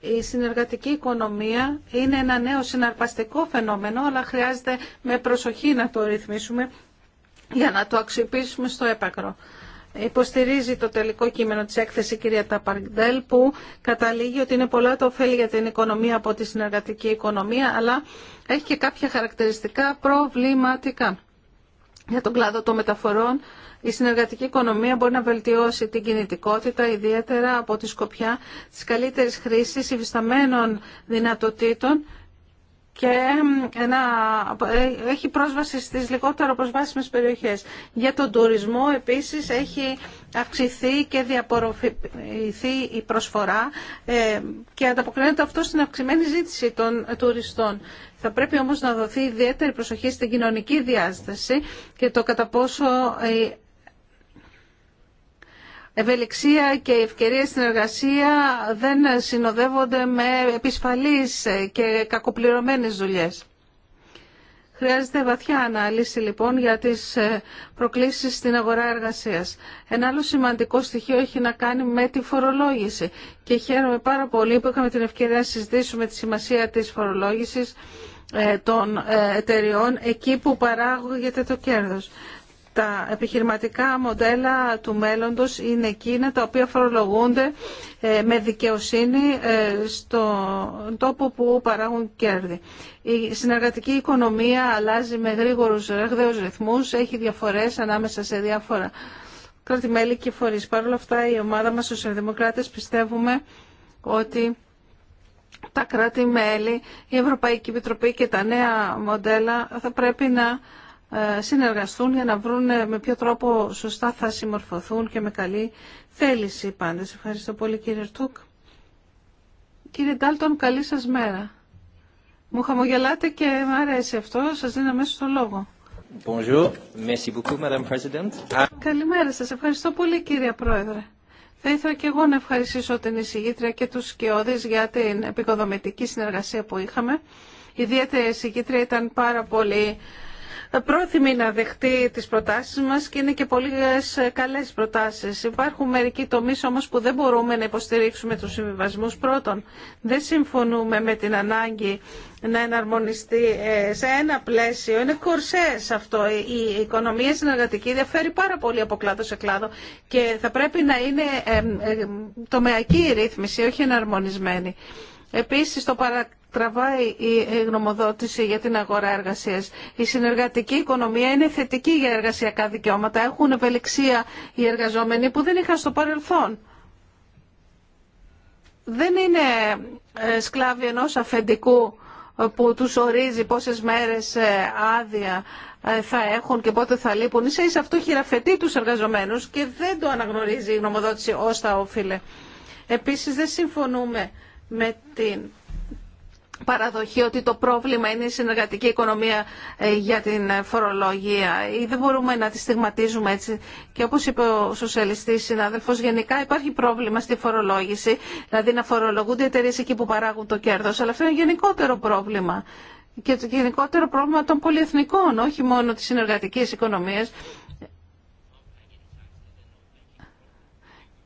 Η συνεργατική οικονομία είναι ένα νέο συναρπαστικό φαινόμενο, αλλά χρειάζεται με προσοχή να το ρυθμίσουμε για να το αξιοποιήσουμε στο έπακρο υποστηρίζει το τελικό κείμενο της έκθεση κυρία Ταπαρντέλ που καταλήγει ότι είναι πολλά τα ωφέλη για την οικονομία από τη συνεργατική οικονομία αλλά έχει και κάποια χαρακτηριστικά προβληματικά. Για τον κλάδο των μεταφορών η συνεργατική οικονομία μπορεί να βελτιώσει την κινητικότητα ιδιαίτερα από τη σκοπιά της καλύτερης χρήσης υφισταμένων δυνατοτήτων και να έχει πρόσβαση στις λιγότερο προσβάσιμες περιοχές. Για τον τουρισμό επίσης έχει αυξηθεί και διαπορροφηθεί η προσφορά ε, και ανταποκρίνεται αυτό στην αυξημένη ζήτηση των τουριστών. Θα πρέπει όμως να δοθεί ιδιαίτερη προσοχή στην κοινωνική διάσταση και το κατά πόσο ευελιξία και ευκαιρία στην εργασία δεν συνοδεύονται με επισφαλείς και κακοπληρωμένες δουλειές. Χρειάζεται βαθιά ανάλυση λοιπόν για τις ε, προκλήσεις στην αγορά εργασίας. Ένα άλλο σημαντικό στοιχείο έχει να κάνει με τη φορολόγηση και χαίρομαι πάρα πολύ που είχαμε την ευκαιρία να συζητήσουμε τη σημασία της φορολόγησης ε, των ε, εταιριών εκεί που παράγεται το κέρδος τα επιχειρηματικά μοντέλα του μέλλοντος είναι εκείνα τα οποία φορολογούνται ε, με δικαιοσύνη ε, στον τόπο που παράγουν κέρδη. Η συνεργατική οικονομία αλλάζει με γρήγορους ρεγδαίους ρυθμούς, έχει διαφορές ανάμεσα σε διάφορα κράτη-μέλη και φορείς. Παρ' όλα αυτά η ομάδα μας, στους πιστεύουμε ότι τα κράτη-μέλη, η Ευρωπαϊκή Επιτροπή και τα νέα μοντέλα θα πρέπει να ε, συνεργαστούν για να βρουν με ποιο τρόπο σωστά θα συμμορφωθούν και με καλή θέληση πάντες. Ευχαριστώ πολύ κύριε Ρτούκ. Κύριε Ντάλτον, καλή σας μέρα. Μου χαμογελάτε και μου αρέσει αυτό. Σας δίνω αμέσως το λόγο. Bonjour. Merci beaucoup, Madame President. Ah. Καλημέρα σας. Ευχαριστώ πολύ κύριε Πρόεδρε. Θα ήθελα και εγώ να ευχαριστήσω την εισηγήτρια και τους σκιώδεις για την επικοδομητική συνεργασία που είχαμε. Η ιδιαίτερη εισηγήτρια ήταν πάρα πολύ πρόθυμη να δεχτεί τι προτάσει μα και είναι και πολύ καλέ ε, προτάσει. Υπάρχουν μερικοί τομεί όμω που δεν μπορούμε να υποστηρίξουμε του συμβιβασμού Πρώτον, δεν συμφωνούμε με την ανάγκη να εναρμονιστεί ε, σε ένα πλαίσιο. Είναι κορσές αυτό. Η οικονομία συνεργατική διαφέρει πάρα πολύ από κλάδο σε κλάδο και θα πρέπει να είναι ε, τομεακή η ρύθμιση, όχι εναρμονισμένη. Επίσης το παρα τραβάει η γνωμοδότηση για την αγορά εργασία. Η συνεργατική οικονομία είναι θετική για εργασιακά δικαιώματα. Έχουν ευελιξία οι εργαζόμενοι που δεν είχαν στο παρελθόν. Δεν είναι ε, σκλάβοι ενός αφεντικού ε, που τους ορίζει πόσες μέρες ε, άδεια θα έχουν και πότε θα λείπουν. Είσαι ίσα αυτό χειραφετεί τους εργαζομένους και δεν το αναγνωρίζει η γνωμοδότηση ως τα όφιλε. Επίσης δεν συμφωνούμε με την παραδοχή ότι το πρόβλημα είναι η συνεργατική οικονομία ε, για την φορολογία ή δεν μπορούμε να τη στιγματίζουμε έτσι. Και όπως είπε ο σοσιαλιστής συνάδελφος, γενικά υπάρχει πρόβλημα στη φορολόγηση, δηλαδή να φορολογούνται εταιρείε εκεί που παράγουν το κέρδος, αλλά αυτό είναι γενικότερο πρόβλημα. Και το γενικότερο πρόβλημα των πολυεθνικών, όχι μόνο της συνεργατικής οικονομίας.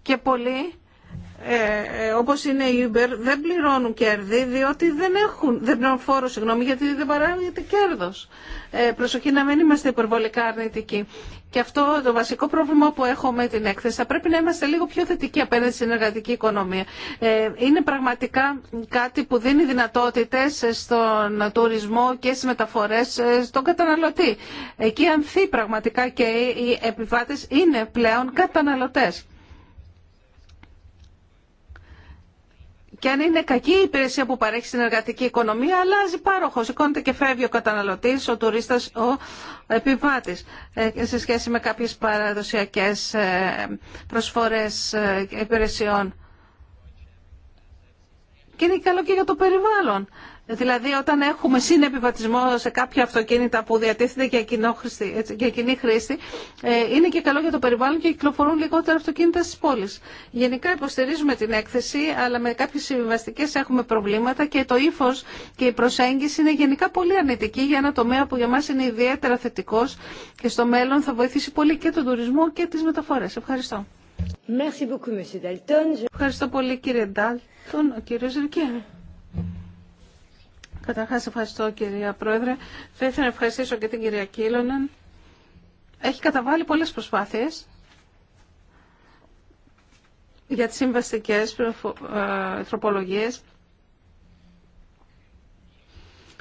Και πολλοί ε, ε, όπως είναι η Uber δεν πληρώνουν κέρδη διότι δεν έχουν, δεν πληρώνουν φόρο συγγνώμη γιατί δεν παράγεται κέρδος. Ε, προσοχή να μην είμαστε υπερβολικά αρνητικοί. Και αυτό το βασικό πρόβλημα που έχω με την έκθεση θα πρέπει να είμαστε λίγο πιο θετικοί απέναντι στην εργατική οικονομία. Ε, είναι πραγματικά κάτι που δίνει δυνατότητες στον τουρισμό και στις μεταφορές ε, στον καταναλωτή. Εκεί ανθεί πραγματικά και οι επιβάτες είναι πλέον καταναλωτές. και αν είναι κακή η υπηρεσία που παρέχει στην εργατική οικονομία, αλλάζει πάροχο. Σηκώνεται και φεύγει ο καταναλωτή, ο τουρίστα, ο επιβάτη. Ε, σε σχέση με κάποιε παραδοσιακέ ε, προσφορέ ε, υπηρεσιών. Και είναι καλό και για το περιβάλλον. Δηλαδή όταν έχουμε συνεπιβατισμό σε κάποια αυτοκίνητα που διατίθεται για, κοινό έτσι, για κοινή χρήση, ε, είναι και καλό για το περιβάλλον και κυκλοφορούν λιγότερα αυτοκίνητα στις πόλεις. Γενικά υποστηρίζουμε την έκθεση, αλλά με κάποιες συμβιβαστικέ έχουμε προβλήματα και το ύφο και η προσέγγιση είναι γενικά πολύ αρνητική για ένα τομέα που για μας είναι ιδιαίτερα θετικός και στο μέλλον θα βοηθήσει πολύ και τον τουρισμό και τις μεταφορές. Ευχαριστώ. Ευχαριστώ πολύ κύριε Ντάλτον, ο κύριος Καταρχάς ευχαριστώ κυρία Πρόεδρε. Θα ήθελα να ευχαριστήσω και την κυρία Κίλωνεν. Έχει καταβάλει πολλές προσπάθειες για τις συμβαστικές ε, τροπολογίες.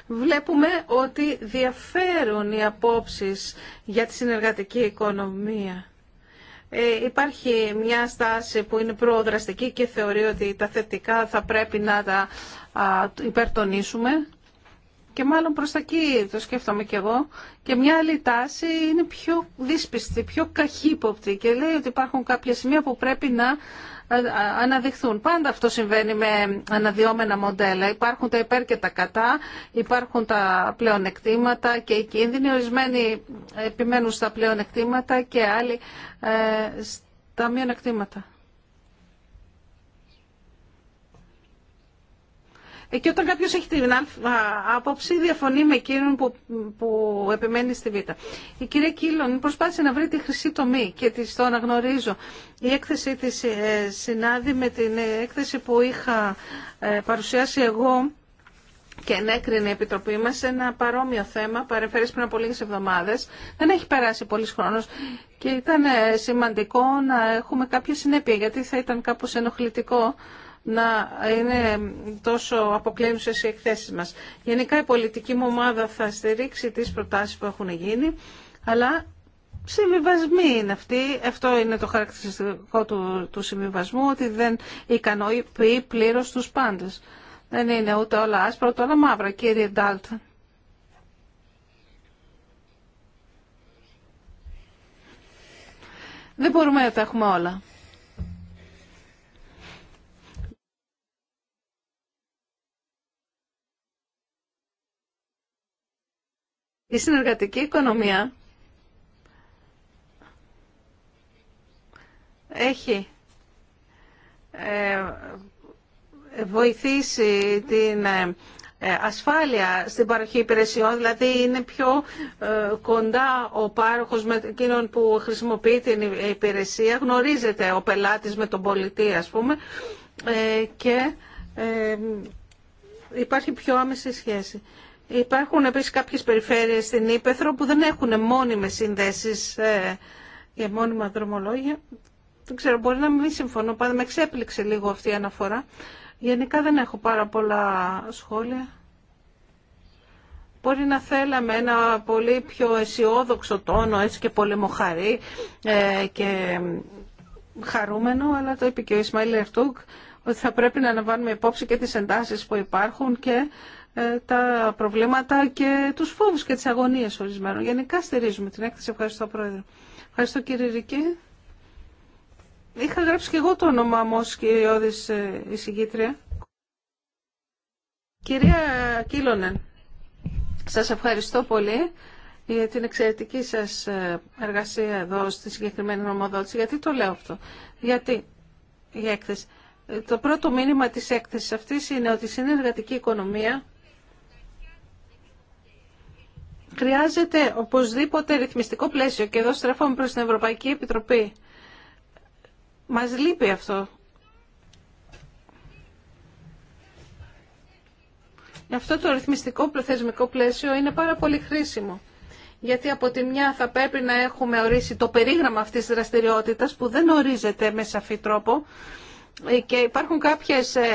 Βλέπουμε ότι διαφέρουν οι απόψεις για τη συνεργατική οικονομία. Ε, υπάρχει μια στάση που είναι προοδραστική και θεωρεί ότι τα θετικά θα πρέπει να τα υπερτονίσουμε και μάλλον προς τα εκεί το σκέφτομαι κι εγώ και μια άλλη τάση είναι πιο δύσπιστη, πιο καχύποπτη και λέει ότι υπάρχουν κάποια σημεία που πρέπει να ε, αναδειχθούν. Πάντα αυτό συμβαίνει με αναδυόμενα μοντέλα. Υπάρχουν τα υπέρ και τα κατά, υπάρχουν τα πλεονεκτήματα και οι κίνδυνοι. Ορισμένοι επιμένουν στα πλεονεκτήματα και άλλοι ε, στα μειονεκτήματα. Και όταν κάποιο έχει την άποψη, διαφωνεί με εκείνον που, που επιμένει στη βήτα. Η κυρία Κίλον προσπάθησε να βρει τη χρυσή τομή και τη το αναγνωρίζω. Η έκθεσή τη ε, συνάδει με την ε, έκθεση που είχα ε, παρουσιάσει εγώ και ενέκρινε η Επιτροπή μα ένα παρόμοιο θέμα, παρεμφέρει πριν από λίγε εβδομάδε. Δεν έχει περάσει πολλή χρόνο και ήταν σημαντικό να έχουμε κάποια συνέπεια, γιατί θα ήταν κάπω ενοχλητικό να είναι τόσο αποκλίνουσες οι εκθέσεις μας. Γενικά η πολιτική μου ομάδα θα στηρίξει τις προτάσεις που έχουν γίνει, αλλά συμβιβασμοί είναι αυτοί. Αυτό είναι το χαρακτηριστικό του, του συμβιβασμού, ότι δεν ικανοποιεί πλήρως τους πάντες. Δεν είναι ούτε όλα άσπρα, ούτε όλα μαύρα, κύριε Ντάλτον. Δεν μπορούμε να τα έχουμε όλα. Η συνεργατική οικονομία έχει ε, βοηθήσει την ε, ασφάλεια στην παροχή υπηρεσιών, δηλαδή είναι πιο ε, κοντά ο πάροχος με εκείνον που χρησιμοποιεί την υπηρεσία, γνωρίζεται ο πελάτης με τον πολιτή ας πούμε και υπάρχει πιο άμεση σχέση. Υπάρχουν επίσης κάποιες περιφέρειες στην Ήπεθρο που δεν έχουν μόνιμες συνδέσεις ε, για μόνιμα δρομολόγια. Δεν ξέρω, μπορεί να μην συμφωνώ, πάντα με εξέπληξε λίγο αυτή η αναφορά. Γενικά δεν έχω πάρα πολλά σχόλια. Μπορεί να θέλαμε ένα πολύ πιο αισιόδοξο τόνο, έτσι και πολεμοχαρή ε, και χαρούμενο, αλλά το είπε και ο Ισμαήλ Ερτούκ, ότι θα πρέπει να αναβάνουμε υπόψη και τις εντάσεις που υπάρχουν και ε, τα προβλήματα και τους φόβους και τις αγωνίες ορισμένων. Γενικά στηρίζουμε την έκθεση. Ευχαριστώ, Πρόεδρε. Ευχαριστώ, κύριε Ρικέ. Είχα γράψει και εγώ το όνομά μου ως κυριώδης ε, εισηγήτρια. Κυρία Κίλωνεν, σας ευχαριστώ πολύ για την εξαιρετική σας ε, εργασία εδώ στη συγκεκριμένη νομοδότηση. Γιατί το λέω αυτό. Γιατί η έκθεση. Το πρώτο μήνυμα της έκθεσης αυτής είναι ότι η συνεργατική οικονομία Χρειάζεται οπωσδήποτε ρυθμιστικό πλαίσιο και εδώ στρέφομαι προς την Ευρωπαϊκή Επιτροπή. Μας λείπει αυτό. Αυτό το ρυθμιστικό προθεσμικό πλαίσιο είναι πάρα πολύ χρήσιμο. Γιατί από τη μια θα πρέπει να έχουμε ορίσει το περίγραμμα αυτής της δραστηριότητας που δεν ορίζεται με σαφή τρόπο ε, και υπάρχουν κάποιες ε,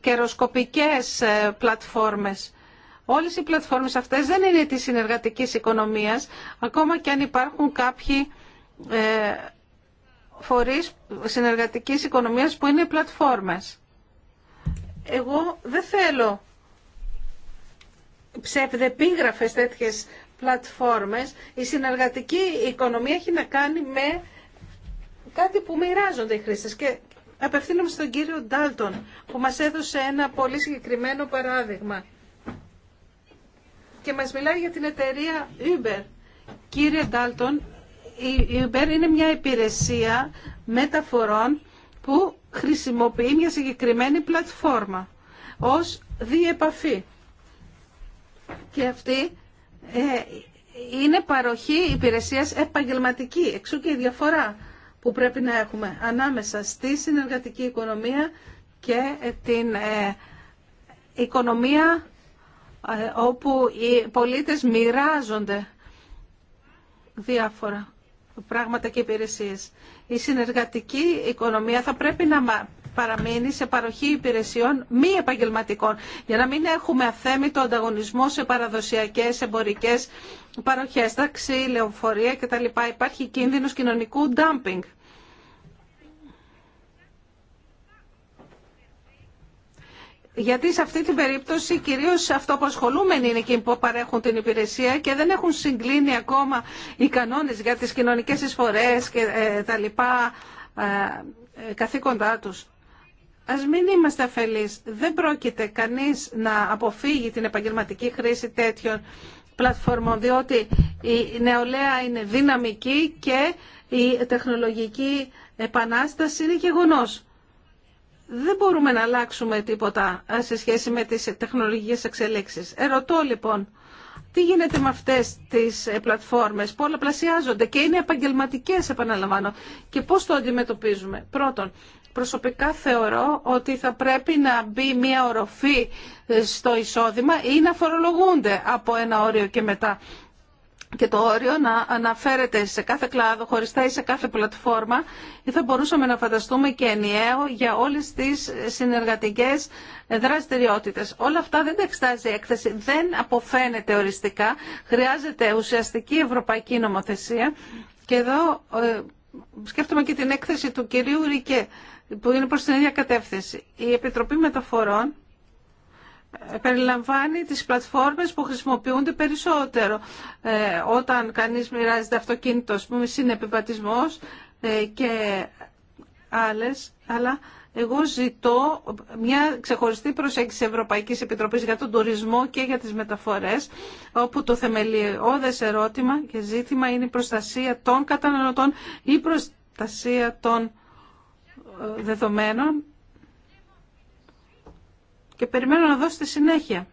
καιροσκοπικές ε, πλατφόρμες Όλες οι πλατφόρμες αυτές δεν είναι της συνεργατικής οικονομίας, ακόμα και αν υπάρχουν κάποιοι ε, φορείς συνεργατικής οικονομίας που είναι πλατφόρμες. Εγώ δεν θέλω ψευδεπίγραφες τέτοιες πλατφόρμες. Η συνεργατική οικονομία έχει να κάνει με κάτι που μοιράζονται οι χρήστες. Και απευθύνομαι στον κύριο Ντάλτον που μας έδωσε ένα πολύ συγκεκριμένο παράδειγμα και μας μιλάει για την εταιρεία Uber. Κύριε Ντάλτον, η Uber είναι μια υπηρεσία μεταφορών που χρησιμοποιεί μια συγκεκριμένη πλατφόρμα ως διεπαφή. Και αυτή ε, είναι παροχή υπηρεσίας επαγγελματική, εξού και η διαφορά που πρέπει να έχουμε ανάμεσα στη συνεργατική οικονομία και την ε, οικονομία ε, όπου οι πολίτες μοιράζονται διάφορα πράγματα και υπηρεσίες. Η συνεργατική οικονομία θα πρέπει να παραμείνει σε παροχή υπηρεσιών μη επαγγελματικών, για να μην έχουμε αθέμητο ανταγωνισμό σε παραδοσιακές εμπορικές παροχές, ταξί, λεωφορεία κτλ. Υπάρχει κίνδυνος κοινωνικού ντάμπινγκ. Γιατί σε αυτή την περίπτωση κυρίως αυτοαπασχολούμενοι είναι εκείνοι που παρέχουν την υπηρεσία και δεν έχουν συγκλίνει ακόμα οι κανόνες για τις κοινωνικές εισφορές και ε, τα λοιπά ε, ε, καθήκοντά του. Ας μην είμαστε αφελεί. Δεν πρόκειται κανείς να αποφύγει την επαγγελματική χρήση τέτοιων πλατφόρμων, διότι η νεολαία είναι δυναμική και η τεχνολογική επανάσταση είναι γεγονός δεν μπορούμε να αλλάξουμε τίποτα ε, σε σχέση με τις τεχνολογίες εξελίξεις. Ερωτώ λοιπόν, τι γίνεται με αυτές τις ε, πλατφόρμες, πολλαπλασιάζονται και είναι επαγγελματικές επαναλαμβάνω και πώς το αντιμετωπίζουμε. Πρώτον, προσωπικά θεωρώ ότι θα πρέπει να μπει μια οροφή ε, στο εισόδημα ή να φορολογούνται από ένα όριο και μετά και το όριο να αναφέρεται σε κάθε κλάδο χωριστά ή σε κάθε πλατφόρμα ή θα μπορούσαμε να φανταστούμε και ενιαίο για όλες τις συνεργατικές δραστηριότητες. Όλα αυτά δεν τα εξτάζει έκθεση, δεν αποφαίνεται οριστικά, χρειάζεται ουσιαστική ευρωπαϊκή νομοθεσία και εδώ ε, σκέφτομαι και την έκθεση του κυρίου Ρικέ που είναι προς την ίδια κατεύθυνση. Η Επιτροπή Μεταφορών περιλαμβάνει τις πλατφόρμες που χρησιμοποιούνται περισσότερο. Ε, όταν κανείς μοιράζεται αυτοκίνητο, ας πούμε, ε, και άλλες, αλλά εγώ ζητώ μια ξεχωριστή προσέγγιση Ευρωπαϊκής Επιτροπής για τον τουρισμό και για τις μεταφορές, όπου το θεμελιώδες ερώτημα και ζήτημα είναι η προστασία των καταναλωτών ή προστασία των ε, δεδομένων και περιμένω να δώσετε συνέχεια.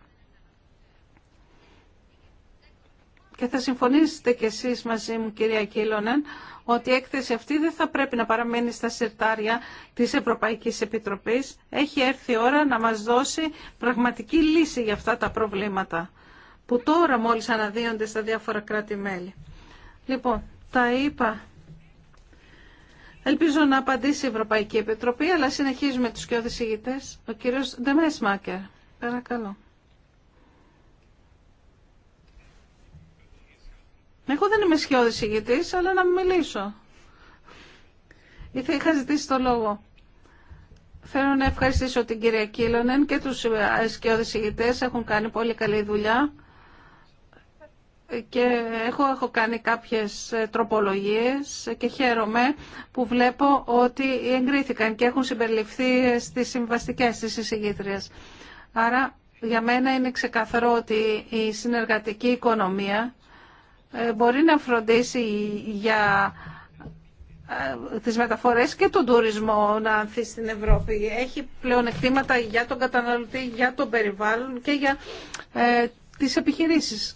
Και θα συμφωνήσετε κι εσείς μαζί μου, κυρία Κίλωνεν, ότι η έκθεση αυτή δεν θα πρέπει να παραμένει στα σερτάρια της Ευρωπαϊκής Επιτροπής. Έχει έρθει η ώρα να μας δώσει πραγματική λύση για αυτά τα προβλήματα, που τώρα μόλις αναδύονται στα διάφορα κράτη-μέλη. Λοιπόν, τα είπα Ελπίζω να απαντήσει η Ευρωπαϊκή Επιτροπή, αλλά συνεχίζουμε τους και ηγητές. Ο κύριος Ντεμές Μάκερ, παρακαλώ. Εγώ δεν είμαι σκιώδης ηγητής, αλλά να μιλήσω. Είχα ζητήσει το λόγο. Θέλω να ευχαριστήσω την κυρία Κίλωνεν και τους ε, σκιώδης ηγητές. Έχουν κάνει πολύ καλή δουλειά και έχω, έχω κάνει κάποιες ε, τροπολογίες και χαίρομαι που βλέπω ότι εγκρίθηκαν και έχουν συμπεριληφθεί ε, στις συμβαστικές της εισηγήτριας. Άρα για μένα είναι ξεκαθαρό ότι η συνεργατική οικονομία ε, μπορεί να φροντίσει για τις μεταφορές και τον τουρισμό να ανθεί στην Ευρώπη. Έχει πλέον εκτήματα για τον καταναλωτή, για τον περιβάλλον και για τις επιχειρήσεις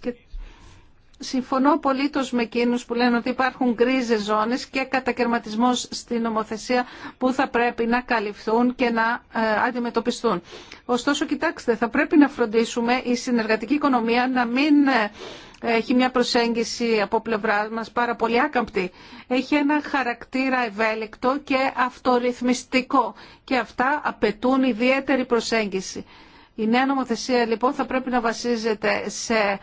Συμφωνώ πολύ με εκείνους που λένε ότι υπάρχουν γκρίζε ζώνες και κατακαιρματισμός στην νομοθεσία που θα πρέπει να καλυφθούν και να ε, αντιμετωπιστούν. Ωστόσο, κοιτάξτε, θα πρέπει να φροντίσουμε η συνεργατική οικονομία να μην ε, έχει μια προσέγγιση από πλευρά μας πάρα πολύ άκαμπτη. Έχει ένα χαρακτήρα ευέλικτο και αυτορυθμιστικό και αυτά απαιτούν ιδιαίτερη προσέγγιση. Η νέα νομοθεσία λοιπόν θα πρέπει να βασίζεται σε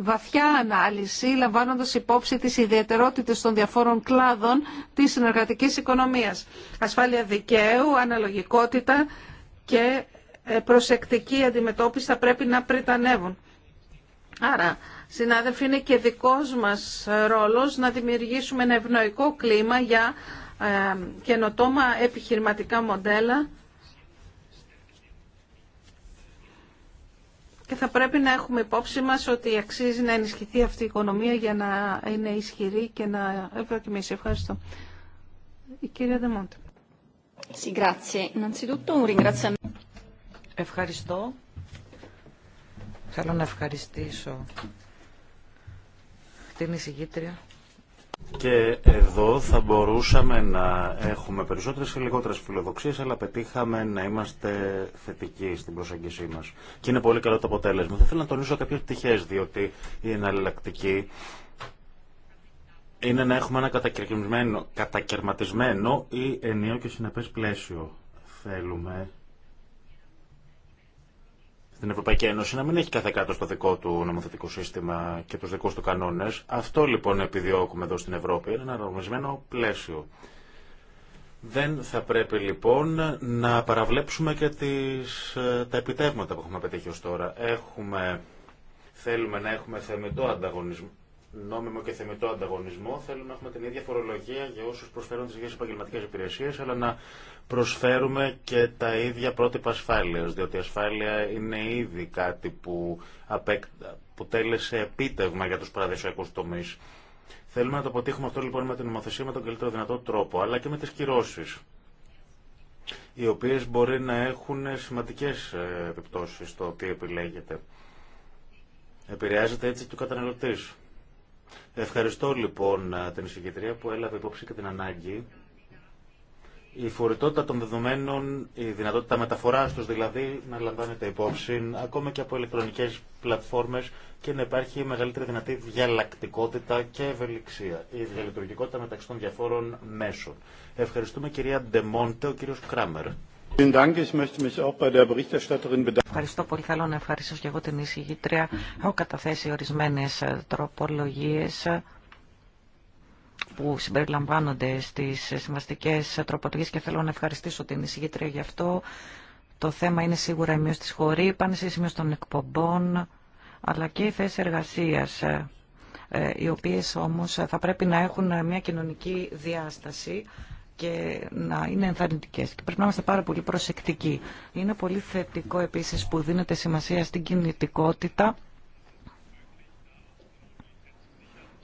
βαθιά ανάλυση, λαμβάνοντα υπόψη τι ιδιαίτερότητε των διαφόρων κλάδων τη συνεργατική οικονομίας. Ασφάλεια δικαίου, αναλογικότητα και ε, προσεκτική αντιμετώπιση θα πρέπει να πριτανεύουν. Άρα, συνάδελφοι, είναι και δικός μας ρόλος να δημιουργήσουμε ένα ευνοϊκό κλίμα για ε, καινοτόμα επιχειρηματικά μοντέλα Και θα πρέπει να έχουμε υπόψη μας ότι αξίζει να ενισχυθεί αυτή η οικονομία για να είναι ισχυρή και να ευδοκιμήσει. Ευχαριστώ. Η κυρία Δεμόντε. Ευχαριστώ. Θέλω να ευχαριστήσω την εισηγήτρια και εδώ θα μπορούσαμε να έχουμε περισσότερες ή λιγότερες φιλοδοξίες, αλλά πετύχαμε να είμαστε θετικοί στην προσέγγιση μας. Και είναι πολύ καλό το αποτέλεσμα. Θα ήθελα να τονίσω κάποιες πτυχέ, διότι η εναλλακτική είναι να έχουμε ένα κατακαιρματισμένο ή ενίο και συνεπές πλαίσιο. Θέλουμε την Ευρωπαϊκή Ένωση να μην έχει κάθε κράτο το δικό του νομοθετικό σύστημα και του δικού του κανόνε. Αυτό λοιπόν επιδιώκουμε εδώ στην Ευρώπη, είναι ένα αναγνωρισμένο πλαίσιο. Δεν θα πρέπει λοιπόν να παραβλέψουμε και τις, ε, τα επιτεύγματα που έχουμε πετύχει ως τώρα. Έχουμε, θέλουμε να έχουμε θεμετό ανταγωνισμό, νόμιμο και θεμητό ανταγωνισμό. Θέλουμε να έχουμε την ίδια φορολογία για όσου προσφέρουν τι ίδιε επαγγελματικέ υπηρεσίε, αλλά να προσφέρουμε και τα ίδια πρότυπα ασφάλεια. Διότι η ασφάλεια είναι ήδη κάτι που, αποτέλεσε επίτευγμα για του παραδοσιακού τομεί. Θέλουμε να το αποτύχουμε αυτό λοιπόν με την νομοθεσία με τον καλύτερο δυνατό τρόπο, αλλά και με τι κυρώσει οι οποίες μπορεί να έχουν σημαντικές ε, επιπτώσεις στο τι επιλέγετε. Επηρεάζεται έτσι και ο Ευχαριστώ λοιπόν την εισηγητρία που έλαβε υπόψη και την ανάγκη η φορητότητα των δεδομένων, η δυνατότητα μεταφοράς τους δηλαδή να λαμβάνεται υπόψη ακόμα και από ηλεκτρονικές πλατφόρμες και να υπάρχει μεγαλύτερη δυνατή διαλλακτικότητα και ευελιξία. Η διαλειτουργικότητα μεταξύ των διαφόρων μέσων. Ευχαριστούμε κυρία Ντεμόντε, ο κύριος Κράμερ. Ευχαριστώ πολύ. Θέλω να ευχαριστήσω και εγώ την εισηγήτρια. Έχω καταθέσει ορισμένε τροπολογίε ε, που συμπεριλαμβάνονται στις συμβαστικέ τροπολογίε, και θέλω να ευχαριστήσω την εισηγήτρια γι' αυτό. Το θέμα είναι σίγουρα η μείωση τη χωρή, η μείωση των εκπομπών, αλλά και οι θέσει εργασία, ε, ε, οι οποίε όμω θα πρέπει να έχουν μια κοινωνική διάσταση και να είναι ενθαρρυντικέ. και πρέπει να είμαστε πάρα πολύ προσεκτικοί. Είναι πολύ θετικό επίση που δίνεται σημασία στην κινητικότητα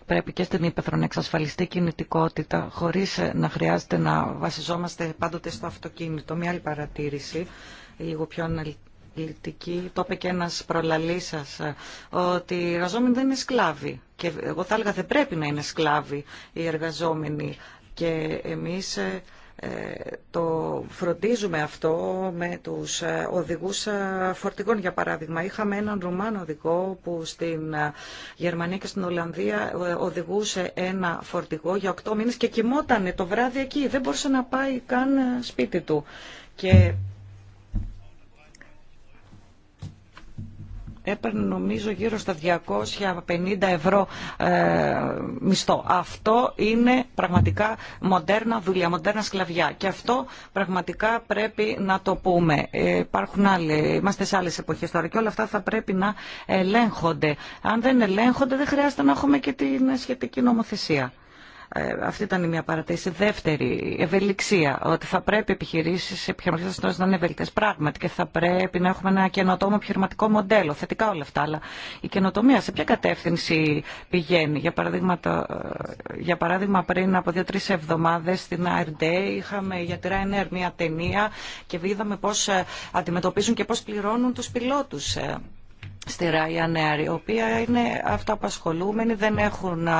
πρέπει και στην Ήπεθρο να εξασφαλιστεί κινητικότητα χωρίς ε, να χρειάζεται να βασιζόμαστε πάντοτε στο αυτοκίνητο. Μια άλλη παρατήρηση, λίγο πιο αναλυτική, το είπε και ένας προλαλή σας, ε, ότι οι εργαζόμενοι δεν είναι σκλάβοι. Και εγώ θα έλεγα δεν πρέπει να είναι σκλάβοι οι εργαζόμενοι. Και εμείς ε, ε, το φροντίζουμε αυτό με τους ε, οδηγούς φορτηγών για παράδειγμα. Είχαμε έναν Ρουμάνο οδηγό που στην Γερμανία και στην Ολλανδία οδηγούσε ένα φορτηγό για 8 μήνες και κοιμότανε το βράδυ εκεί. Δεν μπορούσε να πάει καν σπίτι του. Και έπαιρνε νομίζω γύρω στα 250 ευρώ ε, μισθό. Αυτό είναι πραγματικά μοντέρνα δουλειά, μοντέρνα σκλαβιά. Και αυτό πραγματικά πρέπει να το πούμε. Ε, υπάρχουν άλλοι, είμαστε σε άλλε εποχέ τώρα και όλα αυτά θα πρέπει να ελέγχονται. Αν δεν ελέγχονται, δεν χρειάζεται να έχουμε και την σχετική νομοθεσία. Ε, αυτή ήταν η μία παρατήρηση. Δεύτερη, ευελιξία. Ότι θα πρέπει επιχειρήσει, επιχειρηματικέ να είναι ευελικτέ πράγματι και θα πρέπει να έχουμε ένα καινοτόμο επιχειρηματικό μοντέλο. Θετικά όλα αυτά. Αλλά η καινοτομία σε ποια κατεύθυνση πηγαίνει. Για παράδειγμα, το, ε, για παράδειγμα πριν από δύο-τρει εβδομάδε στην ARD είχαμε για τη Ryanair μία ταινία και είδαμε πώ ε, αντιμετωπίζουν και πώ πληρώνουν του πιλότου στη Ryanair, η οποία είναι αυτοαπασχολούμενοι, δεν έχουν ε,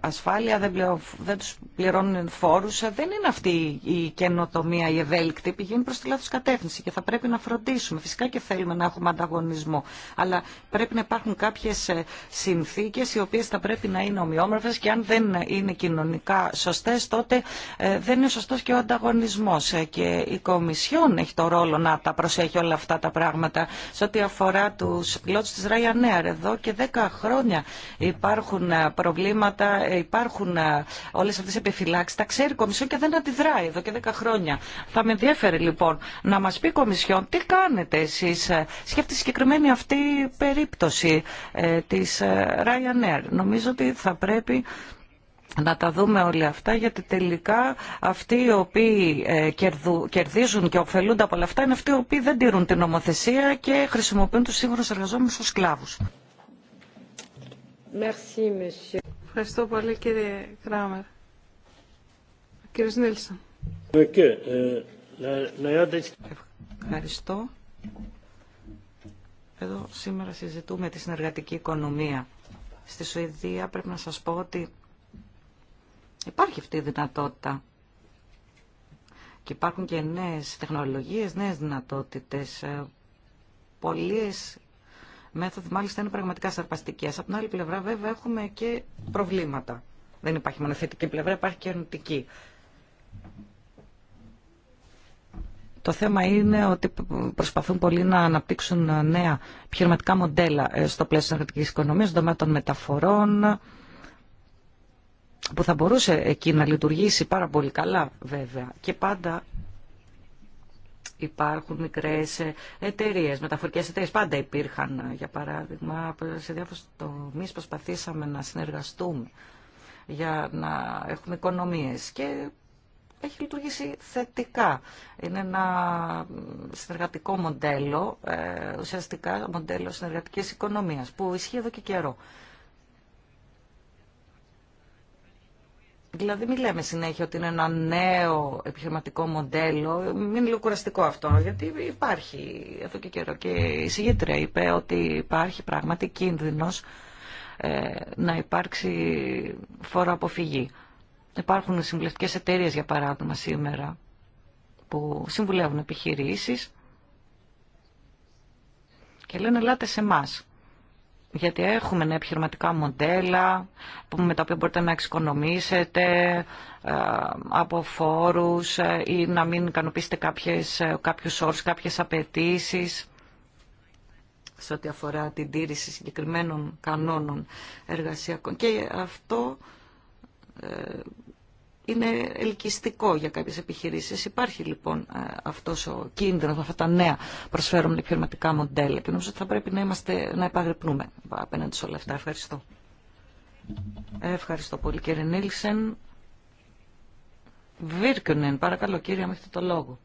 ασφάλεια, δεν, του δεν τους πληρώνουν φόρους. Δεν είναι αυτή η καινοτομία, η ευέλικτη, πηγαίνει προς τη λάθος κατεύθυνση και θα πρέπει να φροντίσουμε. Φυσικά και θέλουμε να έχουμε ανταγωνισμό, αλλά πρέπει να υπάρχουν κάποιες ε, συνθήκες οι οποίες θα πρέπει να είναι ομοιόμορφες και αν δεν είναι κοινωνικά σωστές, τότε ε, δεν είναι σωστός και ο ανταγωνισμός. Και η Κομισιόν έχει το ρόλο να τα προσέχει όλα αυτά τα πράγματα σε ό,τι αφορά αφορά τους πιλότους της Ryanair. Εδώ και 10 χρόνια υπάρχουν ε, προβλήματα, ε, υπάρχουν ε, όλες αυτές οι επιφυλάξεις. Τα ξέρει η Κομισιόν και δεν αντιδράει εδώ και 10 χρόνια. Θα με ενδιαφέρει λοιπόν να μας πει η Κομισιόν τι κάνετε εσείς σκέφτεστε συγκεκριμένη αυτή περίπτωση της Ryanair. Νομίζω ότι θα πρέπει να τα δούμε όλα αυτά γιατί τελικά αυτοί οι οποίοι ε, κερδίζουν και ωφελούνται από όλα αυτά είναι αυτοί οι οποίοι δεν τηρούν την νομοθεσία και χρησιμοποιούν τους σύγχρονους εργαζόμενους ως σκλάβους. Merci, Ευχαριστώ πολύ κύριε Κράμερ. Κύριε Νίλσον. Ευχαριστώ. Εδώ σήμερα συζητούμε τη συνεργατική οικονομία. Στη Σουηδία πρέπει να σας πω ότι Υπάρχει αυτή η δυνατότητα. Και υπάρχουν και νέες τεχνολογίες, νέες δυνατότητες. Ε, πολλές μέθοδοι μάλιστα είναι πραγματικά σαρπαστικές. Από την άλλη πλευρά βέβαια έχουμε και προβλήματα. Δεν υπάρχει μόνο θετική πλευρά, υπάρχει και αρνητική. Το θέμα είναι ότι προσπαθούν πολλοί να αναπτύξουν νέα επιχειρηματικά μοντέλα ε, στο πλαίσιο της εργατικής οικονομίας, στον τομέα των μεταφορών, που θα μπορούσε εκεί να λειτουργήσει πάρα πολύ καλά βέβαια και πάντα υπάρχουν μικρές εταιρείε, μεταφορικές εταιρείε. Πάντα υπήρχαν, για παράδειγμα, σε διάφορους τομείς προσπαθήσαμε να συνεργαστούμε για να έχουμε οικονομίες και έχει λειτουργήσει θετικά. Είναι ένα συνεργατικό μοντέλο, ε, ουσιαστικά μοντέλο συνεργατικής οικονομίας που ισχύει εδώ και καιρό. Δηλαδή μην λέμε συνέχεια ότι είναι ένα νέο επιχειρηματικό μοντέλο. Μην είναι λίγο κουραστικό αυτό, γιατί υπάρχει εδώ και καιρό. Και η συγγήτρια είπε ότι υπάρχει πράγματι κίνδυνο ε, να υπάρξει φόρο αποφυγή. Υπάρχουν συμβουλευτικέ εταιρείε για παράδειγμα, σήμερα που συμβουλεύουν επιχειρήσεις και λένε ελάτε σε εμάς γιατί έχουμε νέα επιχειρηματικά μοντέλα με τα οποία μπορείτε να εξοικονομήσετε ε, από φόρους ε, ή να μην ικανοποιήσετε κάποιες, ε, κάποιους όρους, κάποιες απαιτήσει σε ό,τι αφορά την τήρηση συγκεκριμένων κανόνων εργασιακών. Και αυτό είναι ελκυστικό για κάποιες επιχειρήσεις. Υπάρχει λοιπόν ε, αυτό ο κίνδυνος, αυτά τα νέα προσφέρουν επιχειρηματικά μοντέλα και νομίζω ότι θα πρέπει να, είμαστε, να επαγρυπνούμε απέναντι σε όλα αυτά. Ευχαριστώ. Ευχαριστώ πολύ κύριε Νίλσεν. Βίρκουνεν, παρακαλώ κύριε, μέχρι το λόγο.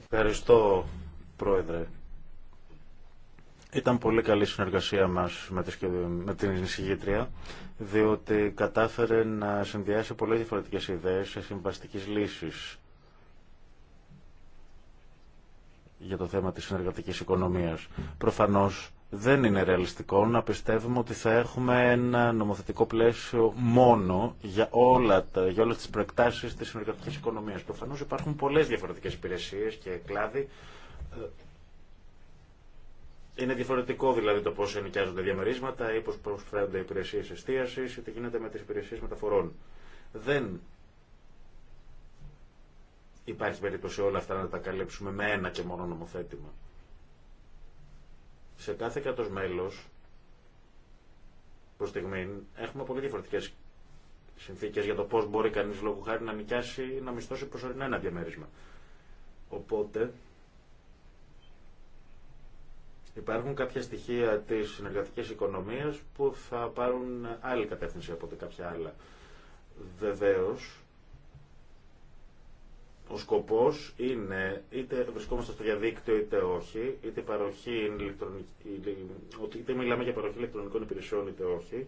Ευχαριστώ, Πρόεδρε. Ήταν πολύ καλή συνεργασία μας με, με την εισηγήτρια, διότι κατάφερε να συνδυάσει πολλές διαφορετικές ιδέες σε συμβαστικές λύσεις για το θέμα της συνεργατικής οικονομίας. Προφανώς δεν είναι ρεαλιστικό να πιστεύουμε ότι θα έχουμε ένα νομοθετικό πλαίσιο μόνο για, όλα τα, για όλες τις προεκτάσεις της συνεργατικής οικονομίας. Προφανώς υπάρχουν πολλές διαφορετικές υπηρεσίες και κλάδοι ε, είναι διαφορετικό δηλαδή το πώ ενοικιάζονται διαμερίσματα ή πώ προσφέρονται υπηρεσίε εστίαση ή τι γίνεται με τι υπηρεσίε μεταφορών. Δεν υπάρχει περίπτωση όλα αυτά να τα καλύψουμε με ένα και μόνο νομοθέτημα. Σε κάθε κράτο μέλο, προ στιγμή, έχουμε πολύ διαφορετικέ συνθήκε για το πώ μπορεί κανεί λόγου χάρη να νοικιάσει ή να μισθώσει προσωρινά ένα διαμέρισμα. Οπότε, Υπάρχουν κάποια στοιχεία της συνεργατική οικονομίας που θα πάρουν άλλη κατεύθυνση από ό,τι κάποια άλλα. Βεβαίω ο σκοπός είναι, είτε βρισκόμαστε στο διαδίκτυο είτε όχι, είτε, παροχή είτε μιλάμε για παροχή ηλεκτρονικών υπηρεσιών είτε όχι,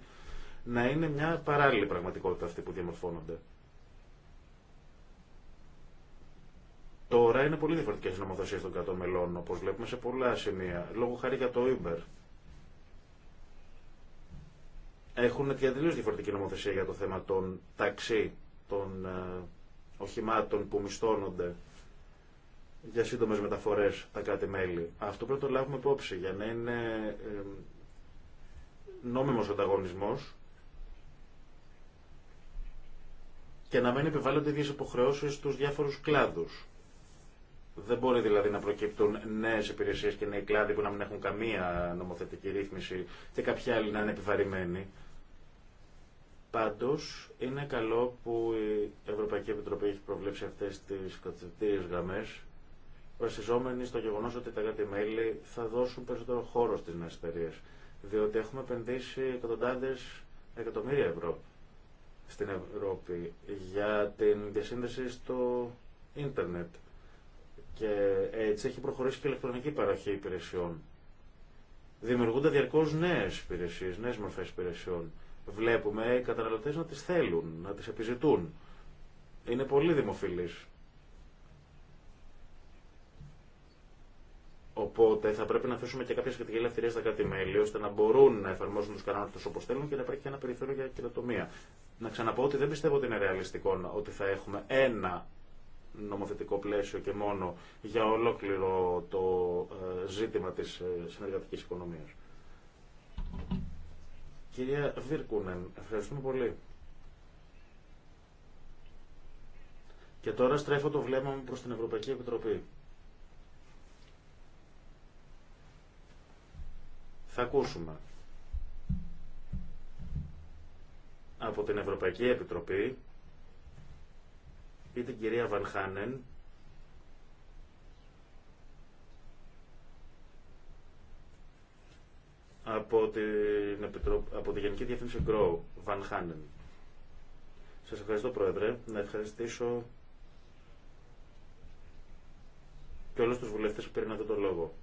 να είναι μια παράλληλη πραγματικότητα αυτή που διαμορφώνονται. Τώρα είναι πολύ διαφορετικέ οι νομοθεσίε των κρατών μελών, όπω βλέπουμε σε πολλά σημεία. Λόγω χάρη για το Uber. Έχουν τελείω διαφορετική νομοθεσία για το θέμα των ταξί, των ε, οχημάτων που μισθώνονται για σύντομε μεταφορέ τα κράτη-μέλη. Αυτό πρέπει να το λάβουμε υπόψη για να είναι νόμιμος ανταγωνισμό και να μην επιβάλλονται ίδιε υποχρεώσει στους διάφορους κλάδους. Δεν μπορεί δηλαδή να προκύπτουν νέε υπηρεσίε και νέοι κλάδοι που να μην έχουν καμία νομοθετική ρύθμιση και κάποιοι άλλοι να είναι επιβαρημένοι. Πάντω, είναι καλό που η Ευρωπαϊκή Επιτροπή έχει προβλέψει αυτέ τι κατευθυντήριε γραμμέ, βασιζόμενοι στο γεγονό ότι τα κράτη-μέλη θα δώσουν περισσότερο χώρο στι νέε εταιρείε. Διότι έχουμε επενδύσει εκατοντάδε εκατομμύρια ευρώ στην Ευρώπη για την διασύνδεση στο ίντερνετ και έτσι έχει προχωρήσει και η ηλεκτρονική παραχή υπηρεσιών. Δημιουργούνται διαρκώ νέε υπηρεσίε, νέε μορφέ υπηρεσιών. Βλέπουμε οι καταναλωτέ να τι θέλουν, να τι επιζητούν. Είναι πολύ δημοφιλεί. Οπότε θα πρέπει να αφήσουμε και κάποια σχετική ελευθερία στα κράτη-μέλη, ώστε να μπορούν να εφαρμόσουν του κανόνε του όπω θέλουν και να υπάρχει και ένα περιθώριο για κοινοτομία. Να ξαναπώ ότι δεν πιστεύω ότι είναι ρεαλιστικό ότι θα έχουμε ένα νομοθετικό πλαίσιο και μόνο για ολόκληρο το ε, ζήτημα της ε, συνεργατικής οικονομίας. Κυρία Βίρκουνεν, ευχαριστούμε πολύ. Και τώρα στρέφω το βλέμμα μου προς την Ευρωπαϊκή Επιτροπή. Θα ακούσουμε από την Ευρωπαϊκή Επιτροπή ή την κυρία Βανχάνεν από, την από τη Γενική Διευθύνση Grow, Βανχάνεν. Σας ευχαριστώ Πρόεδρε, να ευχαριστήσω και όλους τους βουλευτές που πήραν αυτό το λόγο.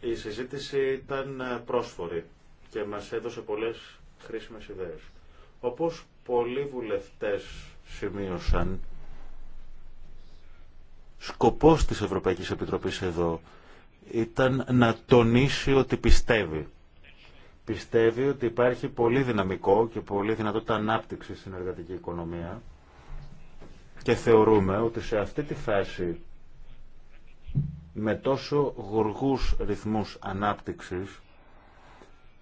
Η συζήτηση ήταν ε, πρόσφορη και μας έδωσε πολλές χρήσιμες ιδέες. Όπως πολλοί βουλευτές σημείωσαν σκοπός της Ευρωπαϊκής Επιτροπής εδώ ήταν να τονίσει ότι πιστεύει. Πιστεύει ότι υπάρχει πολύ δυναμικό και πολύ δυνατότητα ανάπτυξη στην εργατική οικονομία και θεωρούμε ότι σε αυτή τη φάση με τόσο γοργούς ρυθμούς ανάπτυξης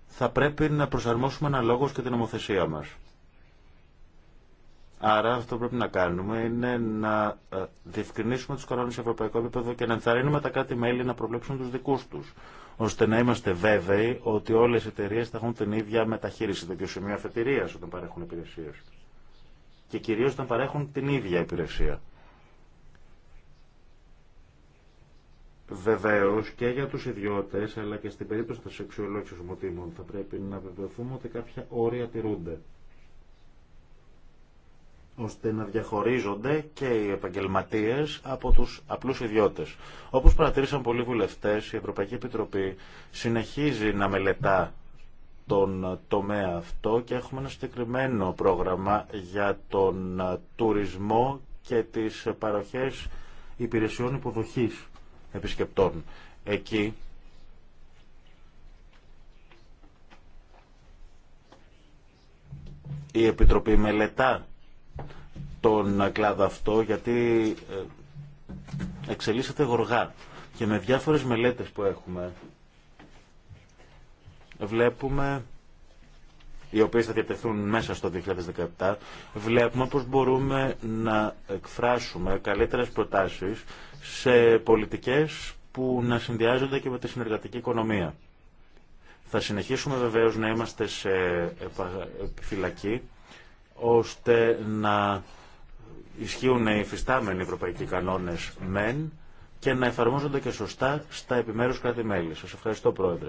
θα πρέπει να προσαρμόσουμε αναλόγως και την νομοθεσία μας. Άρα αυτό που πρέπει να κάνουμε είναι να ε, διευκρινίσουμε τους κανόνες σε ευρωπαϊκό επίπεδο και να ενθαρρύνουμε τα κράτη-μέλη να προβλέψουν τους δικούς τους ώστε να είμαστε βέβαιοι ότι όλες οι εταιρείες θα έχουν την ίδια μεταχείριση, το ίδιο σημείο αφετηρίας όταν παρέχουν υπηρεσίες. Και κυρίως όταν παρέχουν την ίδια υπηρεσία. Βεβαίω και για του ιδιώτε, αλλά και στην περίπτωση των αξιολόγηση ομοτήμων, θα πρέπει να βεβαιωθούμε ότι κάποια όρια τηρούνται ώστε να διαχωρίζονται και οι επαγγελματίες από τους απλούς ιδιώτε. Όπως παρατήρησαν πολλοί βουλευτέ, η Ευρωπαϊκή Επιτροπή συνεχίζει να μελετά τον τομέα αυτό και έχουμε ένα συγκεκριμένο πρόγραμμα για τον τουρισμό και τις παροχές υπηρεσιών υποδοχής επισκεπτών. Εκεί η Επιτροπή μελετά τον κλάδο αυτό γιατί ε, εξελίσσεται γοργά και με διάφορες μελέτες που έχουμε βλέπουμε οι οποίες θα διατεθούν μέσα στο 2017, βλέπουμε πώς μπορούμε να εκφράσουμε καλύτερες προτάσεις σε πολιτικές που να συνδυάζονται και με τη συνεργατική οικονομία. Θα συνεχίσουμε βεβαίως να είμαστε σε επιφυλακή, ώστε να ισχύουν οι υφιστάμενοι ευρωπαϊκοί κανόνες μεν και να εφαρμόζονται και σωστά στα επιμέρους κράτη-μέλη. Σας ευχαριστώ Πρόεδρε.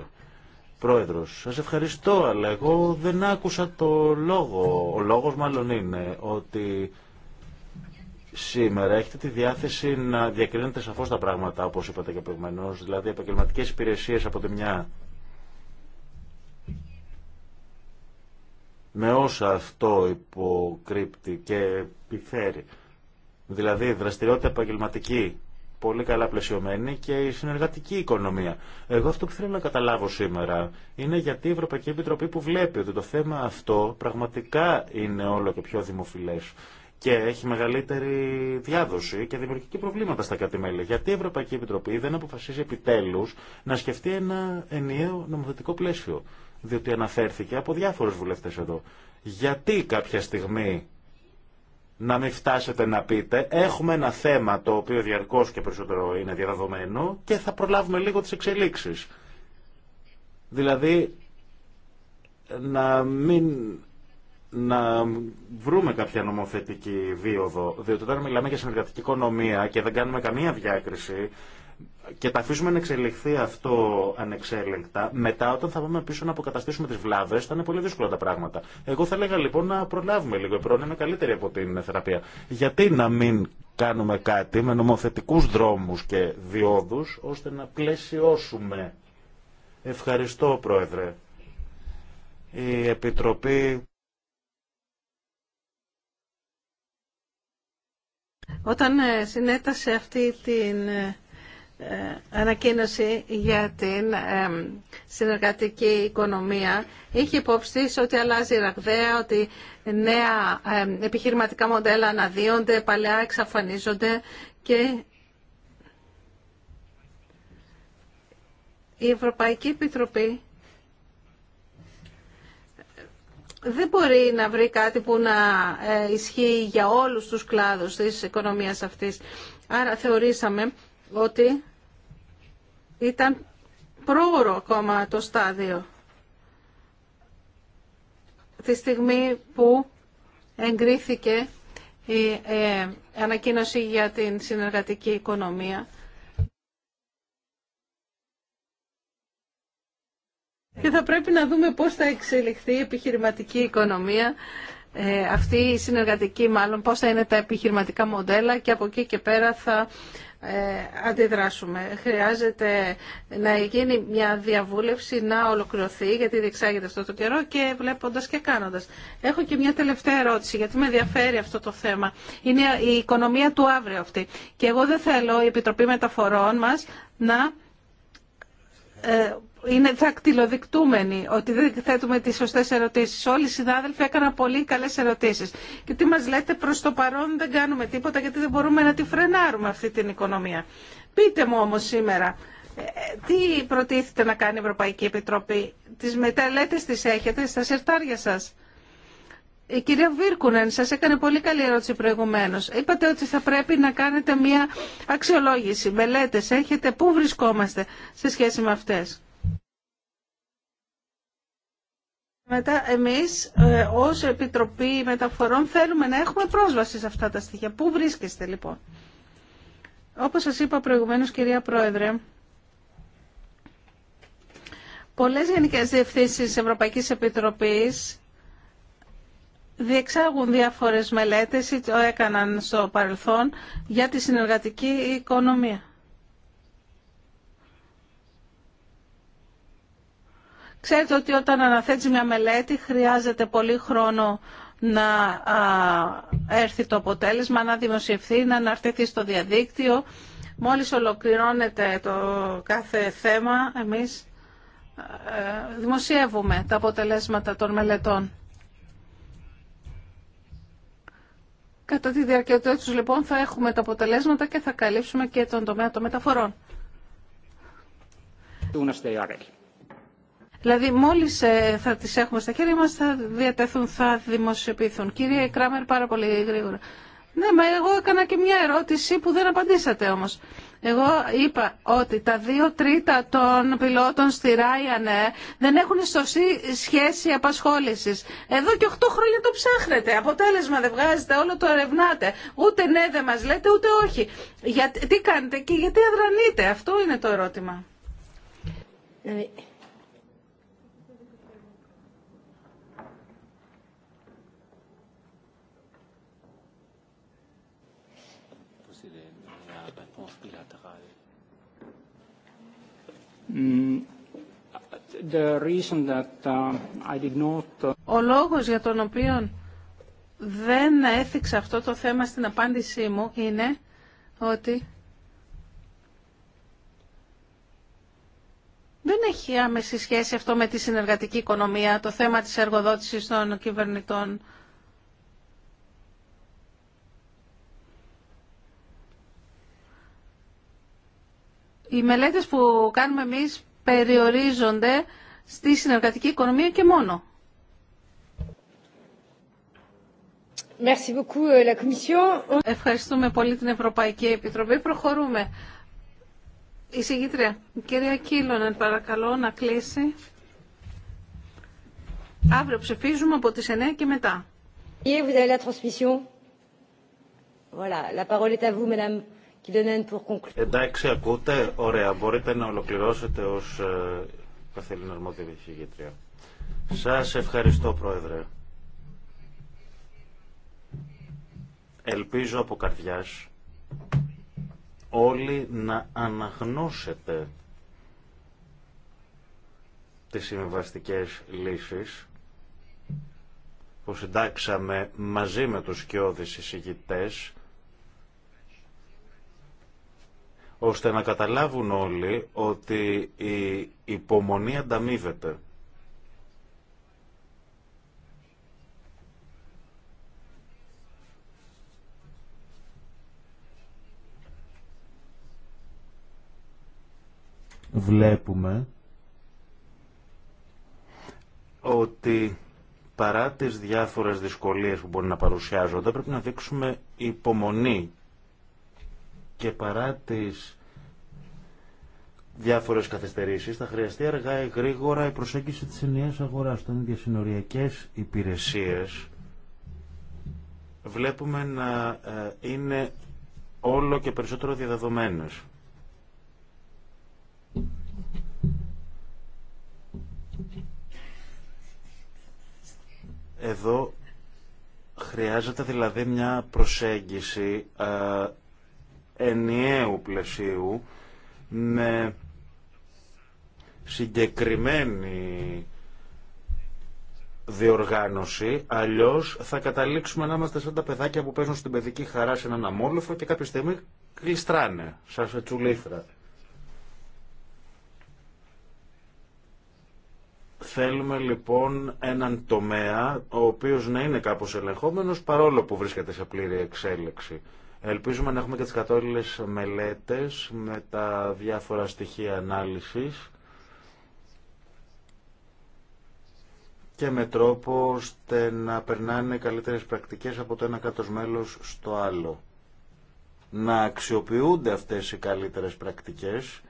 Πρόεδρος, σας ευχαριστώ, αλλά εγώ δεν άκουσα το λόγο. Ο λόγος μάλλον είναι ότι σήμερα έχετε τη διάθεση να διακρίνετε σαφώ τα πράγματα, όπως είπατε και προηγουμένω. δηλαδή επαγγελματικέ υπηρεσίε από τη μια με όσα αυτό υποκρύπτει και επιφέρει. Δηλαδή δραστηριότητα επαγγελματική πολύ καλά πλαισιωμένη και η συνεργατική οικονομία. Εγώ αυτό που θέλω να καταλάβω σήμερα είναι γιατί η Ευρωπαϊκή Επιτροπή που βλέπει ότι το θέμα αυτό πραγματικά είναι όλο και πιο δημοφιλές και έχει μεγαλύτερη διάδοση και δημιουργική προβλήματα στα κάτι Γιατί η Ευρωπαϊκή Επιτροπή δεν αποφασίζει επιτέλους να σκεφτεί ένα ενιαίο νομοθετικό πλαίσιο διότι αναφέρθηκε από διάφορους βουλευτές εδώ. Γιατί κάποια στιγμή να μην φτάσετε να πείτε έχουμε ένα θέμα το οποίο διαρκώς και περισσότερο είναι διαδεδομένο και θα προλάβουμε λίγο τις εξελίξεις. Δηλαδή να μην να βρούμε κάποια νομοθετική βίωδο διότι όταν μιλάμε για συνεργατική οικονομία και δεν κάνουμε καμία διάκριση, και τα αφήσουμε να εξελιχθεί αυτό ανεξέλεγκτα, μετά όταν θα πάμε πίσω να αποκαταστήσουμε τι βλάβε, θα είναι πολύ δύσκολα τα πράγματα. Εγώ θα έλεγα λοιπόν να προλάβουμε λίγο. Η πρόνοια είναι καλύτερη από την θεραπεία. Γιατί να μην κάνουμε κάτι με νομοθετικού δρόμου και διόδου, ώστε να πλαισιώσουμε. Ευχαριστώ, Πρόεδρε. Η Επιτροπή. Όταν ε, συνέτασε αυτή την ε, ε, ανακοίνωση για την συνεργατική οικονομία είχε υπόψη ότι αλλάζει ραγδαία, ότι νέα επιχειρηματικά μοντέλα αναδύονται, παλιά εξαφανίζονται και η Ευρωπαϊκή Επιτροπή δεν μπορεί να βρει κάτι που να ε, ισχύει για όλους τους κλάδους της οικονομίας αυτής. Άρα θεωρήσαμε ότι ήταν πρόωρο ακόμα το στάδιο. Τη στιγμή που εγκρίθηκε η ε, ανακοίνωση για την συνεργατική οικονομία. Και θα πρέπει να δούμε πώς θα εξελιχθεί η επιχειρηματική οικονομία, ε, αυτή η συνεργατική μάλλον, πώς θα είναι τα επιχειρηματικά μοντέλα και από εκεί και πέρα θα ε, αντιδράσουμε. Χρειάζεται να γίνει μια διαβούλευση, να ολοκληρωθεί, γιατί διεξάγεται αυτό το καιρό και βλέποντας και κάνοντας. Έχω και μια τελευταία ερώτηση, γιατί με ενδιαφέρει αυτό το θέμα. Είναι η οικονομία του αύριο αυτή. Και εγώ δεν θέλω η Επιτροπή Μεταφορών μας να ε, είναι δακτυλοδεικτούμενοι ότι δεν θέτουμε τις σωστές ερωτήσεις. Όλοι οι συνάδελφοι έκαναν πολύ καλές ερωτήσεις. Και τι μας λέτε προς το παρόν δεν κάνουμε τίποτα γιατί δεν μπορούμε να τη φρενάρουμε αυτή την οικονομία. Πείτε μου όμως σήμερα, ε, ε, τι προτίθεται να κάνει η Ευρωπαϊκή Επιτροπή. Τις μεταλέτες τις έχετε στα σερτάρια σας. Η κυρία Βίρκουνεν σας έκανε πολύ καλή ερώτηση προηγουμένως. Είπατε ότι θα πρέπει να κάνετε μια αξιολόγηση. Μελέτες έχετε. Πού βρισκόμαστε σε σχέση με αυτές. Μετά εμείς ε, ως Επιτροπή Μεταφορών θέλουμε να έχουμε πρόσβαση σε αυτά τα στοιχεία. Πού βρίσκεστε λοιπόν. Όπως σας είπα προηγουμένως κυρία Πρόεδρε, πολλές γενικές διευθύνσεις Ευρωπαϊκής Επιτροπής διεξάγουν διάφορες μελέτες ή το έκαναν στο παρελθόν για τη συνεργατική οικονομία. Ξέρετε ότι όταν αναθέτει μια μελέτη χρειάζεται πολύ χρόνο να έρθει το αποτέλεσμα, να δημοσιευθεί, να αναρτηθεί στο διαδίκτυο. Μόλις ολοκληρώνεται το κάθε θέμα, εμείς ε, δημοσιεύουμε τα αποτελέσματα των μελετών. Κατά τη διάρκεια του λοιπόν, θα έχουμε τα αποτελέσματα και θα καλύψουμε και τον τομέα των μεταφορών. Δηλαδή μόλις ε, θα τι έχουμε στα χέρια μα θα διατεθούν, θα δημοσιοποιηθούν. Κύριε Κράμερ πάρα πολύ γρήγορα. Ναι, μα εγώ έκανα και μια ερώτηση που δεν απαντήσατε όμω. Εγώ είπα ότι τα δύο τρίτα των πιλότων στη Ryanair δεν έχουν σωστή σχέση απασχόληση. Εδώ και 8 χρόνια το ψάχνετε. Αποτέλεσμα δεν βγάζετε, όλο το ερευνάτε. Ούτε ναι δεν μα λέτε, ούτε όχι. Για, τι κάνετε και γιατί αδρανείτε. Αυτό είναι το ερώτημα. Ε, Mm, uh, uh, Ο λόγος για τον οποίο δεν έθιξα αυτό το θέμα στην απάντησή μου είναι ότι δεν έχει άμεση σχέση αυτό με τη συνεργατική οικονομία, το θέμα της εργοδότησης των κυβερνητών οι μελέτες που κάνουμε εμείς περιορίζονται στη συνεργατική οικονομία και μόνο. Euh, Ευχαριστούμε πολύ την Ευρωπαϊκή Επιτροπή. Προχωρούμε. Η συγγήτρια, η κυρία Κίλωνεν, παρακαλώ να κλείσει. Αύριο ψηφίζουμε από τις 9 και μετά. Vous avez la Voilà, la parole est Εντάξει, ακούτε. Ωραία. Μπορείτε να ολοκληρώσετε ως ε, καθελήν αρμόδιο Σας ευχαριστώ, Πρόεδρε. Ελπίζω από καρδιάς όλοι να αναγνώσετε τις συμβαστικέ λύσεις που συντάξαμε μαζί με τους σκιώδεις εισηγητές ώστε να καταλάβουν όλοι ότι η υπομονή ανταμείβεται. Βλέπουμε ότι παρά τις διάφορες δυσκολίες που μπορεί να παρουσιάζονται πρέπει να δείξουμε υπομονή και παρά τις διάφορες καθυστερήσεις θα χρειαστεί αργά ή γρήγορα η προσέγγιση της ενιαίας αγοράς των διασυνοριακές υπηρεσίες βλέπουμε να ε, είναι όλο και περισσότερο διαδεδομένες. Εδώ χρειάζεται δηλαδή μια προσέγγιση ε, ενιαίου πλαισίου με συγκεκριμένη διοργάνωση, αλλιώς θα καταλήξουμε να είμαστε σαν τα παιδάκια που παίζουν στην παιδική χαρά σε έναν αμόλοφο και κάποια στιγμή κλειστράνε, σαν σε τσουλήθρα. Θέλουμε λοιπόν έναν τομέα ο οποίος να είναι κάπως ελεγχόμενος παρόλο που βρίσκεται σε πλήρη εξέλιξη. Ελπίζουμε να έχουμε και τις κατόλληλες μελέτες με τα διάφορα στοιχεία ανάλυσης και με τρόπο ώστε να περνάνε καλύτερες πρακτικές από το ένα κάτω μέλος στο άλλο. Να αξιοποιούνται αυτές οι καλύτερες πρακτικές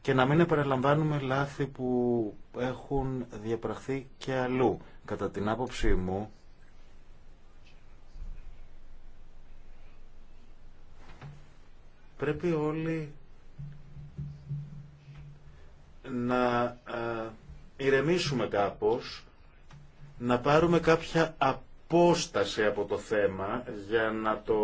και να μην επαναλαμβάνουμε λάθη που έχουν διαπραχθεί και αλλού. Κατά την άποψή μου, Πρέπει όλοι να ε, ηρεμήσουμε κάπως, να πάρουμε κάποια απόσταση από το θέμα για να το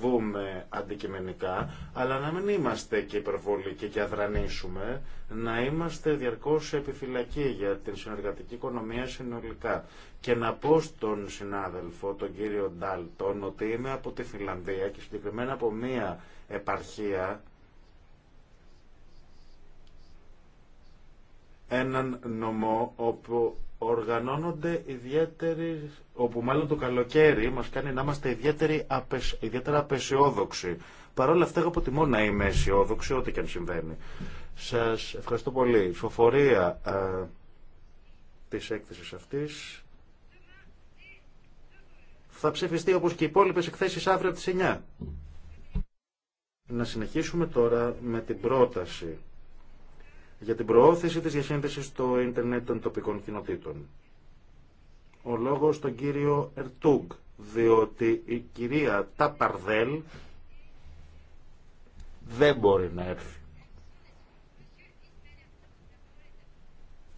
δούμε αντικειμενικά, αλλά να μην είμαστε και υπερβολικοί και αδρανίσουμε, να είμαστε διαρκώς επιφυλακοί για την συνεργατική οικονομία συνολικά. Και να πω στον συνάδελφο, τον κύριο Ντάλτον, ότι είμαι από τη Φιλανδία και συγκεκριμένα από μία επαρχία έναν νομό όπου οργανώνονται ιδιαίτεροι, όπου μάλλον το καλοκαίρι μας κάνει να είμαστε ιδιαίτεροι, ιδιαίτερα απεσιόδοξοι. Παρ' όλα αυτά, εγώ αποτιμώ να είμαι αισιόδοξη, ό,τι και αν συμβαίνει. Σας ευχαριστώ πολύ. σοφορία ε, της έκθεσης αυτής θα ψηφιστεί όπως και οι υπόλοιπε εκθέσεις αύριο από τις 9. Να συνεχίσουμε τώρα με την πρόταση για την προώθηση της διασύνδεσης στο ίντερνετ των τοπικών κοινοτήτων. Ο λόγος στον κύριο Ερτούγκ, διότι η κυρία Ταπαρδέλ δεν μπορεί να έρθει.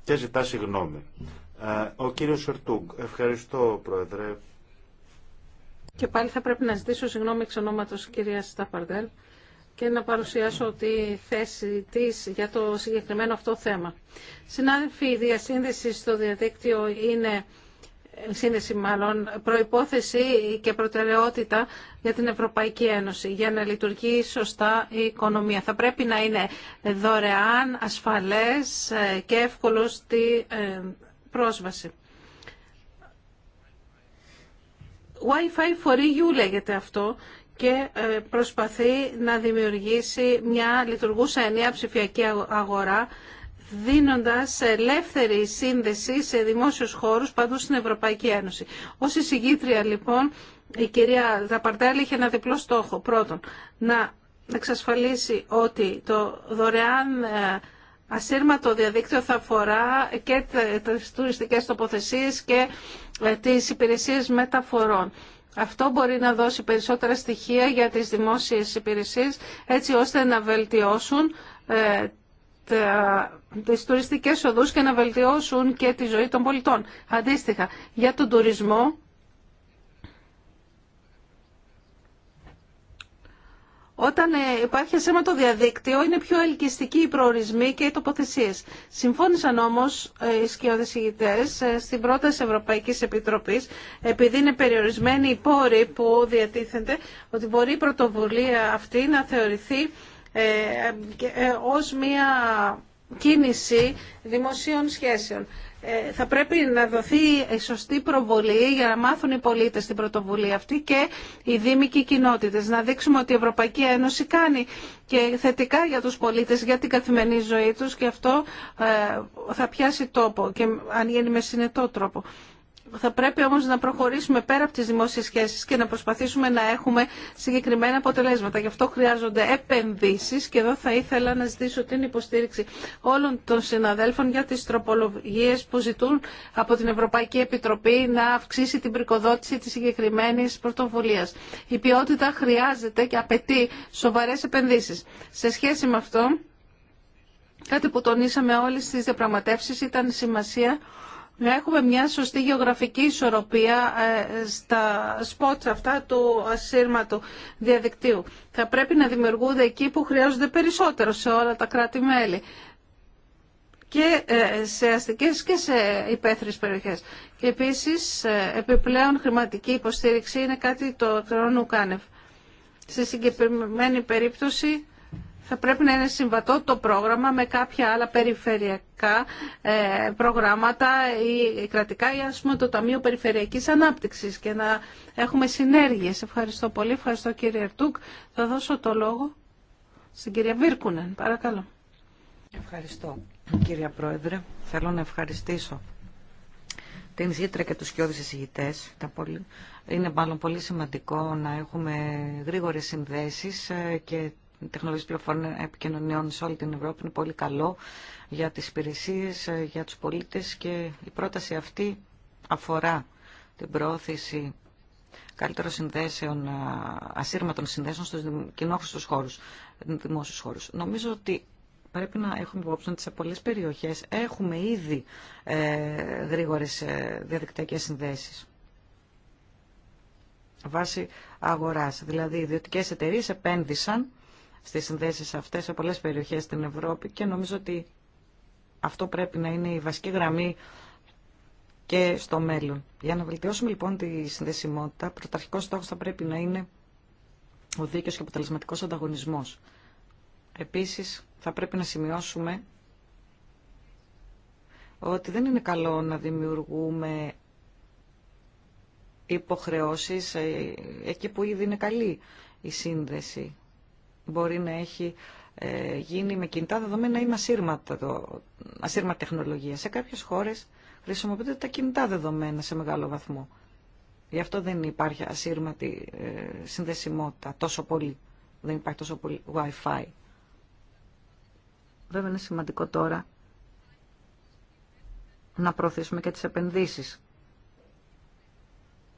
Και ζητά συγγνώμη. Ε, ο κύριος Ερτούγκ, ευχαριστώ πρόεδρε. Και πάλι θα πρέπει να ζητήσω συγγνώμη εξ ονόματος κυρίας Ταπαρδέλ και να παρουσιάσω τη θέση της για το συγκεκριμένο αυτό θέμα. Συνάδελφοι, η διασύνδεση στο διαδίκτυο είναι σύνδεση μάλλον, προϋπόθεση και προτεραιότητα για την Ευρωπαϊκή Ένωση, για να λειτουργεί σωστά η οικονομία. Θα πρέπει να είναι δωρεάν, ασφαλές ε, και εύκολο στη ε, πρόσβαση. Wi-Fi for EU λέγεται αυτό και ε, προσπαθεί να δημιουργήσει μια λειτουργούσα ενιαία ψηφιακή αγορά δίνοντας ελεύθερη σύνδεση σε δημόσιους χώρους παντού στην Ευρωπαϊκή Ένωση. Ως εισηγήτρια λοιπόν η κυρία Δαπαρτέλη είχε ένα διπλό στόχο. Πρώτον, να εξασφαλίσει ότι το δωρεάν ε, ασύρματο διαδίκτυο θα αφορά και τις τουριστικές τοποθεσίες και ε, τις υπηρεσίες μεταφορών. Αυτό μπορεί να δώσει περισσότερα στοιχεία για τις δημόσιες υπηρεσίες έτσι ώστε να βελτιώσουν ε, τις τουριστικές οδούς και να βελτιώσουν και τη ζωή των πολιτών. Αντίστοιχα, για τον τουρισμό Όταν ε, υπάρχει το διαδίκτυο είναι πιο ελκυστικοί οι προορισμοί και οι τοποθεσίε. Συμφώνησαν όμω ε, οι ε, στην πρόταση Ευρωπαϊκή Επιτροπή, επειδή είναι περιορισμένοι οι πόροι που διατίθενται, ότι μπορεί η πρωτοβουλία αυτή να θεωρηθεί ε, ως μία κίνηση δημοσίων σχέσεων. Ε, θα πρέπει να δοθεί σωστή προβολή για να μάθουν οι πολίτες την πρωτοβουλία αυτή και οι δήμοι και οι κοινότητες. Να δείξουμε ότι η Ευρωπαϊκή Ένωση κάνει και θετικά για τους πολίτες, για την καθημερινή ζωή τους και αυτό ε, θα πιάσει τόπο και αν γίνει με συνετό τρόπο. Θα πρέπει όμως να προχωρήσουμε πέρα από τις δημόσιες σχέσεις και να προσπαθήσουμε να έχουμε συγκεκριμένα αποτελέσματα. Γι' αυτό χρειάζονται επενδύσεις και εδώ θα ήθελα να ζητήσω την υποστήριξη όλων των συναδέλφων για τις τροπολογίες που ζητούν από την Ευρωπαϊκή Επιτροπή να αυξήσει την πρικοδότηση της συγκεκριμένη πρωτοβουλία. Η ποιότητα χρειάζεται και απαιτεί σοβαρές επενδύσεις. Σε σχέση με αυτό, κάτι που τονίσαμε όλοι στις διαπραγματεύσεις ήταν σημασία να έχουμε μια σωστή γεωγραφική ισορροπία ε, στα σπότ αυτά του ασύρματου διαδικτύου. Θα πρέπει να δημιουργούνται εκεί που χρειάζονται περισσότερο σε όλα τα κράτη-μέλη και ε, σε αστικές και σε υπαίθριες περιοχές. Και επίσης ε, επιπλέον χρηματική υποστήριξη είναι κάτι το κρονού κάνευ. Σε συγκεκριμένη περίπτωση θα πρέπει να είναι συμβατό το πρόγραμμα με κάποια άλλα περιφερειακά ε, προγράμματα ή κρατικά ή ας πούμε το Ταμείο Περιφερειακής Ανάπτυξης και να έχουμε συνέργειες. Ευχαριστώ πολύ. Ευχαριστώ κύριε Ερτούκ. Θα δώσω το λόγο στην κυρία Βίρκουνεν. Παρακαλώ. Ευχαριστώ κύρια Πρόεδρε. Θέλω να ευχαριστήσω την Ζήτρα και τους κοιόδης εισηγητές. Είναι μάλλον πολύ σημαντικό να έχουμε γρήγορες συνδέσεις ε, και τεχνολογίε πληροφοριών επικοινωνιών σε όλη την Ευρώπη είναι πολύ καλό για τι υπηρεσίε για του πολίτε και η πρόταση αυτή αφορά την προώθηση καλύτερων συνδέσεων, ασύρματων συνδέσεων στους κοινόχρηστους χώρους, δημόσιους χώρους. Νομίζω ότι πρέπει να έχουμε υπόψη ότι σε πολλές περιοχές έχουμε ήδη ε, γρήγορες ε, διαδικτυακές συνδέσεις βάσει αγοράς. Δηλαδή, οι ιδιωτικές εταιρείες επένδυσαν στις συνδέσεις αυτές σε πολλές περιοχές στην Ευρώπη και νομίζω ότι αυτό πρέπει να είναι η βασική γραμμή και στο μέλλον. Για να βελτιώσουμε λοιπόν τη συνδεσιμότητα, πρωταρχικός στόχος θα πρέπει να είναι ο δίκαιος και αποτελεσματικός ανταγωνισμός. Επίσης, θα πρέπει να σημειώσουμε ότι δεν είναι καλό να δημιουργούμε υποχρεώσεις ε, εκεί που ήδη είναι καλή η σύνδεση μπορεί να έχει ε, γίνει με κινητά δεδομένα ή με ασύρματη τεχνολογία. Σε κάποιες χώρες χρησιμοποιούνται τα κινητά δεδομένα σε μεγάλο βαθμό. Γι' αυτό δεν υπάρχει ασύρματη ε, συνδεσιμότητα τόσο πολύ. Δεν υπάρχει τόσο πολύ Wi-Fi. Βέβαια είναι σημαντικό τώρα να προωθήσουμε και τις επενδύσεις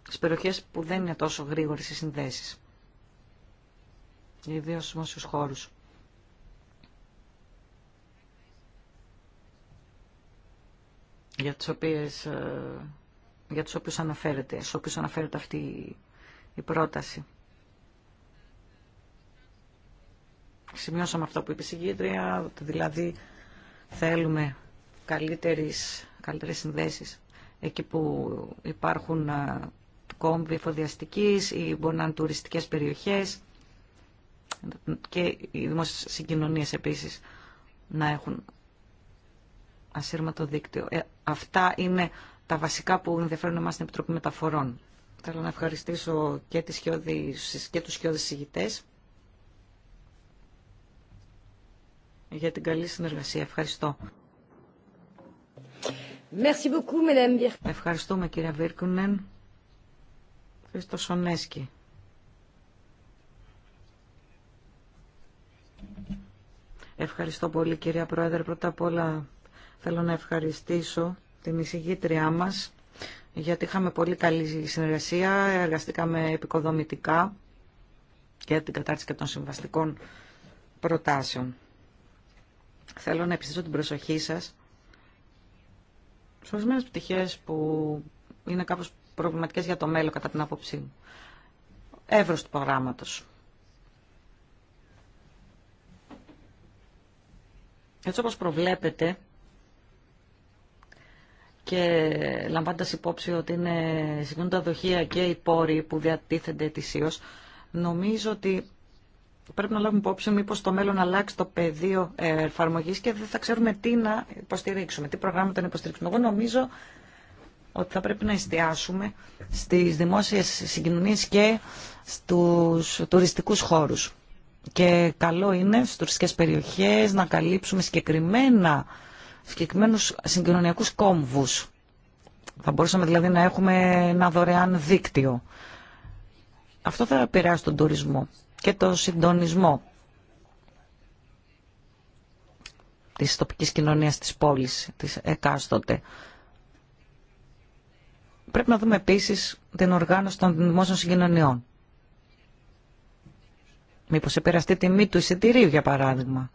στις περιοχές που δεν είναι τόσο γρήγορες οι συνδέσεις ιδίως στους δημόσιους χώρους. Για τους, οποίες, ε, για τους οποίους αναφέρεται, στους οποίους αναφέρεται αυτή η πρόταση. Σημειώσαμε αυτό που είπε η ότι δηλαδή θέλουμε καλύτερες, καλύτερες συνδέσεις εκεί που υπάρχουν ε, κόμβοι εφοδιαστικής ή μπορεί να είναι τουριστικές περιοχές και οι δημόσιες συγκοινωνίες επίσης να έχουν ασύρματο δίκτυο. Ε, αυτά είναι τα βασικά που ενδιαφέρουν εμάς στην Επιτροπή Μεταφορών. Θέλω να ευχαριστήσω και, τις χιώδεις, και τους συγητές για την καλή συνεργασία. Ευχαριστώ. Merci beaucoup, Ευχαριστούμε κυρία Βίρκουνεν. Ευχαριστώ Σονέσκι. Ευχαριστώ πολύ κυρία Πρόεδρε. Πρώτα απ' όλα θέλω να ευχαριστήσω την εισηγήτριά μας γιατί είχαμε πολύ καλή συνεργασία, εργαστήκαμε επικοδομητικά και την κατάρτιση και των συμβαστικών προτάσεων. Θέλω να επιστήσω την προσοχή σας σε ορισμένε πτυχές που είναι κάπως προβληματικές για το μέλλον κατά την άποψή μου. Εύρος του προγράμματος. Έτσι όπως προβλέπετε και λαμβάνοντας υπόψη ότι είναι τα δοχεία και οι πόροι που διατίθενται ετησίως, νομίζω ότι πρέπει να λάβουμε υπόψη μήπως το μέλλον αλλάξει το πεδίο εφαρμογή και δεν θα ξέρουμε τι να υποστηρίξουμε, τι προγράμματα να υποστηρίξουμε. Εγώ νομίζω ότι θα πρέπει να εστιάσουμε στις δημόσιες συγκοινωνίες και στους τουριστικούς χώρους. Και καλό είναι στις τουριστικές περιοχές να καλύψουμε συγκεκριμένα, συγκεκριμένους συγκοινωνιακούς κόμβους. Θα μπορούσαμε δηλαδή να έχουμε ένα δωρεάν δίκτυο. Αυτό θα επηρεάσει τον τουρισμό και τον συντονισμό της τοπικής κοινωνίας της πόλης, της εκάστοτε. Πρέπει να δούμε επίσης την οργάνωση των δημόσιων συγκοινωνιών. Μήπως επηρεαστεί τιμή του εισιτηρίου, για παράδειγμα.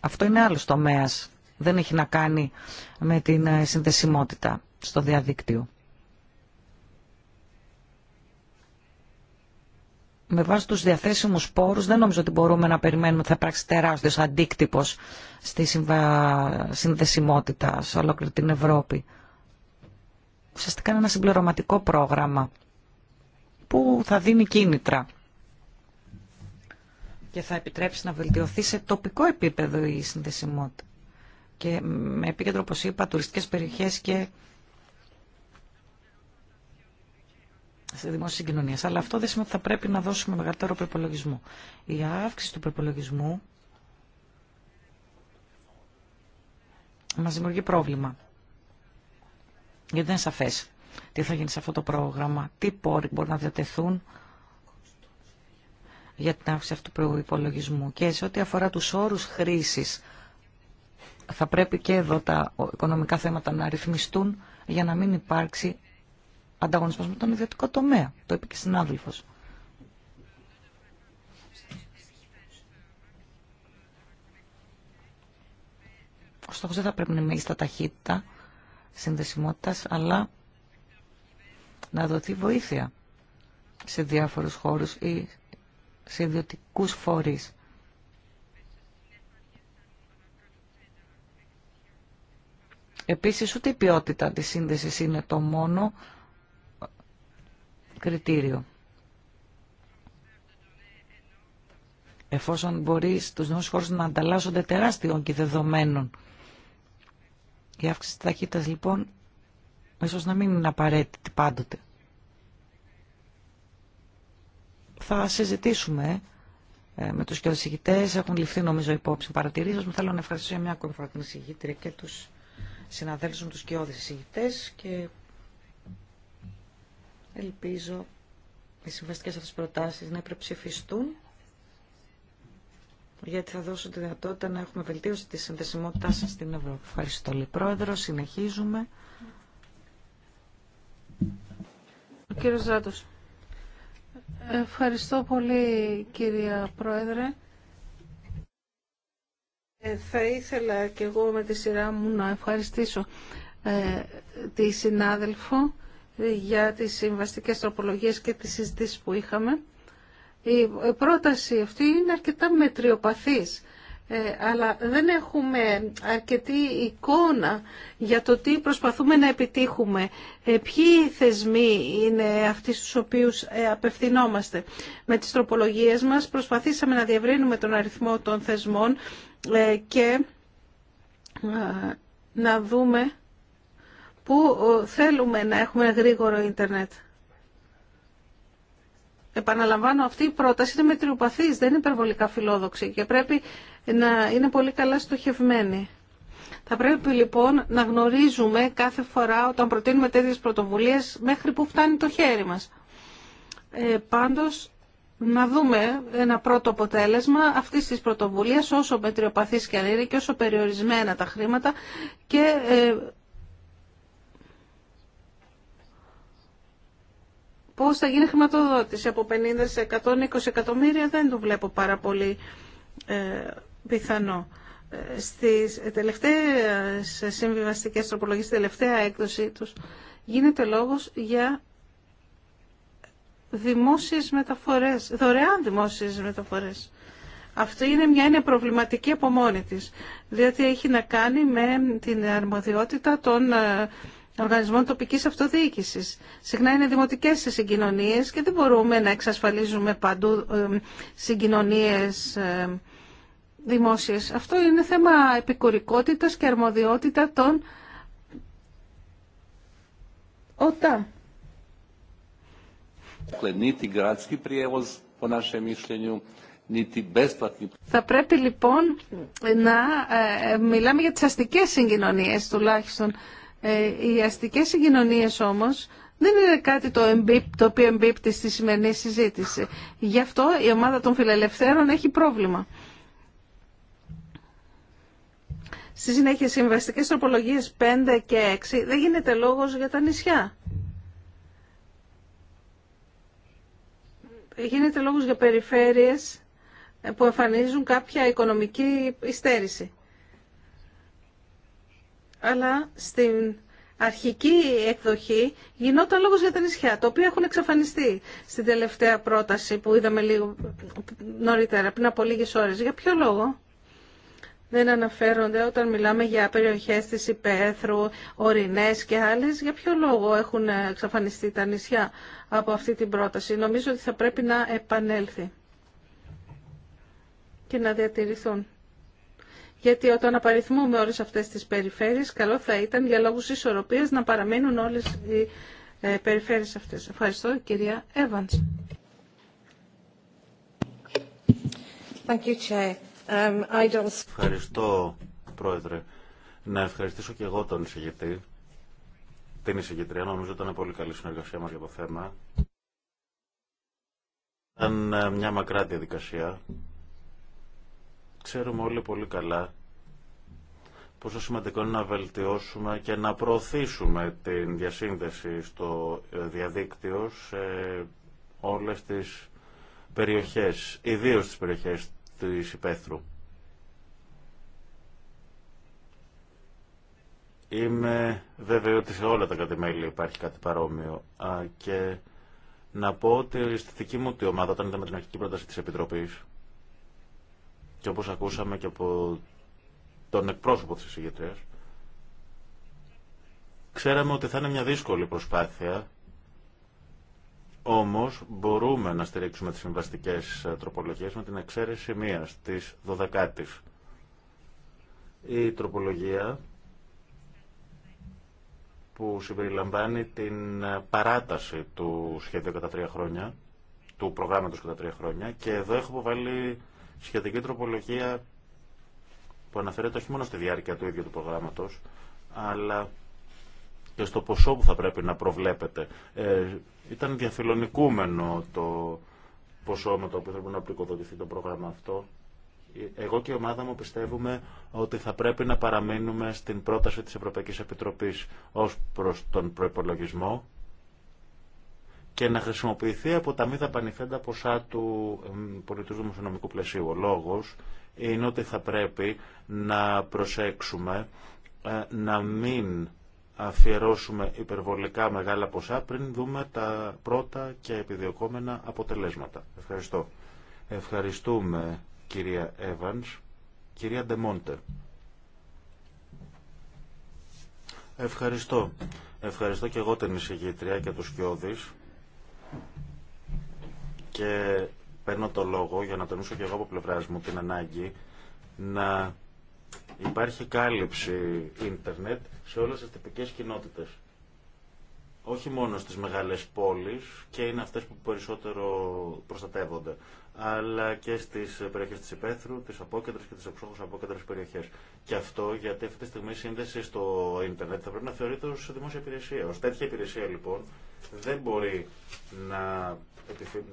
Αυτό είναι άλλος τομέας. Δεν έχει να κάνει με την ε, συνδεσιμότητα στο διαδίκτυο. με βάση τους διαθέσιμους πόρους δεν νομίζω ότι μπορούμε να περιμένουμε ότι θα πράξει τεράστιος αντίκτυπος στη συμβα... συνδεσιμότητα σε ολόκληρη την Ευρώπη. Ουσιαστικά είναι ένα συμπληρωματικό πρόγραμμα που θα δίνει κίνητρα και θα επιτρέψει να βελτιωθεί σε τοπικό επίπεδο η συνδεσιμότητα. Και με επίκεντρο, όπως είπα, τουριστικές περιοχές και σε δημόσιες συγκοινωνίες. Αλλά αυτό δεν σημαίνει ότι θα πρέπει να δώσουμε μεγαλύτερο προπολογισμό. Η αύξηση του προπολογισμού μας δημιουργεί πρόβλημα. Γιατί δεν είναι σαφές τι θα γίνει σε αυτό το πρόγραμμα, τι πόροι μπορεί να διατεθούν για την αύξηση αυτού του προϋπολογισμού. Και σε ό,τι αφορά τους όρου χρήση. θα πρέπει και εδώ τα οικονομικά θέματα να ρυθμιστούν για να μην υπάρξει ανταγωνισμός με τον ιδιωτικό τομέα. Το είπε και συνάδελφος. Ο στόχος δεν θα πρέπει να είναι στα ταχύτητα συνδεσιμότητας, αλλά να δοθεί βοήθεια σε διάφορους χώρους ή σε ιδιωτικού φορείς. Επίσης ούτε η ποιότητα της σύνδεσης είναι το μόνο κριτήριο. Εφόσον μπορεί τους νέους χώρους να ανταλλάσσονται τεράστιο και δεδομένων. Η αύξηση της ταχύτητας λοιπόν ίσως να μην είναι απαραίτητη πάντοτε. θα συζητήσουμε ε, με τους κοιοδησηγητές. Έχουν ληφθεί νομίζω υπόψη παρατηρήσεις μου. Θέλω να ευχαριστήσω μια ακόμη φορά την εισηγήτρια και τους συναδέλφους μου, τους κοιοδησηγητές και ελπίζω οι συμβαστικές αυτές προτάσεις να υπερψηφιστούν γιατί θα δώσουν τη δυνατότητα να έχουμε βελτίωση της συνδεσιμότητάς σα στην Ευρώπη. Ευχαριστώ, Λε Πρόεδρο. Συνεχίζουμε. Ο Ζάτος. Ευχαριστώ πολύ κυρία Πρόεδρε. Ε, θα ήθελα και εγώ με τη σειρά μου να ευχαριστήσω ε, τη συνάδελφο για τις συμβαστικές τροπολογίες και τις συζητήσεις που είχαμε. Η πρόταση αυτή είναι αρκετά μετριοπαθής ε, αλλά δεν έχουμε αρκετή εικόνα για το τι προσπαθούμε να επιτύχουμε. Ε, ποιοι θεσμοί είναι αυτοί στους οποίους ε, απευθυνόμαστε. Με τις τροπολογίες μας προσπαθήσαμε να διευρύνουμε τον αριθμό των θεσμών και να δούμε πού θέλουμε να έχουμε γρήγορο ίντερνετ. Επαναλαμβάνω, αυτή η πρόταση είναι μετριοπαθής, δεν είναι υπερβολικά φιλόδοξη και πρέπει να είναι πολύ καλά στοχευμένοι. Θα πρέπει λοιπόν να γνωρίζουμε κάθε φορά όταν προτείνουμε τέτοιες πρωτοβουλίες μέχρι που φτάνει το χέρι μας. Ε, πάντως να δούμε ένα πρώτο αποτέλεσμα αυτή τη πρωτοβουλία όσο μετριοπαθής και αν είναι και όσο περιορισμένα τα χρήματα και ε, πώς θα γίνει χρηματοδότηση από 50 σε 120 εκατομμύρια δεν το βλέπω πάρα πολύ ε, πιθανό. Ε, στις τελευταίες συμβιβαστικές τροπολογίες, στη τελευταία έκδοση τους, γίνεται λόγος για δημόσιες μεταφορές, δωρεάν δημόσιες μεταφορές. Αυτό είναι μια είναι προβληματική από μόνη της, διότι έχει να κάνει με την αρμοδιότητα των ε, οργανισμών τοπικής αυτοδιοίκησης. Συχνά είναι δημοτικές οι συγκοινωνίες και δεν μπορούμε να εξασφαλίζουμε παντού ε, συγκοινωνίες δημόσιες. Αυτό είναι θέμα επικουρικότητας και αρμοδιότητα των ΟΤΑ. Θα πρέπει λοιπόν να ε, μιλάμε για τις αστικές συγκοινωνίες τουλάχιστον. Ε, οι αστικές συγκοινωνίες όμως δεν είναι κάτι το, εμπίπ, το οποίο εμπίπτει στη σημερινή συζήτηση. Γι' αυτό η ομάδα των φιλελευθέρων έχει πρόβλημα. Στη συνέχεια, συμβαστικές τροπολογίες 5 και 6 δεν γίνεται λόγος για τα νησιά. Γίνεται λόγος για περιφέρειες που εμφανίζουν κάποια οικονομική υστέρηση. Αλλά στην αρχική εκδοχή γινόταν λόγος για τα νησιά, τα οποία έχουν εξαφανιστεί στην τελευταία πρόταση που είδαμε λίγο νωρίτερα, πριν από λίγες ώρες. Για ποιο λόγο? δεν αναφέρονται όταν μιλάμε για περιοχές της Υπέθρου, Ορεινές και άλλες. Για ποιο λόγο έχουν εξαφανιστεί τα νησιά από αυτή την πρόταση. Νομίζω ότι θα πρέπει να επανέλθει και να διατηρηθούν. Γιατί όταν απαριθμούμε όλες αυτές τις περιφέρειες, καλό θα ήταν για λόγους ισορροπίας να παραμείνουν όλες οι ε, περιφέρειες αυτές. Ευχαριστώ, κυρία Εύαντς. Thank you, Um, Ευχαριστώ, Πρόεδρε. Να ευχαριστήσω και εγώ τον εισηγητή, την εισηγητρία. Νομίζω ήταν πολύ καλή συνεργασία μας για το θέμα. Ήταν ε, μια μακρά διαδικασία. Ξέρουμε όλοι πολύ καλά πόσο σημαντικό είναι να βελτιώσουμε και να προωθήσουμε την διασύνδεση στο ε, διαδίκτυο σε όλες τις περιοχές, ιδίως τις περιοχές της υπαίθρου. Είμαι βέβαιο ότι σε όλα τα κατημέλια υπάρχει κάτι παρόμοιο. και να πω ότι στη δική μου τη ομάδα, όταν είδαμε την αρχική πρόταση της Επιτροπής, και όπως ακούσαμε και από τον εκπρόσωπο της εισηγητρίας, ξέραμε ότι θα είναι μια δύσκολη προσπάθεια όμως μπορούμε να στηρίξουμε τι συμβαστικέ ε, τροπολογίες με την εξαίρεση μία της 12 Η Η τροπολογία που συμπεριλαμβάνει την ε, παράταση του σχέδιου κατά τρία χρόνια, του προγράμματος κατά τρία χρόνια και εδώ έχω βάλει σχετική τροπολογία που αναφέρεται όχι μόνο στη διάρκεια του ίδιου του προγράμματος, αλλά και στο ποσό που θα πρέπει να προβλέπετε. Ε, ήταν διαφιλονικούμενο το ποσό με το οποίο θα πρέπει να πληκοδοτηθεί το πρόγραμμα αυτό. Ε, εγώ και η ομάδα μου πιστεύουμε ότι θα πρέπει να παραμείνουμε στην πρόταση της Ευρωπαϊκής Επιτροπής ως προς τον προϋπολογισμό και να χρησιμοποιηθεί από τα μη δαπανηθέντα ποσά του πολιτικού δημοσιονομικού πλαισίου. Ο λόγος είναι ότι θα πρέπει να προσέξουμε ε, να μην αφιερώσουμε υπερβολικά μεγάλα ποσά πριν δούμε τα πρώτα και επιδιωκόμενα αποτελέσματα. Ευχαριστώ. Ευχαριστούμε κυρία Εύανς. Κυρία Ντεμόντε. Ευχαριστώ. Ευχαριστώ και εγώ την εισηγήτρια και τους Κιώδης. Και παίρνω το λόγο για να τονίσω και εγώ από πλευράς μου την ανάγκη να Υπάρχει κάλυψη ίντερνετ σε όλες τις τυπικέ κοινότητες. Όχι μόνο στις μεγάλες πόλεις και είναι αυτές που περισσότερο προστατεύονται αλλά και στι περιοχέ τη Υπέθρου, τι απόκεντρε και τι εξόχω απόκεντρε περιοχέ. Και αυτό γιατί αυτή τη στιγμή η σύνδεση στο ίντερνετ θα πρέπει να θεωρείται ω δημόσια υπηρεσία. Ω τέτοια υπηρεσία λοιπόν δεν μπορεί να,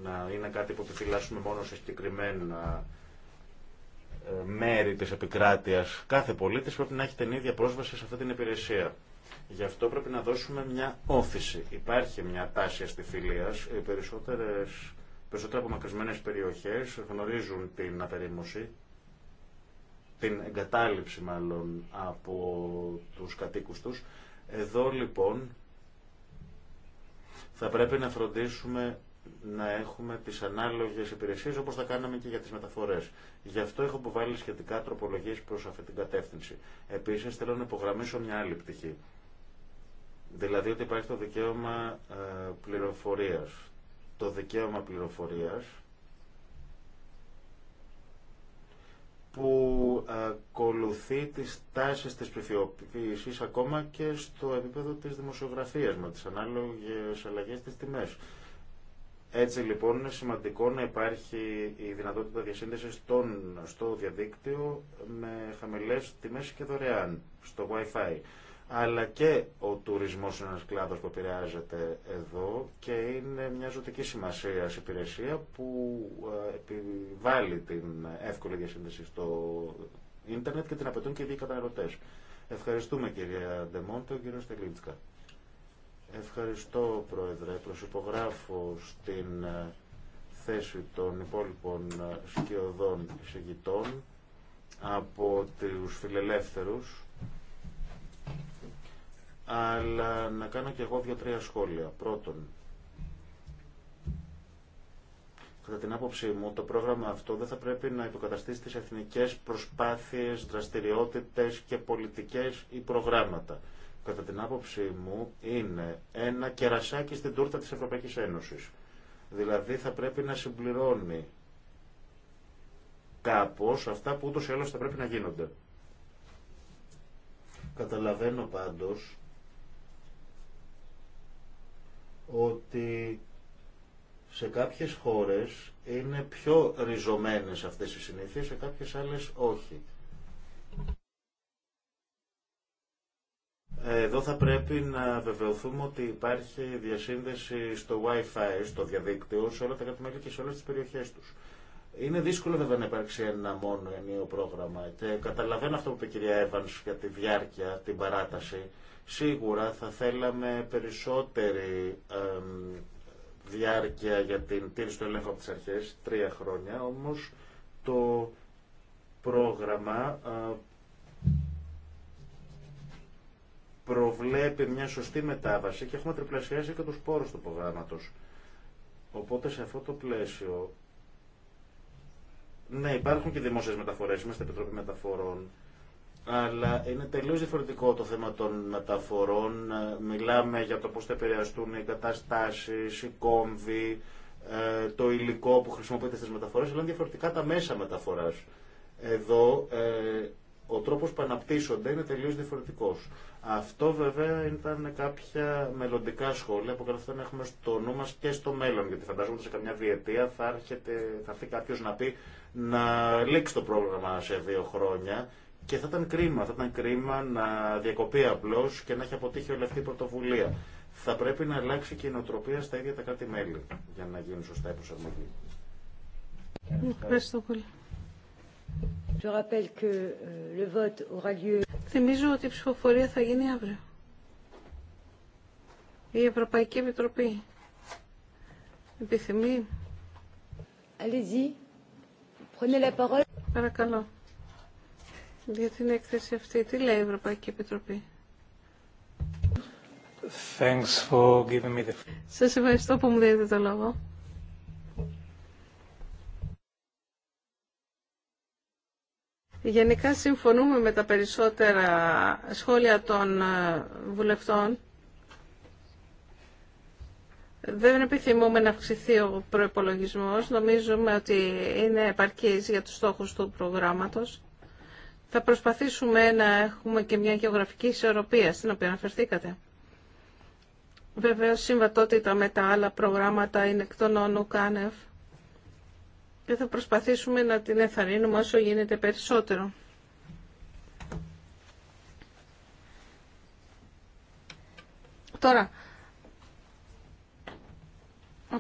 να είναι κάτι που επιφυλάσσουμε μόνο σε συγκεκριμένα μέρη της επικράτειας. Κάθε πολίτης πρέπει να έχει την ίδια πρόσβαση σε αυτή την υπηρεσία. Γι' αυτό πρέπει να δώσουμε μια όθηση. Υπάρχει μια τάση αστιφιλίας. Οι περισσότερες, περισσότερα απομακρυσμένες περιοχές γνωρίζουν την απερίμωση, την εγκατάλειψη μάλλον από τους κατοίκους τους. Εδώ λοιπόν θα πρέπει να φροντίσουμε να έχουμε τις ανάλογες υπηρεσίε όπως θα κάναμε και για τις μεταφορές. Γι' αυτό έχω υποβάλει σχετικά τροπολογίες προς αυτή την κατεύθυνση. Επίσης θέλω να υπογραμμίσω μια άλλη πτυχή. Δηλαδή ότι υπάρχει το δικαίωμα ε, πληροφορίας. Το δικαίωμα πληροφορίας που ακολουθεί τις τάσεις της ψηφιοποίησης ακόμα και στο επίπεδο της δημοσιογραφία με τις ανάλογες αλλαγές στις τιμές. Έτσι λοιπόν είναι σημαντικό να υπάρχει η δυνατότητα διασύνδεσης στον στο διαδίκτυο με χαμηλές τιμές και δωρεάν, στο Wi-Fi. Αλλά και ο τουρισμός είναι ένας κλάδος που επηρεάζεται εδώ και είναι μια ζωτική σημασία σε υπηρεσία που ε, επιβάλλει την εύκολη διασύνδεση στο ίντερνετ και την απαιτούν και οι δύο καταναλωτές. Ευχαριστούμε κυρία ο κύριο Στελίντσκα. Ευχαριστώ, Πρόεδρε. Προσυπογράφω στην ε, θέση των υπόλοιπων ε, σκιωδών εισηγητών από τους φιλελεύθερους αλλά να κάνω και εγώ δύο-τρία σχόλια. Πρώτον, κατά την άποψή μου, το πρόγραμμα αυτό δεν θα πρέπει να υποκαταστήσει τις εθνικές προσπάθειες, δραστηριότητες και πολιτικές ή προγράμματα κατά την άποψή μου, είναι ένα κερασάκι στην τούρτα της Ευρωπαϊκής Ένωσης. Δηλαδή θα πρέπει να συμπληρώνει κάπως αυτά που ούτως ή άλλως θα πρέπει να γίνονται. Καταλαβαίνω πάντως ότι σε κάποιες χώρες είναι πιο ριζωμένες αυτές οι συνήθειες, σε κάποιες άλλες όχι. Εδώ θα πρέπει να βεβαιωθούμε ότι υπάρχει διασύνδεση στο Wi-Fi, στο διαδίκτυο, σε όλα τα κατημέρια και σε όλες τις περιοχές τους. Είναι δύσκολο βέβαια να υπάρξει ένα μόνο ενίο πρόγραμμα και καταλαβαίνω αυτό που είπε η κυρία Evans για τη διάρκεια, την παράταση. Σίγουρα θα θέλαμε περισσότερη διάρκεια για την τήρηση του ελέγχου από τις αρχές, τρία χρόνια, όμως το πρόγραμμα ε, προβλέπει μια σωστή μετάβαση και έχουμε τριπλασιάσει και τους πόρους του προγράμματος. Οπότε σε αυτό το πλαίσιο, ναι υπάρχουν και δημόσιες μεταφορές, είμαστε Επιτροπή Μεταφορών, αλλά είναι τελείως διαφορετικό το θέμα των μεταφορών. Μιλάμε για το πώς θα επηρεαστούν οι εγκαταστάσεις, οι κόμβοι, ε, το υλικό που χρησιμοποιείται στις μεταφορές, αλλά είναι διαφορετικά τα μέσα μεταφοράς. Εδώ ε, ο τρόπος που αναπτύσσονται είναι τελείως διαφορετικός. Αυτό βέβαια ήταν κάποια μελλοντικά σχόλια που καταφέραμε να έχουμε στο νου μας και στο μέλλον, γιατί φαντάζομαι ότι σε καμιά διετία θα, έρχεται, θα έρθει κάποιο να πει να λήξει το πρόγραμμα σε δύο χρόνια και θα ήταν κρίμα, θα κρίμα να διακοπεί απλώ και να έχει αποτύχει όλη αυτή η πρωτοβουλία. Θα πρέπει να αλλάξει και η νοοτροπία στα ίδια τα κράτη-μέλη για να γίνει σωστά η προσαρμογή. Ευχαριστώ πολύ. Euh, Θυμίζω ότι η ψηφοφορία θα γίνει αύριο. Η Ευρωπαϊκή Επιτροπή Παρακαλώ. Για την έκθεση αυτή, τι λέει η Ευρωπαϊκή Επιτροπή. Thanks Σας ευχαριστώ που μου δίνετε το λόγο. Γενικά συμφωνούμε με τα περισσότερα σχόλια των ε, βουλευτών. Δεν επιθυμούμε να αυξηθεί ο προϋπολογισμός. Νομίζουμε ότι είναι επαρκής για τους στόχους του προγράμματος. Θα προσπαθήσουμε να έχουμε και μια γεωγραφική ισορροπία στην οποία αναφερθήκατε. Βεβαίω, συμβατότητα με τα άλλα προγράμματα είναι εκ των όνου ΚΑΝΕΦ και θα προσπαθήσουμε να την εθαρρύνουμε όσο γίνεται περισσότερο. Τώρα,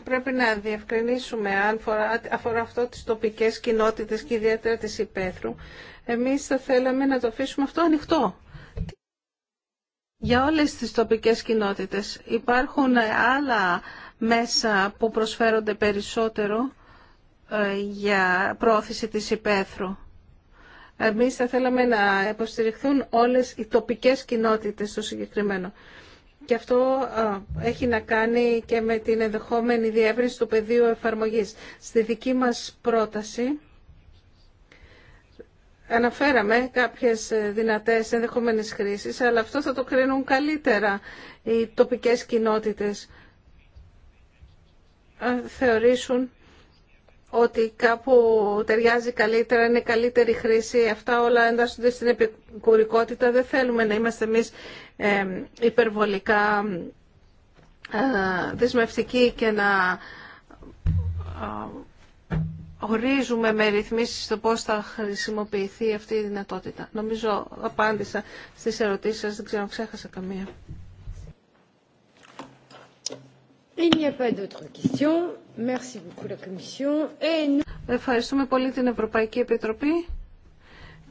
πρέπει να διευκρινίσουμε αν αφορά αυτό τις τοπικές κοινότητες και ιδιαίτερα της υπαίθρου. Εμείς θα θέλαμε να το αφήσουμε αυτό ανοιχτό. Για όλες τις τοπικές κοινότητες υπάρχουν άλλα μέσα που προσφέρονται περισσότερο ε, για πρόθεση της υπαίθρου. Εμείς θα θέλαμε να υποστηριχθούν όλες οι τοπικές κοινότητες στο συγκεκριμένο. Και αυτό ε, έχει να κάνει και με την ενδεχόμενη διεύρυνση του πεδίου εφαρμογής. Στη δική μας πρόταση αναφέραμε κάποιες δυνατές ενδεχόμενες χρήσεις, αλλά αυτό θα το κρίνουν καλύτερα οι τοπικές κοινότητες. Ε, θεωρήσουν ότι κάπου ταιριάζει καλύτερα, είναι καλύτερη χρήση, αυτά όλα εντάσσονται στην επικουρικότητα. Δεν θέλουμε να είμαστε εμείς υπερβολικά ε, δεσμευτικοί και να ε, ορίζουμε με ρυθμίσεις το πώς θα χρησιμοποιηθεί αυτή η δυνατότητα. Νομίζω απάντησα στις ερωτήσεις σας, δεν ξέρω αν ξέχασα καμία. Il n'y Ευχαριστούμε πολύ την Ευρωπαϊκή Επιτροπή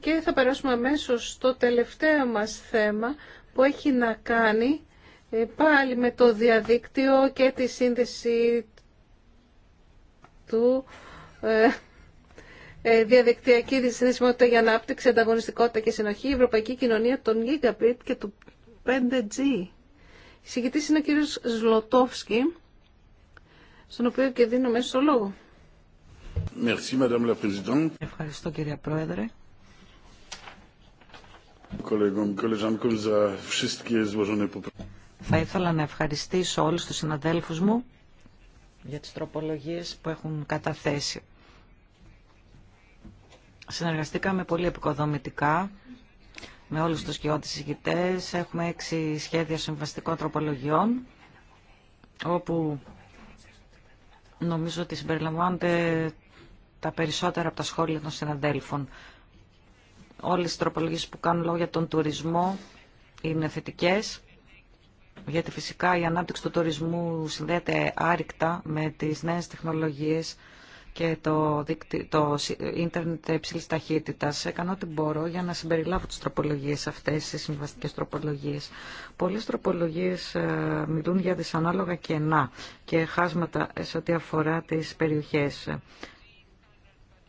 και θα περάσουμε αμέσω στο τελευταίο μας θέμα που έχει να κάνει ε, πάλι με το διαδίκτυο και τη σύνδεση του ε, ε, διαδικτυακή δυσυνδεσιμότητα για ανάπτυξη, ανταγωνιστικότητα και συνοχή, η Ευρωπαϊκή Κοινωνία των Gigabit και του 5G. Η Συγητής είναι ο κύριος Ζλωτόφσκι στον οποίο και δίνω μέσο στο λόγο. Merci, la Ευχαριστώ κυρία Πρόεδρε. Θα ήθελα να ευχαριστήσω όλους τους συναδέλφους μου για τις τροπολογίες που έχουν καταθέσει. Συνεργαστήκαμε πολύ επικοδομητικά με όλους τους κοιότητες ηγητές. Έχουμε έξι σχέδια συμβαστικών τροπολογιών όπου Νομίζω ότι συμπεριλαμβάνονται τα περισσότερα από τα σχόλια των συναντέλφων. Όλες οι τροπολογίες που κάνουν λόγια για τον τουρισμό είναι θετικές, γιατί φυσικά η ανάπτυξη του τουρισμού συνδέεται άρρηκτα με τις νέες τεχνολογίες και το, δίκτυ, το ίντερνετ υψηλή ταχύτητα. Έκανα ό,τι μπορώ για να συμπεριλάβω τι τροπολογίε αυτέ, τι συμβαστικέ τροπολογίε. Πολλέ τροπολογίε ε, μιλούν για δυσανάλογα κενά και χάσματα σε ό,τι αφορά τι περιοχέ.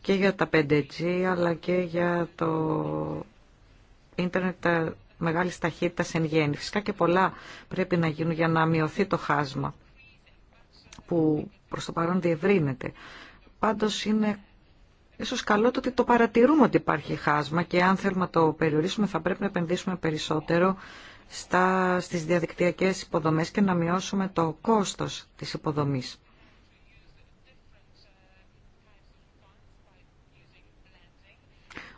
Και για τα 5G, αλλά και για το ίντερνετ μεγάλη ταχύτητα εν γέννη. Φυσικά και πολλά πρέπει να γίνουν για να μειωθεί το χάσμα που προς το παρόν διευρύνεται Πάντως είναι ίσως καλό το ότι το παρατηρούμε ότι υπάρχει χάσμα και αν θέλουμε να το περιορίσουμε θα πρέπει να επενδύσουμε περισσότερο στα, στις διαδικτυακές υποδομές και να μειώσουμε το κόστος της υποδομής.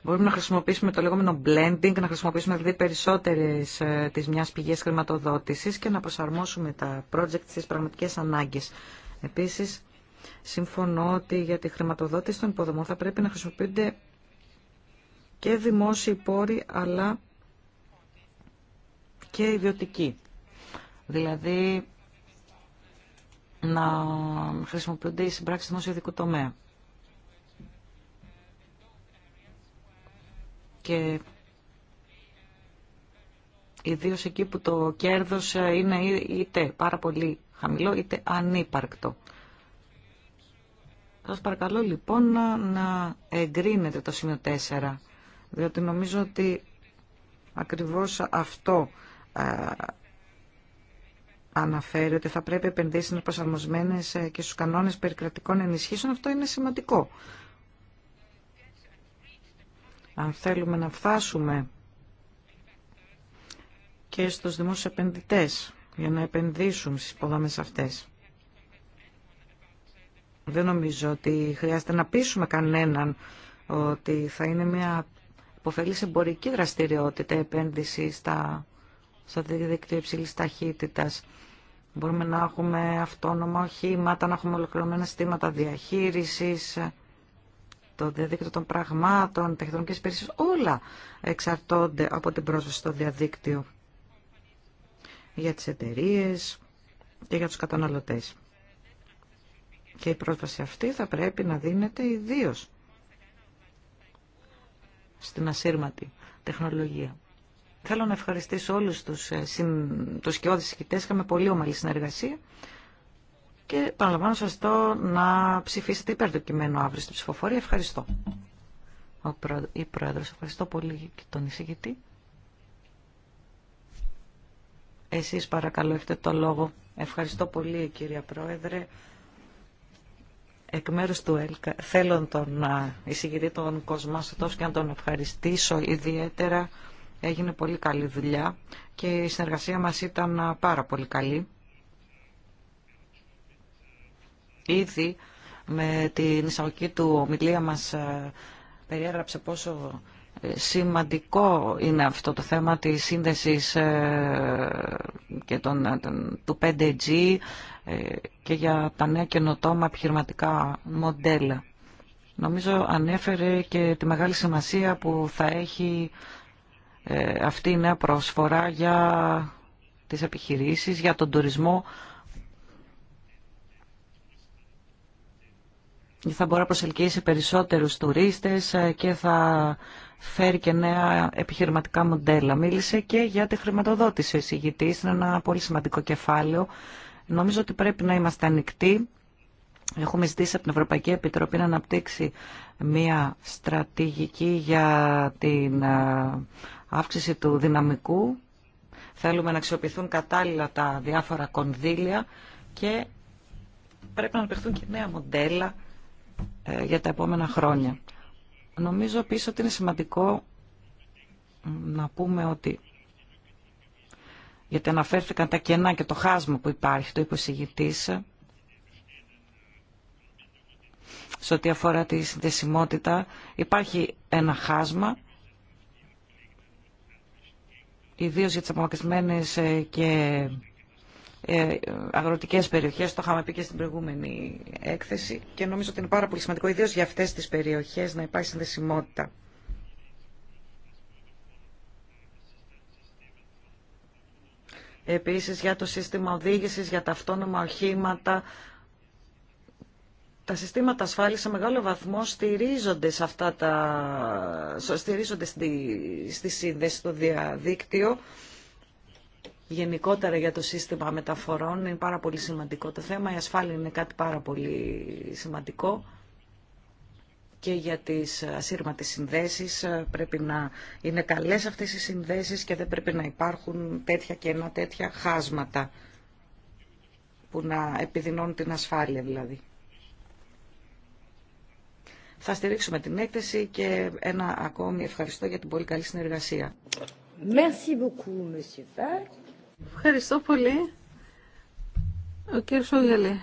Μπορούμε να χρησιμοποιήσουμε το λεγόμενο blending, να χρησιμοποιήσουμε δηλαδή περισσότερες ε, της μιας πηγής χρηματοδότησης και να προσαρμόσουμε τα project στις πραγματικές ανάγκες. Επίσης, Συμφωνώ ότι για τη χρηματοδότηση των υποδομών θα πρέπει να χρησιμοποιούνται και δημόσιοι πόροι αλλά και ιδιωτικοί. Δηλαδή να χρησιμοποιούνται οι συμπράξεις του δημοσιοδικού τομέα. Και ιδίω εκεί που το κέρδος είναι είτε πάρα πολύ χαμηλό είτε ανύπαρκτο. Σας παρακαλώ λοιπόν να εγκρίνετε το σημείο 4, διότι νομίζω ότι ακριβώς αυτό ε, αναφέρει ότι θα πρέπει επενδύσεις να είναι προσαρμοσμένες ε, και στους κανόνες περικρατικών ενισχύσεων. Αυτό είναι σημαντικό. Αν θέλουμε να φτάσουμε και στους δημόσιους επενδυτές για να επενδύσουν στις υποδομές αυτές. Δεν νομίζω ότι χρειάζεται να πείσουμε κανέναν ότι θα είναι μια υποφελή εμπορική δραστηριότητα επένδυση στα, στα δίκτυα υψηλή ταχύτητα. Μπορούμε να έχουμε αυτόνομα οχήματα, να έχουμε ολοκληρωμένα συστήματα διαχείρισης, το διαδίκτυο των πραγμάτων, τεχνολογικές υπηρεσίες, όλα εξαρτώνται από την πρόσβαση στο διαδίκτυο για τις εταιρείε και για τους καταναλωτές. Και η πρόσβαση αυτή θα πρέπει να δίνεται ιδίω στην ασύρματη τεχνολογία. Θέλω να ευχαριστήσω όλους τους, ε, τους σκιώδεις συγκητές. Είχαμε πολύ ομαλή συνεργασία και παραλαμβάνω σας το να ψηφίσετε υπέρ του κειμένου αύριο στην ψηφοφορία. Ευχαριστώ. Ο Πρόεδρος, ευχαριστώ πολύ και τον εισηγητή. Εσείς παρακαλώ έχετε το λόγο. Ευχαριστώ πολύ κυρία Πρόεδρε. Εκ μέρου του ΕΛΚΑ θέλω τον εισηγητή τον Κοσμά Σωτός και να τον ευχαριστήσω ιδιαίτερα. Έγινε πολύ καλή δουλειά και η συνεργασία μας ήταν πάρα πολύ καλή. Ήδη με την εισαγωγή του ομιλία μας περιέγραψε πόσο Σημαντικό είναι αυτό το θέμα της σύνδεσης ε, και τον, του 5G ε, και για τα νέα καινοτόμα επιχειρηματικά μοντέλα. Νομίζω ανέφερε και τη μεγάλη σημασία που θα έχει ε, αυτή η νέα προσφορά για τις επιχειρήσεις, για τον τουρισμό. Θα μπορεί να προσελκύσει περισσότερους τουρίστες και θα φέρει και νέα επιχειρηματικά μοντέλα. Μίλησε και για τη χρηματοδότηση ο εισηγητής, είναι ένα πολύ σημαντικό κεφάλαιο. Νομίζω ότι πρέπει να είμαστε ανοιχτοί. Έχουμε ζητήσει από την Ευρωπαϊκή Επιτροπή να αναπτύξει μια στρατηγική για την ε, αύξηση του δυναμικού. Θέλουμε να αξιοποιηθούν κατάλληλα τα διάφορα κονδύλια και πρέπει να αναπτυχθούν και νέα μοντέλα ε, για τα επόμενα χρόνια. Νομίζω επίσης ότι είναι σημαντικό να πούμε ότι γιατί αναφέρθηκαν τα κενά και το χάσμα που υπάρχει, το είπε ο σε ό,τι αφορά τη συνδεσιμότητα. Υπάρχει ένα χάσμα, ιδίως για τις απομακρυσμένες ε, και ε, αγροτικές περιοχές, το είχαμε πει και στην προηγούμενη έκθεση και νομίζω ότι είναι πάρα πολύ σημαντικό, ιδίως για αυτές τις περιοχές, να υπάρχει συνδεσιμότητα. Επίσης για το σύστημα οδήγησης, για τα αυτόνομα οχήματα, τα συστήματα ασφάλειας σε μεγάλο βαθμό στηρίζονται, σε αυτά τα... στηρίζονται στη, στη σύνδεση στο διαδίκτυο γενικότερα για το σύστημα μεταφορών είναι πάρα πολύ σημαντικό το θέμα. Η ασφάλεια είναι κάτι πάρα πολύ σημαντικό και για τις ε, ασύρματες συνδέσεις ε, πρέπει να είναι καλές αυτές οι συνδέσεις και δεν πρέπει να υπάρχουν τέτοια ένα τέτοια χάσματα που να επιδεινώνουν την ασφάλεια δηλαδή. Θα στηρίξουμε την έκθεση και ένα ακόμη ευχαριστώ για την πολύ καλή συνεργασία. Merci beaucoup, Ευχαριστώ πολύ. Ο κύριος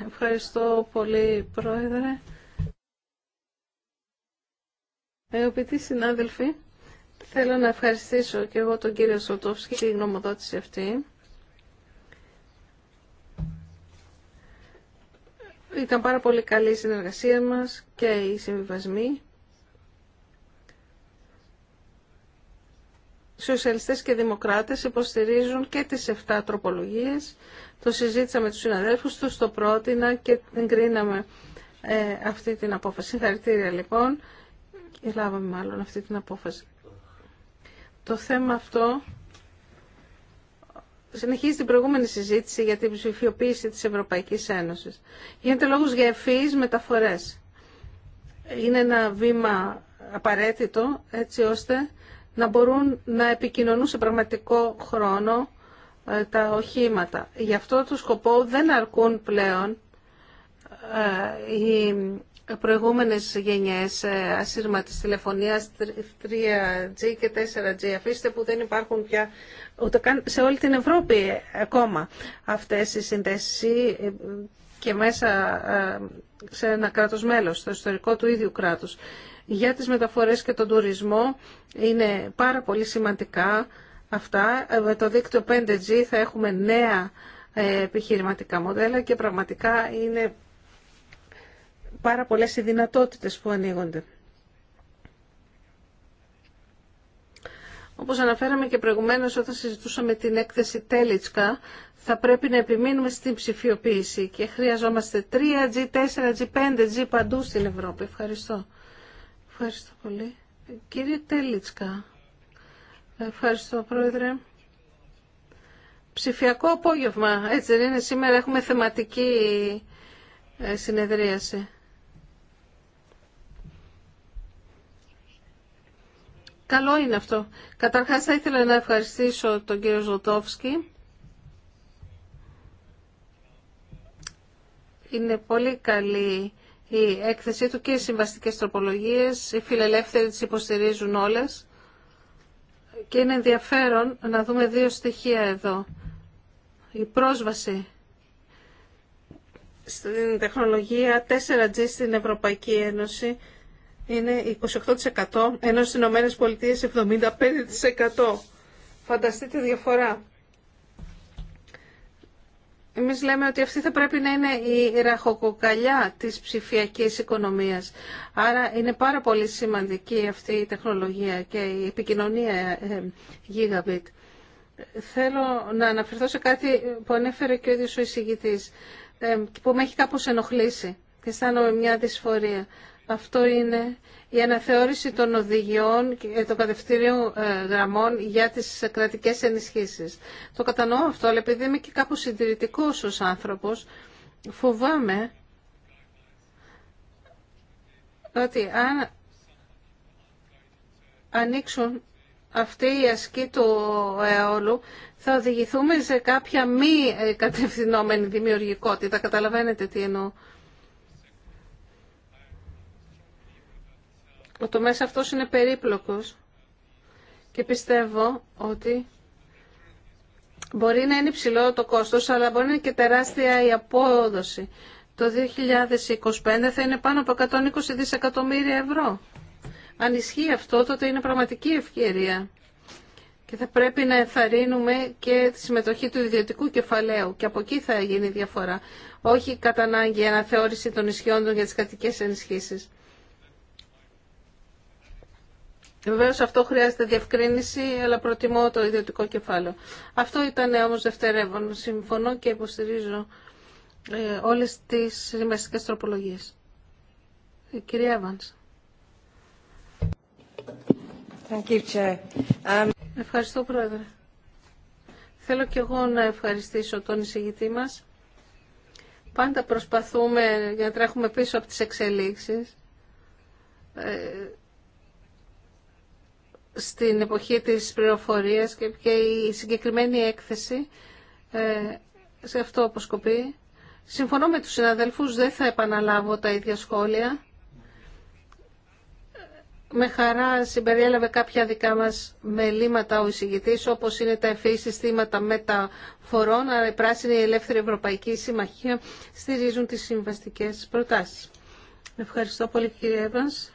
ευχαριστώ πολύ πρόεδρε. Αγαπητοί συνάδελφοι, θέλω να ευχαριστήσω και εγώ τον κύριο Σωτόφσκι για τη γνωμοδότηση αυτή. Ήταν πάρα πολύ καλή η συνεργασία μας και οι συμβιβασμοί. Σοσιαλιστές και Δημοκράτες υποστηρίζουν και τις 7 τροπολογίες. Το συζήτησα με τους συναδέλφους τους, το πρότεινα και εγκρίναμε ε, αυτή την απόφαση. Συγχαρητήρια λοιπόν, και λάβαμε μάλλον αυτή την απόφαση. Το θέμα αυτό συνεχίζει την προηγούμενη συζήτηση για την ψηφιοποίηση της Ευρωπαϊκής Ένωσης. Γίνεται λόγος για ευφυείς μεταφορές. Είναι ένα βήμα απαραίτητο έτσι ώστε να μπορούν να επικοινωνούν σε πραγματικό χρόνο ε, τα οχήματα. Γι' αυτό το σκοπό δεν αρκούν πλέον ε, οι προηγούμενες γενιές ε, ασύρματης τηλεφωνίας 3G και 4G. Αφήστε που δεν υπάρχουν πια ούτε καν σε όλη την Ευρώπη ακόμα αυτές οι συνδέσεις και μέσα σε ένα κράτος μέλος, στο ιστορικό του ίδιου κράτους για τις μεταφορές και τον τουρισμό είναι πάρα πολύ σημαντικά αυτά. Με το δίκτυο 5G θα έχουμε νέα ε, επιχειρηματικά μοντέλα και πραγματικά είναι πάρα πολλές οι δυνατότητες που ανοίγονται. Όπως αναφέραμε και προηγουμένως όταν συζητούσαμε την έκθεση Τέλιτσκα, θα πρέπει να επιμείνουμε στην ψηφιοποίηση και χρειαζόμαστε 3G, 4G, 5G παντού στην Ευρώπη. Ευχαριστώ. Ευχαριστώ πολύ. Κύριε Τέλιτσκα, ευχαριστώ Πρόεδρε. Ψηφιακό απόγευμα, έτσι δεν είναι. Σήμερα έχουμε θεματική ε, συνεδρίαση. Καλό είναι αυτό. Καταρχάς θα ήθελα να ευχαριστήσω τον κύριο Ζωτόφσκι. Είναι πολύ καλή η έκθεσή του και οι συμβαστικές τροπολογίες. Οι φιλελεύθεροι τις υποστηρίζουν όλες. Και είναι ενδιαφέρον να δούμε δύο στοιχεία εδώ. Η πρόσβαση στην τεχνολογία 4G στην Ευρωπαϊκή Ένωση είναι 28%, ενώ στις Ηνωμένες Πολιτείες 75%. Φανταστείτε διαφορά. Εμείς λέμε ότι αυτή θα πρέπει να είναι η ραχοκοκαλιά της ψηφιακής οικονομίας. Άρα είναι πάρα πολύ σημαντική αυτή η τεχνολογία και η επικοινωνία Gigabit. Ε, Θέλω να αναφερθώ σε κάτι που ανέφερε και ο ίδιος ο εισηγητής, ε, που με έχει κάπως ενοχλήσει και αισθάνομαι μια δυσφορία. Αυτό είναι η αναθεώρηση των οδηγιών και των κατευθύνων ε, γραμμών για τις κρατικές ενισχύσεις. Το κατανοώ αυτό, αλλά επειδή είμαι και κάπως συντηρητικός ως άνθρωπος, φοβάμαι ότι αν ανοίξουν αυτή η ασκή του αιώλου, θα οδηγηθούμε σε κάποια μη ε, κατευθυνόμενη δημιουργικότητα. Καταλαβαίνετε τι εννοώ. Ο τομέας αυτός είναι περίπλοκος και πιστεύω ότι μπορεί να είναι υψηλό το κόστος, αλλά μπορεί να είναι και τεράστια η απόδοση. Το 2025 θα είναι πάνω από 120 δισεκατομμύρια ευρώ. Αν ισχύει αυτό, τότε είναι πραγματική ευκαιρία. Και θα πρέπει να ενθαρρύνουμε και τη συμμετοχή του ιδιωτικού κεφαλαίου. Και από εκεί θα γίνει διαφορά. Όχι κατά ανάγκη αναθεώρηση των ισχυόντων για τις κατοικές ενισχύσεις. Βεβαίω αυτό χρειάζεται διευκρίνηση, αλλά προτιμώ το ιδιωτικό κεφάλαιο. Αυτό ήταν όμω δευτερεύον. Συμφωνώ και υποστηρίζω ε, όλες τις τροπολογίε. τροπολογίες. Ε, κυρία Um... Ευχαριστώ, Πρόεδρε. Θέλω και εγώ να ευχαριστήσω τον εισηγητή μας. Πάντα προσπαθούμε για να τρέχουμε πίσω από τις εξελίξεις. Ε, στην εποχή της πληροφορίας και η συγκεκριμένη έκθεση ε, σε αυτό αποσκοπεί. Συμφωνώ με τους συναδελφούς, δεν θα επαναλάβω τα ίδια σχόλια. Με χαρά συμπεριέλαβε κάποια δικά μας μελήματα ο εισηγητής, όπως είναι τα ευφύ συστήματα μεταφορών, αλλά η Πράσινη η Ελεύθερη Ευρωπαϊκή Συμμαχία στηρίζουν τις συμβαστικές προτάσεις. Ευχαριστώ πολύ κύριε Εύρας.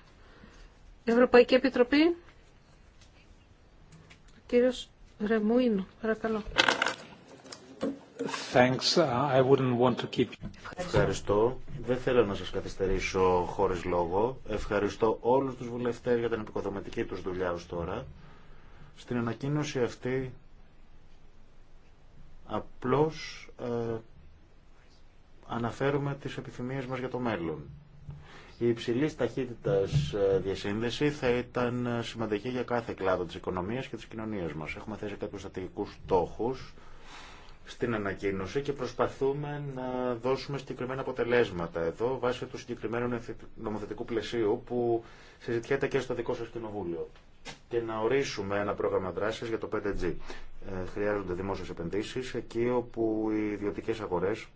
Ευρωπαϊκή Επιτροπή κύριος Ρεμουίνου, παρακαλώ. Ευχαριστώ. Δεν θέλω να σας καθυστερήσω χωρίς λόγο. Ευχαριστώ όλους τους βουλευτές για την επικοδομητική τους δουλειά ως τώρα. Στην ανακοίνωση αυτή απλώς ε, αναφέρουμε τις επιθυμίες μας για το μέλλον. Η υψηλή ταχύτητα ε, διασύνδεση θα ήταν ε, σημαντική για κάθε κλάδο τη οικονομία και τη κοινωνία μα. Έχουμε θέσει κάποιου στρατηγικού στόχου στην ανακοίνωση και προσπαθούμε να δώσουμε συγκεκριμένα αποτελέσματα εδώ βάσει του συγκεκριμένου νομοθετικού πλαισίου που συζητιέται και στο δικό σας κοινοβούλιο και να ορίσουμε ένα πρόγραμμα δράσης για το 5G. Ε, χρειάζονται δημόσιες επενδύσεις εκεί όπου οι ιδιωτικές αγορές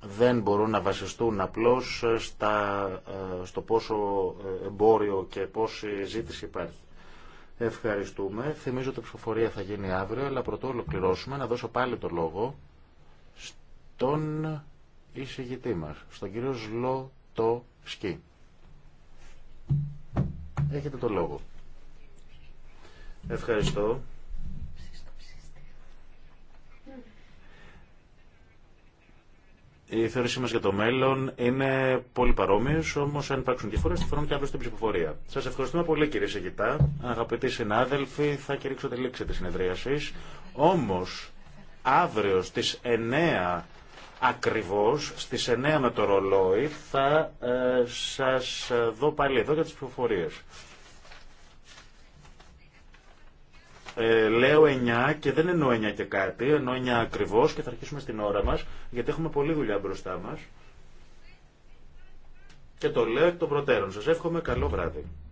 δεν μπορούν να βασιστούν απλώς ε, στα, ε, στο πόσο ε, εμπόριο και πόση ζήτηση υπάρχει. Ευχαριστούμε. Θυμίζω ότι η ψηφοφορία θα γίνει αύριο, αλλά πρωτό ολοκληρώσουμε να δώσω πάλι το λόγο στον εισηγητή μας, στον κύριο Ζλωτοσκή. Έχετε το λόγο. Ευχαριστώ. Η θεωρήσει μα για το μέλλον είναι πολύ παρόμοιε, όμω αν υπάρξουν διαφορέ θα φέρουν και αύριο στην ψηφοφορία. Σα ευχαριστούμε πολύ κύριε Σεγητά. Αγαπητοί συνάδελφοι, θα κηρύξω τη λήξη τη συνεδρίαση. Όμω αύριο στι 9 ακριβώ, στι 9 με το ρολόι, θα ε, σα δω πάλι εδώ για τι ψηφοφορίε. Ε, λέω 9 και δεν εννοώ 9 και κάτι, εννοώ 9 ακριβώς και θα αρχίσουμε στην ώρα μας, γιατί έχουμε πολλή δουλειά μπροστά μας. Και το λέω εκ των προτέρων. Σας εύχομαι καλό βράδυ.